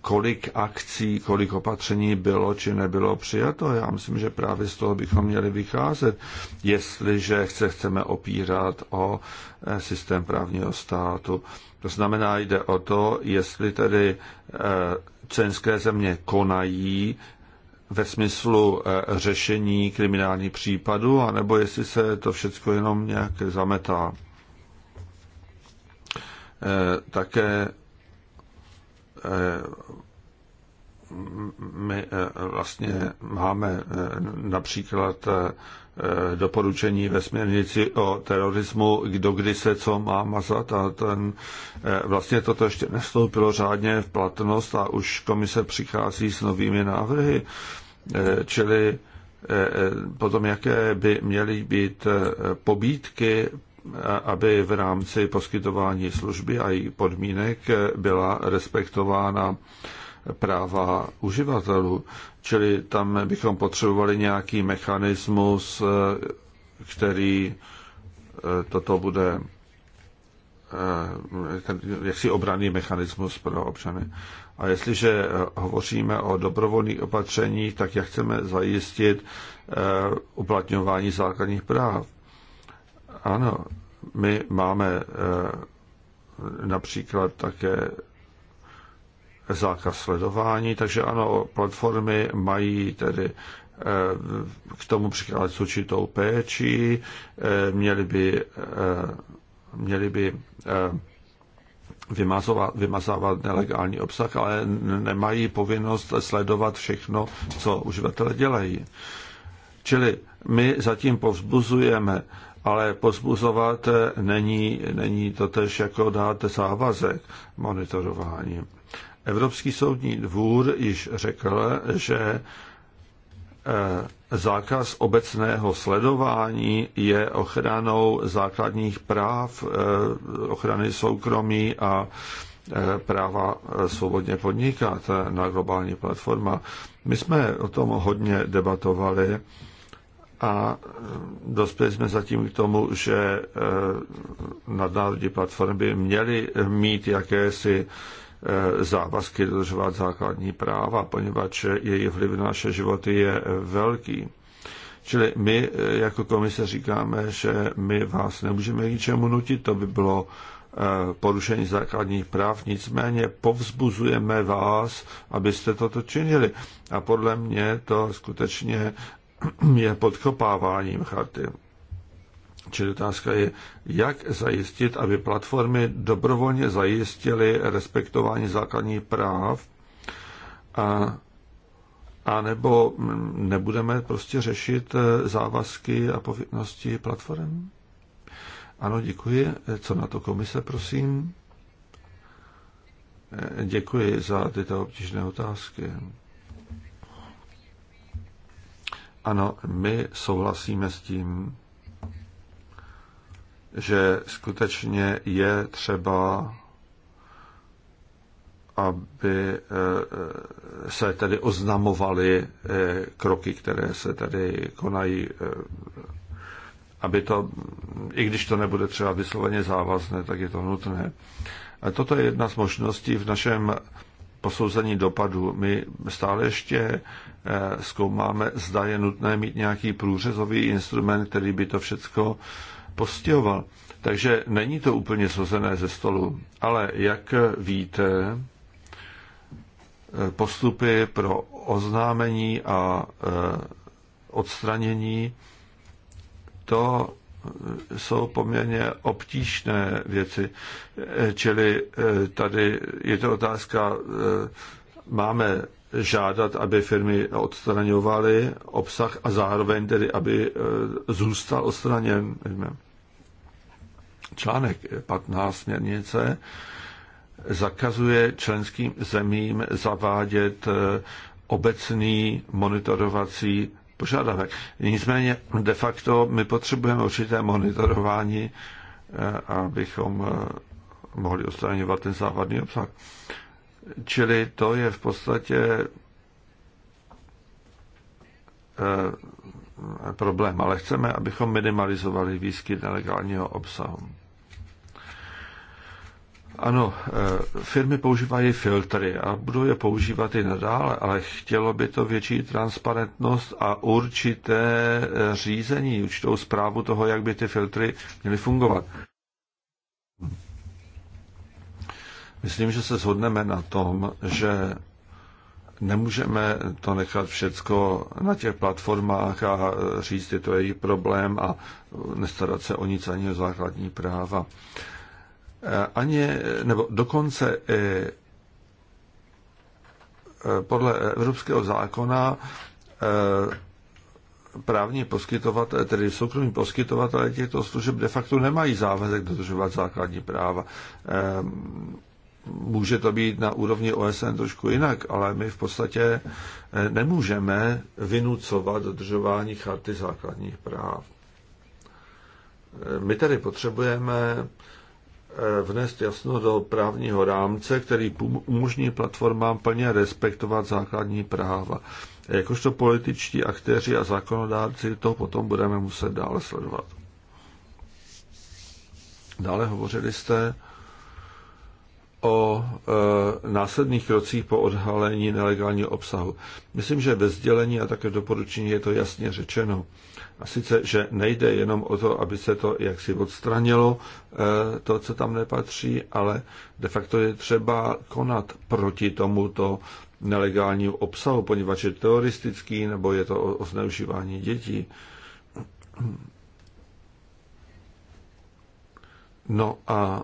kolik akcí, kolik opatření bylo či nebylo přijato. Já myslím, že právě z toho bychom měli vycházet, jestliže se chceme opírat o e, systém právního státu. To znamená, jde o to, jestli tedy členské země konají ve smyslu řešení kriminálních případů, anebo jestli se to všechno jenom nějak zametá. Eh, také eh, my eh, vlastně máme například doporučení ve směrnici o terorismu, kdo kdy se co má mazat a ten, vlastně toto ještě nestoupilo řádně v platnost a už komise přichází s novými návrhy, čili potom jaké by měly být pobídky aby v rámci poskytování služby a její podmínek byla respektována práva uživatelů. Čili tam bychom potřebovali nějaký mechanismus, který eh, toto bude eh, jaksi obraný mechanismus pro občany. A jestliže eh, hovoříme o dobrovolných opatřeních, tak jak chceme zajistit uplatňování základních práv. Ano, my máme eh, například také zákaz sledování, takže ano, platformy mají tedy eh, k tomu přicházet s určitou péčí, eh, měly by, měli by vymazovat, vymazávat nelegální obsah, ale nemají povinnost sledovat všechno, co uživatelé dělají. Čili my zatím povzbuzujeme ale pozbuzovat není, není to tež jako dát závazek monitorování. Evropský soudní dvůr již řekl, že eh, zákaz obecného sledování je ochranou základních práv, eh, ochrany soukromí a eh, práva svobodně podnikat na globální platforma. My jsme o tom hodně debatovali a e, dospěli jsme zatím k tomu, že e, nadnárodní platformy by měly mít jakési e, závazky dodržovat základní práva, poněvadž jejich vliv na naše životy je velký. Čili my jako komise říkáme, že my vás nemůžeme k ničemu nutit, to by bylo porušení základních práv, nicméně povzbuzujeme vás, abyste toto činili. A podle mě to skutečně je podkopáváním charty. Čili otázka je, jak zajistit, aby platformy dobrovolně zajistily respektování základních práv a, a nebo nebudeme prostě řešit eh, závazky a povinnosti platform? Ano, děkuji. Eh, co na to komise, prosím? Eh, děkuji za tyto obtížné otázky. Ano, my souhlasíme s tím, že skutečně je třeba, aby eh, se tedy oznamovaly eh, kroky, které se tedy konají, eh, aby to, i když to nebude třeba vysloveně závazné, tak je to nutné. Toto je jedna z možností v našem posouzení dopadu. My stále ještě eh, zkoumáme, zda je nutné mít nějaký průřezový instrument, který by to všechno postihoval. Takže není to úplně sozené ze stolu. Ale jak víte, eh, postupy pro oznámení a eh, odstranění, to jsou poměrně obtížné věci. Čili eh, tady je to otázka, eh, máme žádat, aby firmy odstraňovaly obsah a zároveň tedy, aby eh, zůstal odstraněn. Článek 15 směrnice zakazuje členským zemím zavádět obecný monitorovací požadavek. Nicméně de facto my potřebujeme určité monitorování, eh, abychom eh, mohli odstraňovat ten závadný obsah. Čili to je v podstatě eh, problém, ale chceme, abychom minimalizovali výskyt nelegálního obsahu. Ano, eh, firmy používají filtry a budou je používat i nadále, ale chtělo by to větší transparentnost a určité eh, řízení, určitou zprávu toho, jak by ty filtry měly fungovat. Myslím, že se shodneme na tom, že nemůžeme to nechat všecko na těch platformách a eh, říct, že to je jejich problém a nestarat se o nic ani o základní práva. Eh, ani, eh, nebo dokonce eh, podle evropského zákona právní poskytovatel, tedy soukromí poskytovatel těchto služeb de facto nemají závazek dodržovat základní práva. Může to být na úrovni OSN trošku jinak, ale my v podstatě nemůžeme vynucovat dodržování charty základních práv. My tedy potřebujeme Eh, vnést jasno do právního rámce, který umožní platformám plně respektovat základní práva. Jakožto političtí aktéři a zákonodárci to potom budeme muset dále sledovat. Dále hovořili jste o e, následných krocích po odhalení nelegálního obsahu. Myslím, že ve sdělení a také v doporučení je to jasně řečeno. E, a sice, že nejde jenom o to, aby se to jaksi odstranilo, eh, to, co tam nepatří, ale de facto je třeba konat proti tomuto nelegálního obsahu, poněvadž je teoristický, nebo je to o zneužívání dětí. No a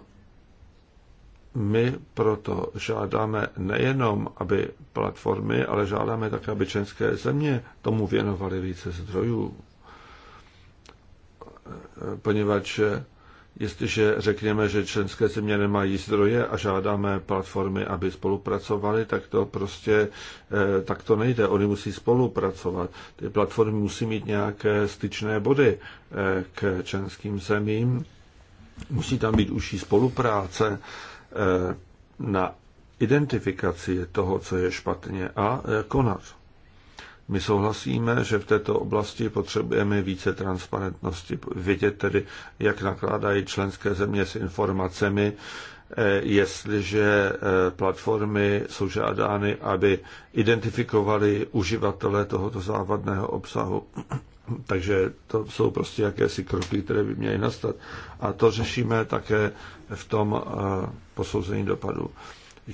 my proto žádáme nejenom, aby platformy, ale žádáme také, aby české země tomu věnovaly více zdrojů poněvadž jestliže řekněme, že členské země nemají zdroje a žádáme platformy, aby spolupracovali, tak to prostě eh, tak to nejde. Oni musí spolupracovat. Ty platformy musí mít nějaké styčné body eh, k členským zemím. Musí tam být užší spolupráce eh, na identifikaci toho, co je špatně a konat. My souhlasíme, že v této oblasti potřebujeme více transparentnosti, vědět tedy, jak nakládají členské země s informacemi, eh, jestliže eh, platformy jsou žádány, aby identifikovali uživatele tohoto závadného obsahu. Takže to jsou prostě jakési kroky, které by měly nastat. A to řešíme také v tom eh, posouzení dopadu.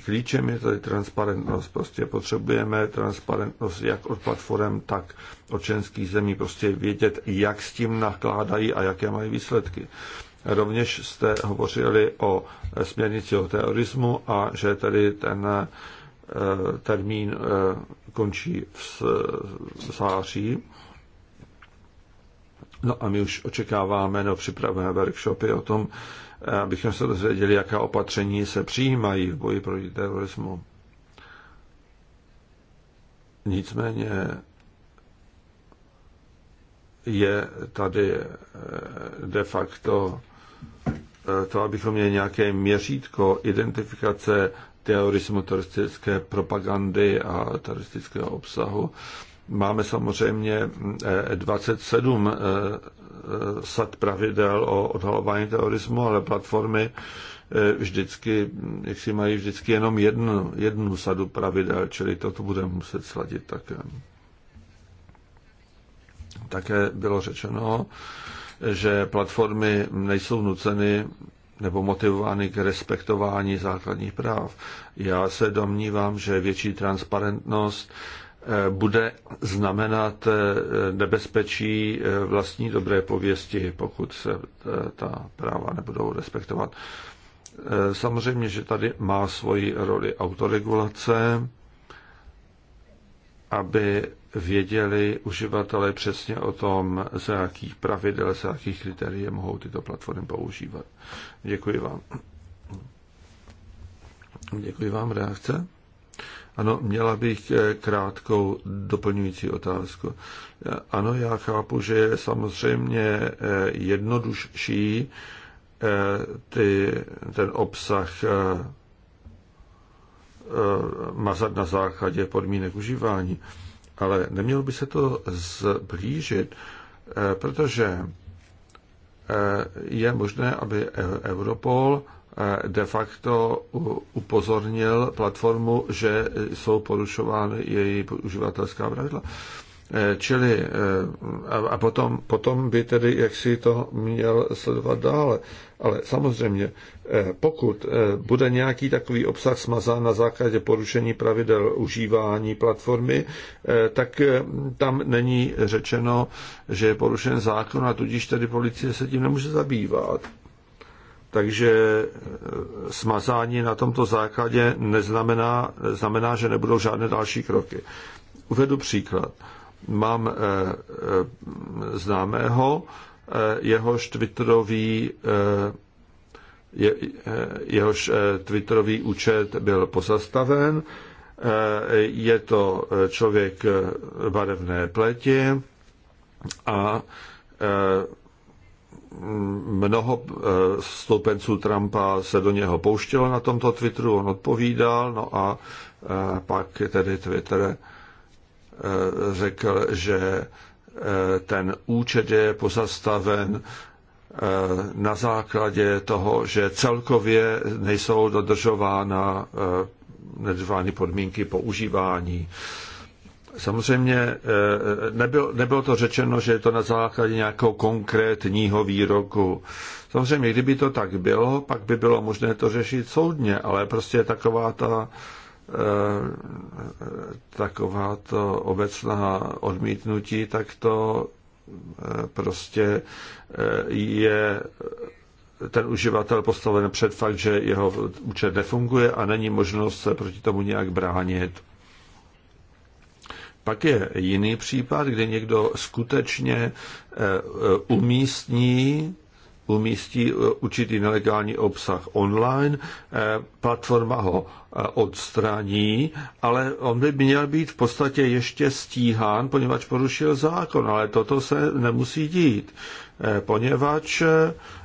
Klíčem je tady transparentnost. Prostě potřebujeme transparentnost jak od platform, tak od členských zemí. Prostě vědět, jak s tím nakládají a jaké mají výsledky. Rovněž jste hovořili o směrnici o terorismu a že tady ten eh, termín eh, končí v září. No a my už očekáváme, no připravujeme workshopy o tom, abychom se dozvěděli, jaká opatření se přijímají v boji proti terorismu. Nicméně je tady eh, de facto eh, to, abychom měli nějaké měřítko identifikace terorismu, teroristické propagandy a teroristického obsahu. Máme samozřejmě 27 eh, eh, eh, sad pravidel o odhalování terorismu, ale platformy vždycky, jak si mají vždycky jenom jednu, jednu sadu pravidel, čili toto budeme muset sladit také. Také bylo řečeno, že platformy nejsou nuceny nebo motivovány k respektování základních práv. Já se domnívám, že větší transparentnost bude znamenat eh, nebezpečí eh, vlastní dobré pověsti, pokud se eh, ta práva nebudou respektovat. Samozřejmě, že tady má svoji roli autoregulace, aby věděli uživatelé přesně o tom, za jakých pravidel, za jakých kritérií mohou tyto platformy používat. Děkuji vám. Děkuji vám, reakce. Ano, měla bych eh, krátkou doplňující otázku. Eh, ano, já chápu, že je samozřejmě eh, jednodušší ty, ten obsah mazat na základě podmínek užívání, ale nemělo by se to zblížit, protože je možné, aby e- Europol de facto upozornil platformu, že jsou porušovány její uživatelská pravidla. E, čili e, a potom, potom by tedy jak si to měl sledovat dále. Ale samozřejmě, e, pokud bude nějaký takový obsah smazán na základě porušení pravidel užívání platformy, tak tam není řečeno, že je porušen zákon a tudíž tedy policie se tím nemůže zabývat. Takže eh, smazání na tomto základě neznamená, znamená, že nebudou žádné další kroky. Uvedu příklad. Mám eh, eh, známého, jehož twitterový je, jehož twitterový účet byl pozastaven. Je to člověk barevné pleti a mnoho eh, stoupenců Trumpa se do něho pouštělo na tomto Twitteru, on odpovídal, no a eh, pak tedy Twitter eh, řekl, že ten účet je pozastaven na základě toho, že celkově nejsou dodržována nedržovány podmínky používání. Samozřejmě eh, eh, nebyl, nebylo to řečeno, že je to na základě nějakého konkrétního výroku. Samozřejmě, kdyby to tak bylo, pak by bylo možné to řešit soudně, ale prostě taková ta eh, taková to obecná odmítnutí, tak to prostě je ten uživatel postaven před fakt, že jeho účet nefunguje a není možnost se proti tomu nějak bránit. Pak je jiný případ, kdy někdo skutečně eh, eh, umístní umístí eh, určitý nelegální obsah online, platforma ho odstraní, ale on by měl být v podstatě ještě stíhán, poněvadž porušil zákon, ale toto se nemusí dít, poněvadž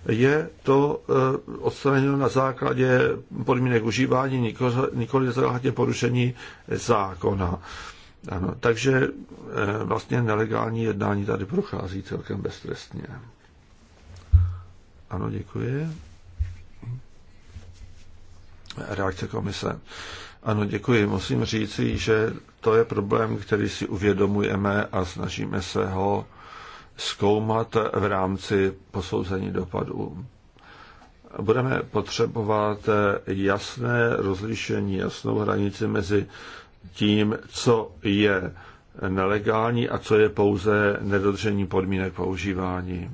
je to odstraněno na základě podmínek užívání, nikoli na základě porušení zákona. Ano, takže eh, vlastně nelegální jednání tady prochází celkem beztrestně. Ano, děkuji. Reakce komise. Ano, děkuji. Musím říci, že to je problém, který si uvědomujeme a snažíme se ho zkoumat v rámci posouzení dopadů. Budeme potřebovat jasné rozlišení, jasnou hranici mezi tím, co je nelegální a co je pouze nedodržení podmínek používání.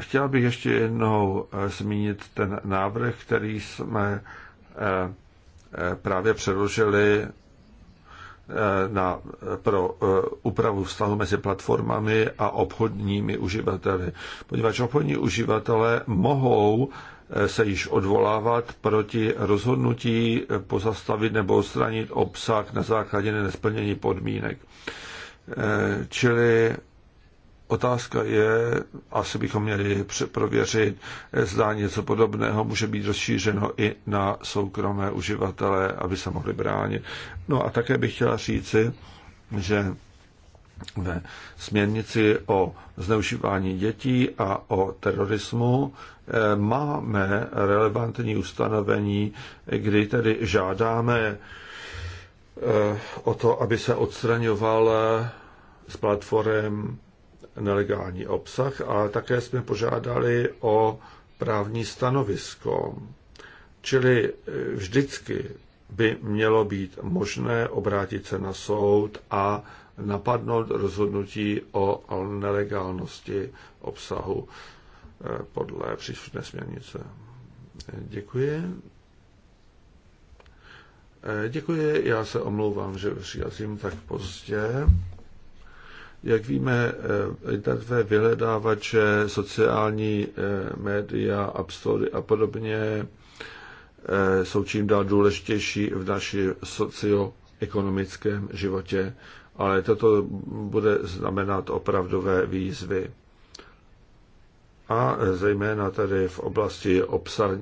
Chtěl bych ještě jednou eh, zmínit ten návrh, který jsme eh, eh, právě předložili na, pro úpravu vztahu mezi platformami a obchodními uživateli. Poněvadž obchodní uživatelé mohou se již odvolávat proti rozhodnutí pozastavit nebo odstranit obsah na základě nesplnění podmínek. Eh, čili otázka je, asi bychom měli prověřit, eh, zda něco podobného může být rozšířeno i na soukromé uživatele, aby se mohli bránit. No a také bych chtěla říci, že ve směrnici o zneužívání dětí a o terorismu eh, máme relevantní ustanovení, kdy tedy žádáme eh, o to, aby se odstraňoval z eh, platformem nelegální obsah a také jsme požádali o právní stanovisko. Čili vždycky by mělo být možné obrátit se na soud a napadnout rozhodnutí o nelegálnosti obsahu eh, podle příslušné směrnice. Děkuji. Eh, děkuji, já se omlouvám, že přijazím tak pozdě. Jak víme, eh, internetové vyhledávače, sociální média, Store a podobně jsou čím dál důležitější v našem socioekonomickém životě ale toto bude znamenat opravdové výzvy. A zejména tady v oblasti obsa, eh,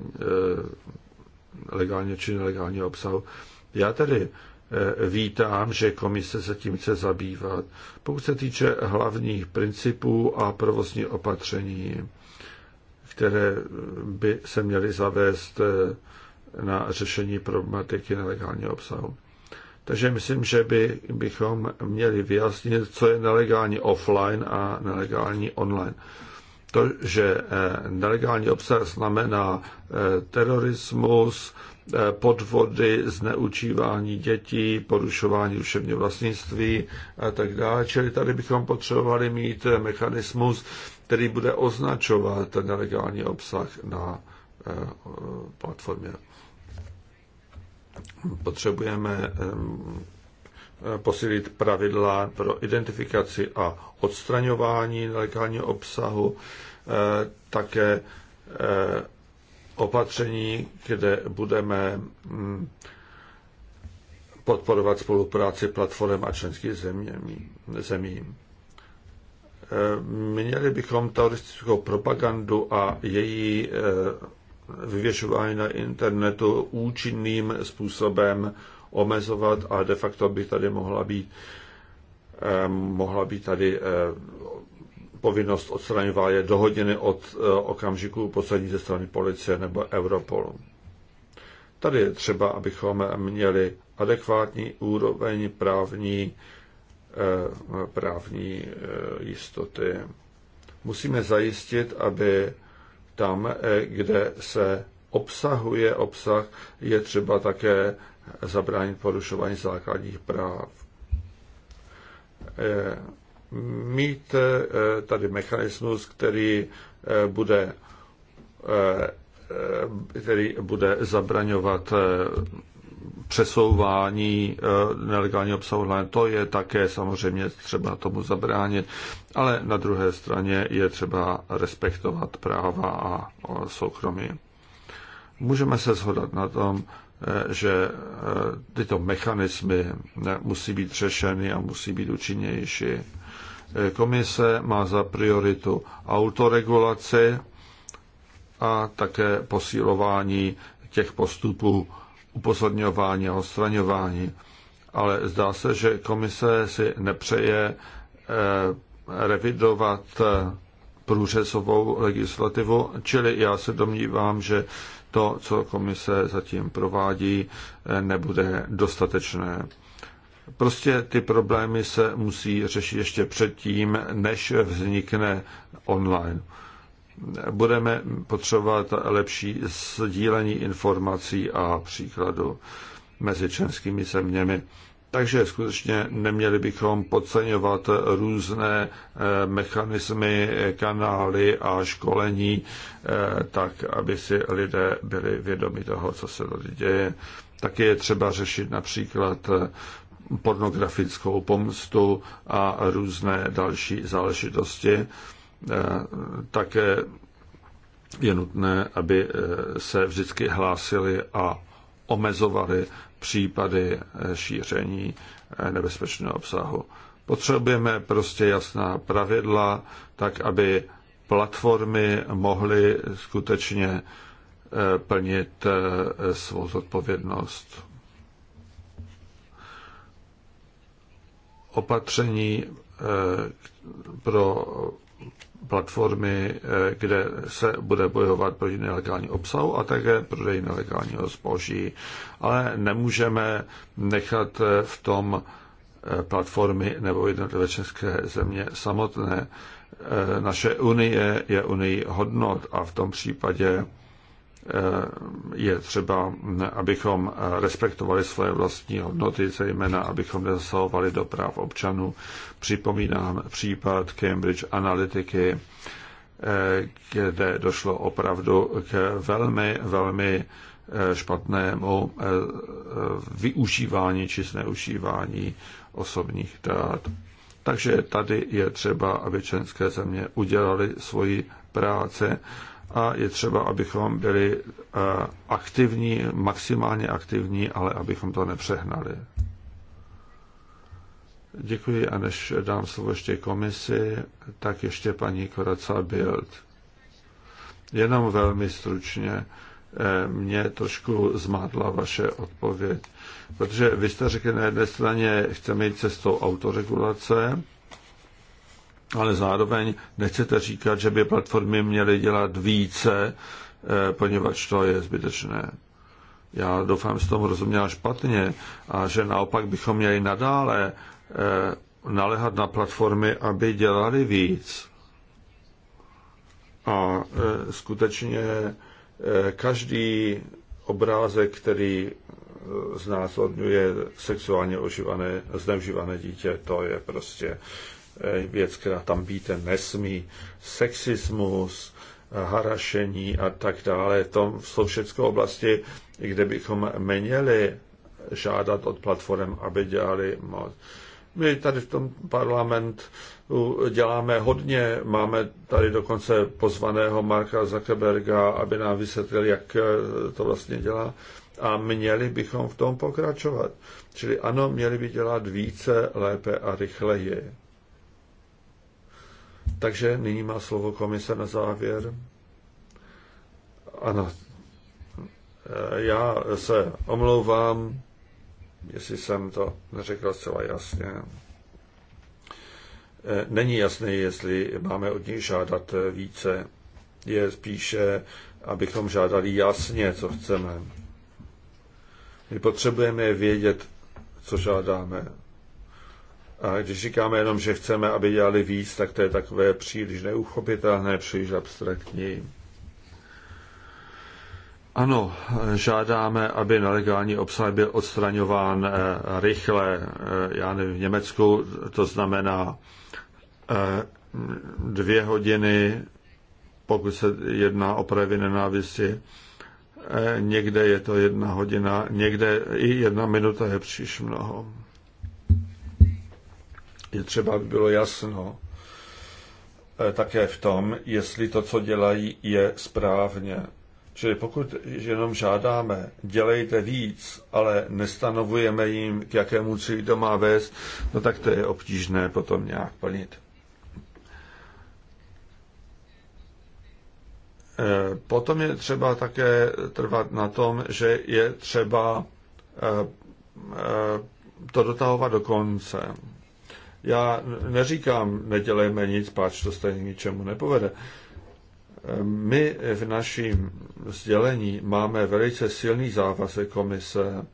legálně či nelegálního obsahu. Já tady eh, vítám, že komise se tím chce zabývat. Pokud se týče hlavních principů a provozní opatření, které by se měly zavést eh, na řešení problematiky nelegálního obsahu. Takže myslím, že by, bychom měli vyjasnit, co je nelegální offline a nelegální online. To, že eh, nelegální obsah znamená eh, terorismus, eh, podvody, zneučívání dětí, porušování duševního vlastnictví a tak dále. Čili tady bychom potřebovali mít mechanismus, který bude označovat ten nelegální obsah na platformě Potřebujeme posílit pravidla pro identifikaci a odstraňování nelegálního obsahu, eh, také eh, opatření, kde budeme mm, podporovat spolupráci platform a členských zemí. zemí. Eh, měli bychom teroristickou propagandu a její vyvěšování na internetu účinným způsobem omezovat a de facto by tady mohla být, eh, mohla být tady eh, povinnost odstraňování do hodiny od eh, okamžiku poslední ze strany policie nebo Europolu. Tady je třeba, abychom měli adekvátní úroveň právní, právní jistoty. Musíme zajistit, aby tam, eh, kde se obsahuje obsah, je třeba také zabránit porušování základních práv. Eh, mít eh, tady mechanismus, který bude který bude zabraňovat přesouvání eh, nelegálního obsahu online, to je také samozřejmě třeba tomu zabránit, ale na druhé straně je třeba respektovat práva a soukromí. Můžeme se shodat na tom, eh, že eh, tyto mechanismy musí být řešeny a musí být účinnější. Komise má za prioritu autoregulaci a také posilování těch postupů upozorňování a odstraňování. Ale zdá se, že komise si nepřeje eh, revidovat eh, průřezovou legislativu, čili já se domnívám, že to, co komise zatím provádí, eh, nebude dostatečné. Prostě ty problémy se musí řešit ještě předtím, než vznikne online budeme potřebovat lepší sdílení informací a příkladu mezi členskými zeměmi. Takže skutečně neměli bychom podceňovat různé eh, mechanismy, kanály a školení, eh, tak aby si lidé byli vědomi toho, co se tady děje. Také je třeba řešit například eh, pornografickou pomstu a různé další záležitosti Eh, také je nutné, aby eh, se vždycky hlásili a omezovali případy eh, šíření nebezpečného obsahu. Potřebujeme prostě jasná pravidla, tak aby platformy mohly skutečně plnit svou zodpovědnost. Opatření pro platformy, eh, kde se bude bojovat proti nelegální obsahu a také prodej nelegálního zboží. Ale nemůžeme nechat eh, v tom eh, platformy nebo jednotlivé české země samotné. Naše unie je unii hodnot a v tom případě Eh, je třeba, abychom eh, respektovali své vlastní hodnoty, zejména abychom nezasahovali do práv občanů. Připomínám případ Cambridge Analytiky, eh, kde došlo opravdu k velmi, velmi špatnému využívání či zneužívání osobních dát. Takže tady je třeba, aby členské země udělali svoji práce a je třeba, abychom byli eh, aktivní, maximálně aktivní, ale abychom to nepřehnali. Děkuji a než dám slovo ještě komisi, tak ještě paní Koraca Bild. Jenom velmi stručně eh, mě trošku zmádla vaše odpověď, protože vy jste řekli na jedné straně, chceme jít cestou autoregulace, ale zároveň nechcete říkat, že by platformy měly dělat více, eh, poněvadž to je zbytečné. Já doufám, že tomu rozuměla špatně a že naopak bychom měli nadále eh, nalehat na platformy, aby dělali víc. A eh, skutečně každý obrázek, který znázorňuje sexuálně oživané, zneužívané dítě, to je prostě věc, která tam být nesmí. Sexismus, harašení a tak dále. To jsou všechno oblasti, kde bychom měli žádat od platform, aby dělali moc. My tady v tom parlamentu děláme hodně. Máme tady dokonce pozvaného Marka Zuckerberga, aby nám vysvětlil, jak eh, to vlastně dělá. A měli bychom v tom pokračovat. Čili ano, měli by dělat více, lépe a rychleji. Takže nyní má slovo komise na závěr. Ano, eh, já se omlouvám, jestli jsem to neřekl zcela jasně. Eh, není jasné, jestli máme od nich žádat více. Je spíše, abychom žádali jasně, co chceme. My potřebujeme vědět, co žádáme. A když říkáme jenom, že chceme, aby dělali víc, tak to je takové příliš neuchopitelné, příliš abstraktní. Ano, žádáme, aby nelegální obsah byl odstraňován eh, rychle. Eh, já nevím, v Německu to znamená eh, dvě hodiny, pokud se jedná o projevy nenávisti. Někde je to jedna hodina, někde i jedna minuta je příliš mnoho je třeba, aby bylo jasno eh, také v tom, jestli to, co dělají, je správně. Čili pokud jenom žádáme, dělejte víc, ale nestanovujeme jim, k jakému cíli to má vést, no tak to je obtížné potom nějak plnit. Eh, potom je třeba také trvat na tom, že je třeba eh, to dotahovat do konce. Já neříkám, nedělejme nic, páč to stejně ničemu nepovede. My v našem sdělení máme velice silný závazek komise,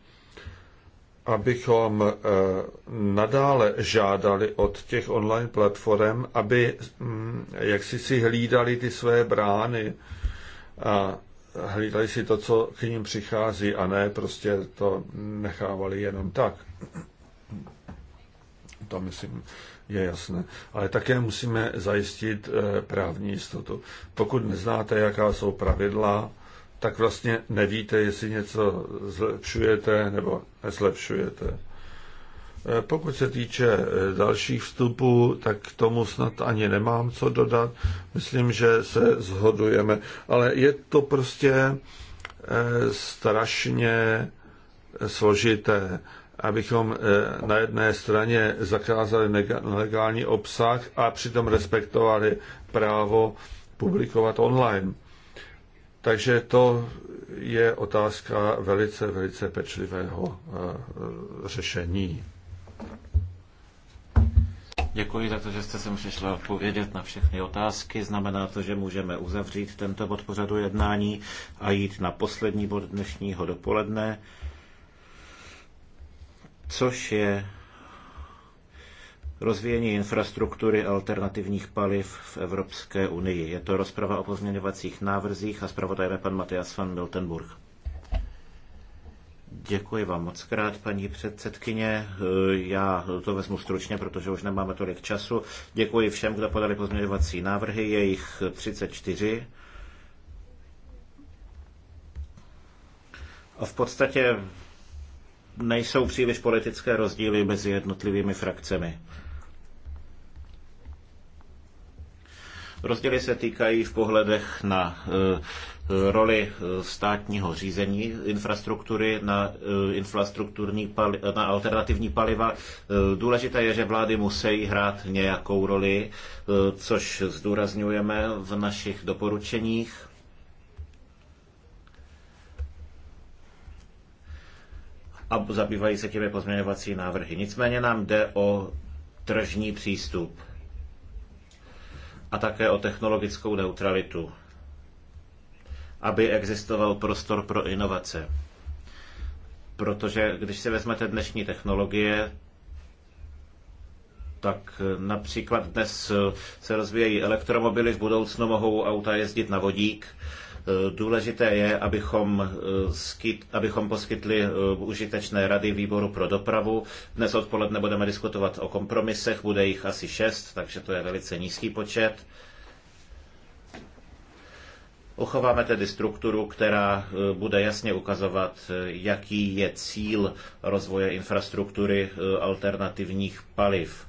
abychom eh, nadále žádali od těch online platform, aby mm, jak si si hlídali ty své brány a hlídali si to, co k ním přichází a ne prostě to nechávali jenom tak to myslím je jasné. Ale také musíme zajistit eh, právní jistotu. Pokud neznáte, jaká jsou pravidla, tak vlastně nevíte, jestli něco zlepšujete nebo nezlepšujete. Eh, pokud se týče eh, dalších vstupů, tak k tomu snad ani nemám co dodat. Myslím, že se zhodujeme. Ale je to prostě strašně složité abychom eh, na jedné straně zakázali nelegální obsah a přitom respektovali právo publikovat online. Takže to je otázka velice, velice pečlivého eh, řešení. Děkuji za to, že jste sem přišla odpovědět na všechny otázky. Znamená to, že můžeme uzavřít tento bod pořadu jednání a jít na poslední bod dnešního dopoledne což je rozvíjení infrastruktury alternativních paliv v Evropské unii. Je to rozprava o pozměňovacích návrzích a zpravodajem je pan Matias van Miltenburg. Děkuji vám moc krát, paní předsedkyně. Já to vezmu stručně, protože už nemáme tolik času. Děkuji všem, kdo podali pozměňovací návrhy, je jich 34. A v podstatě nejsou příliš politické rozdíly mezi jednotlivými frakcemi. Rozdíly se týkají v pohledech na eh, roli eh, státního řízení infrastruktury na, eh, infrastrukturní pali, na alternativní paliva. Důležité je, že vlády musí hrát nějakou roli, což zdůrazňujeme v našich doporučeních. a zabývají se těmi pozměňovací návrhy. Nicméně nám jde o tržní přístup a také o technologickou neutralitu, aby existoval prostor pro inovace. Protože když si vezmete dnešní technologie, tak například dnes se rozvíjejí elektromobily, v budoucnu mohou auta jezdit na vodík Důležité je, abychom, eh, skyt, abychom poskytli eh, užitečné rady výboru pro dopravu. Dnes odpoledne budeme diskutovat o kompromisech, bude jich asi šest, takže to je velice nízký počet. Uchováme tedy strukturu, která eh, bude jasně ukazovat, jaký je cíl rozvoje infrastruktury alternativních paliv.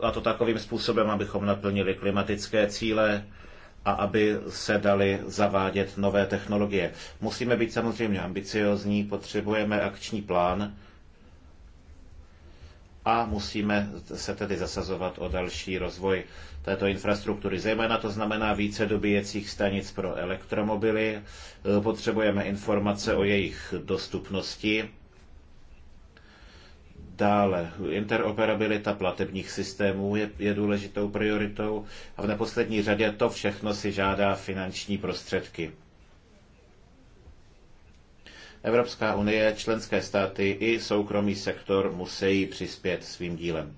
a to takovým způsobem, abychom naplnili klimatické cíle, a aby se daly zavádět nové technologie. Musíme být samozřejmě ambiciozní, potřebujeme akční plán a musíme se tedy zasazovat o další rozvoj této infrastruktury. Zejména to znamená více dobíjecích stanic pro elektromobily. Potřebujeme informace o jejich dostupnosti Dále, interoperabilita platebních systémů je, je důležitou prioritou a v neposlední řadě to všechno si žádá finanční prostředky. Evropská unie, členské státy i soukromý sektor musí přispět svým dílem.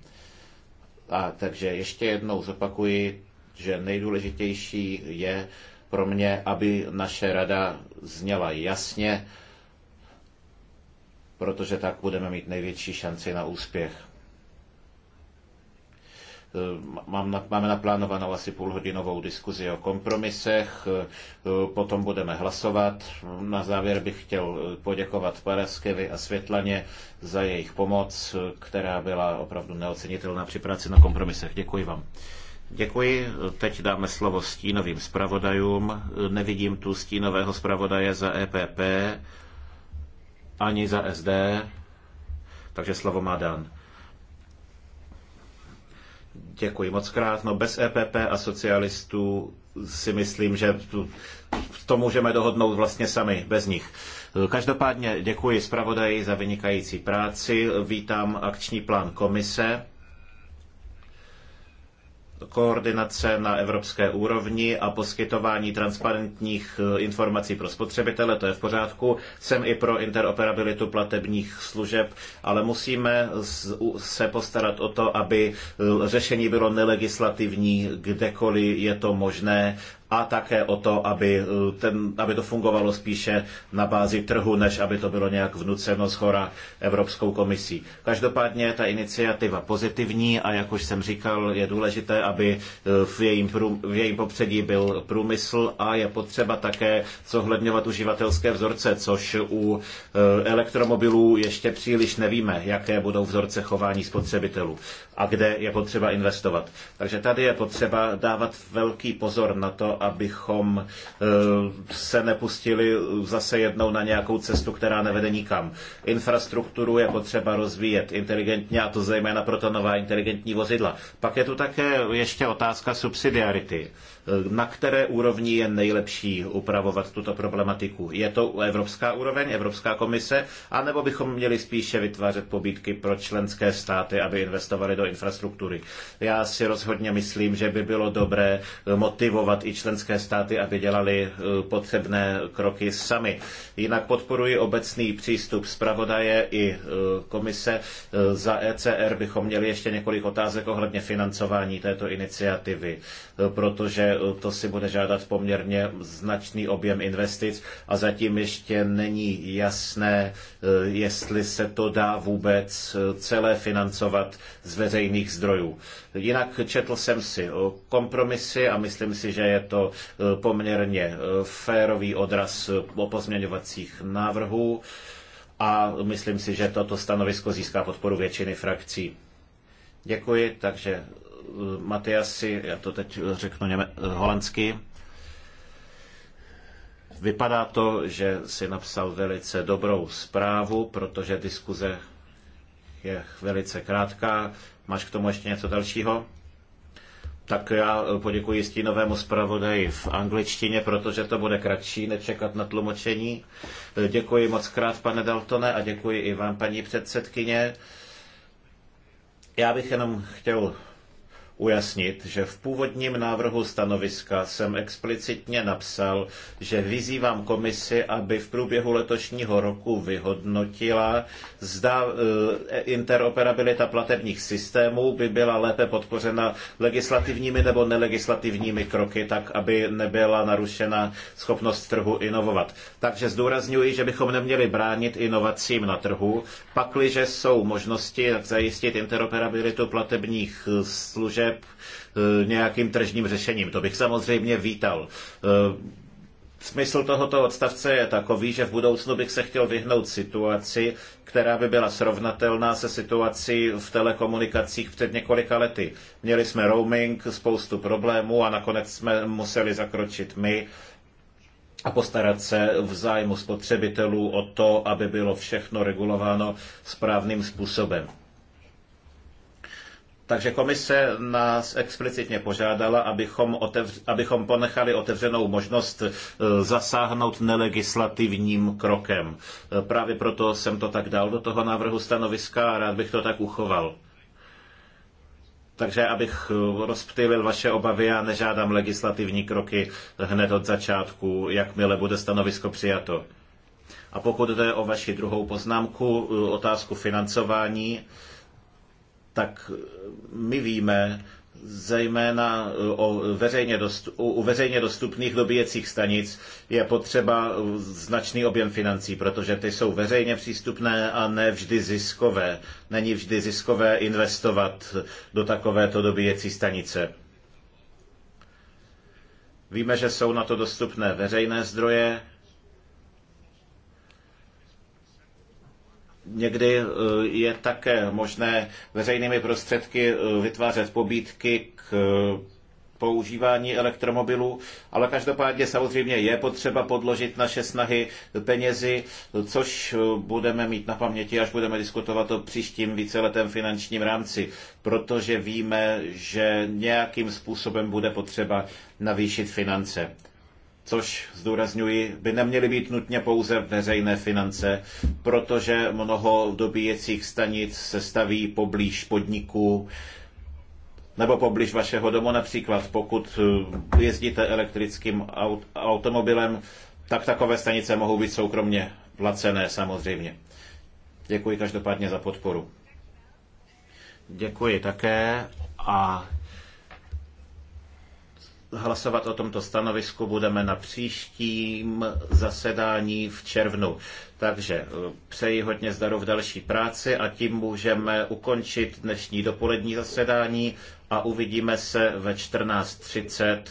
A takže ještě jednou zopakuji, že nejdůležitější je pro mě, aby naše rada zněla jasně protože tak budeme mít největší šanci na úspěch. Ehm, máme naplánovanou asi půlhodinovou diskuzi o kompromisech, ehm, potom budeme hlasovat. Na závěr bych chtěl ehm, poděkovat Paraskevi a Světlaně za jejich pomoc, která byla opravdu neocenitelná při práci na kompromisech. Děkuji vám. Děkuji. Teď dáme slovo stínovým zpravodajům. Nevidím tu stínového zpravodaje za EPP ani za SD, takže slovo má Dan. Děkuji moc krát. No bez EPP a socialistů si myslím, že to můžeme dohodnout vlastně sami, bez nich. Každopádně děkuji zpravodaji za vynikající práci, vítám akční plán komise koordinace na evropské úrovni a poskytování transparentních eh, informací pro spotřebitele, to je v pořádku. Jsem i pro interoperabilitu platebních služeb, ale musíme se postarat o to, aby eh, řešení bylo nelegislativní, kdekoliv je to možné a také o to, aby, eh, ten, aby to fungovalo spíše na bázi trhu, než aby to bylo nějak vnuceno z hora Evropskou komisí. Každopádně je ta iniciativa pozitivní a jak už jsem říkal, je důležité, aby eh, v jejím, v jejím popředí byl průmysl a je potřeba také zohledňovat uživatelské vzorce, což u eh, elektromobilů ještě příliš nevíme, jaké budou vzorce chování spotřebitelů a kde je potřeba investovat. Takže tady je potřeba dávat velký pozor na to, abychom eh, se nepustili zase jednou na nějakou cestu, která nevede nikam. Infrastrukturu je potřeba rozvíjet inteligentně a to zejména proto nová inteligentní vozidla. Pak je tu také ještě otázka subsidiarity na které úrovni je nejlepší upravovat tuto problematiku. Je to evropská úroveň, Evropská komise, anebo bychom měli spíše vytvářet pobídky pro členské státy, aby investovali do infrastruktury. Já si rozhodně myslím, že by bylo dobré motivovat i členské státy, aby dělali eh, potřebné kroky sami. Jinak podporuji obecný přístup zpravodaje i eh, komise. Eh, za ECR bychom měli ještě několik otázek ohledně financování této iniciativy, protože to si bude žádat poměrně značný objem investic a zatím ještě není jasné, eh, jestli se to dá vůbec eh, celé financovat z veřejných zdrojů. Jinak četl jsem si eh, kompromisy a myslím si, že je to poměrně férový odraz o pozměňovacích návrhů a myslím si, že toto stanovisko získá podporu většiny frakcí. Děkuji, takže Eh, Matiasi, já to teď řeknu něme, holandsky, Vypadá to, že si napsal velice dobrou zprávu, protože diskuze je velice krátká. Máš k tomu ještě něco dalšího? Tak já poděkuji stínovému zpravodaji v angličtině, protože to bude kratší, nečekat na tlumočení. Děkuji moc krát, pane Daltone, a děkuji i vám, paní předsedkyně. Já bych jenom chtěl ujasnit, že v původním návrhu stanoviska jsem explicitně napsal, že vyzývám komisi, aby v průběhu letošního roku vyhodnotila, zda e, interoperabilita platebních systémů by byla lépe podpořena legislativními nebo nelegislativními kroky, tak aby nebyla narušena schopnost trhu inovovat. Takže zdůrazňuji, že bychom neměli bránit inovacím na trhu, pakliže jsou možnosti, jak zajistit interoperabilitu platebních služeb potřeb eh, nějakým tržním řešením. To bych samozřejmě vítal. Eh, smysl tohoto odstavce je takový, že v budoucnu bych se chtěl vyhnout situaci, která by byla srovnatelná se situací v telekomunikacích před několika lety. Měli jsme roaming, spoustu problémů a nakonec jsme museli zakročit my a postarat se v zájmu spotřebitelů o to, aby bylo všechno regulováno správným způsobem. Takže komise nás explicitně požádala, abychom, otevř, abychom ponechali otevřenou možnost e, zasáhnout nelegislativním krokem. E, právě proto jsem to tak dal do toho návrhu stanoviska a rád bych to tak uchoval. Takže abych e, rozptýlil vaše obavy, já nežádám legislativní kroky hned od začátku, jakmile bude stanovisko přijato. A pokud jde o vaši druhou poznámku, otázku financování, tak eh, my víme, zejména eh, o veřejně dost, u veřejně dostupných dobíjecích stanic je potřeba eh, značný objem financí, protože ty jsou veřejně přístupné a ne vždy ziskové. Není vždy ziskové investovat do takovéto dobíjecí stanice. Víme, že jsou na to dostupné veřejné zdroje, Někdy eh, je také možné veřejnými prostředky eh, vytvářet pobídky k eh, používání elektromobilů, ale každopádně samozřejmě je potřeba podložit naše snahy penězi, což budeme mít na paměti, až budeme diskutovat o příštím víceletém finančním rámci, protože víme, že nějakým způsobem bude potřeba navýšit finance což zdůrazňuji, by neměly být nutně pouze veřejné finance, protože mnoho dobíjecích stanic se staví poblíž podniků nebo poblíž vašeho domu například. Pokud eh, jezdíte elektrickým aut- automobilem, tak takové stanice mohou být soukromně placené samozřejmě. Děkuji každopádně za podporu. Děkuji také a Hlasovat o tomto stanovisku budeme na příštím zasedání v červnu. Takže eh, přeji hodně zdaru v další práci a tím můžeme ukončit dnešní dopolední zasedání a uvidíme se ve 14.30.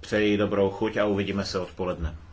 Přeji dobrou chuť a uvidíme se odpoledne.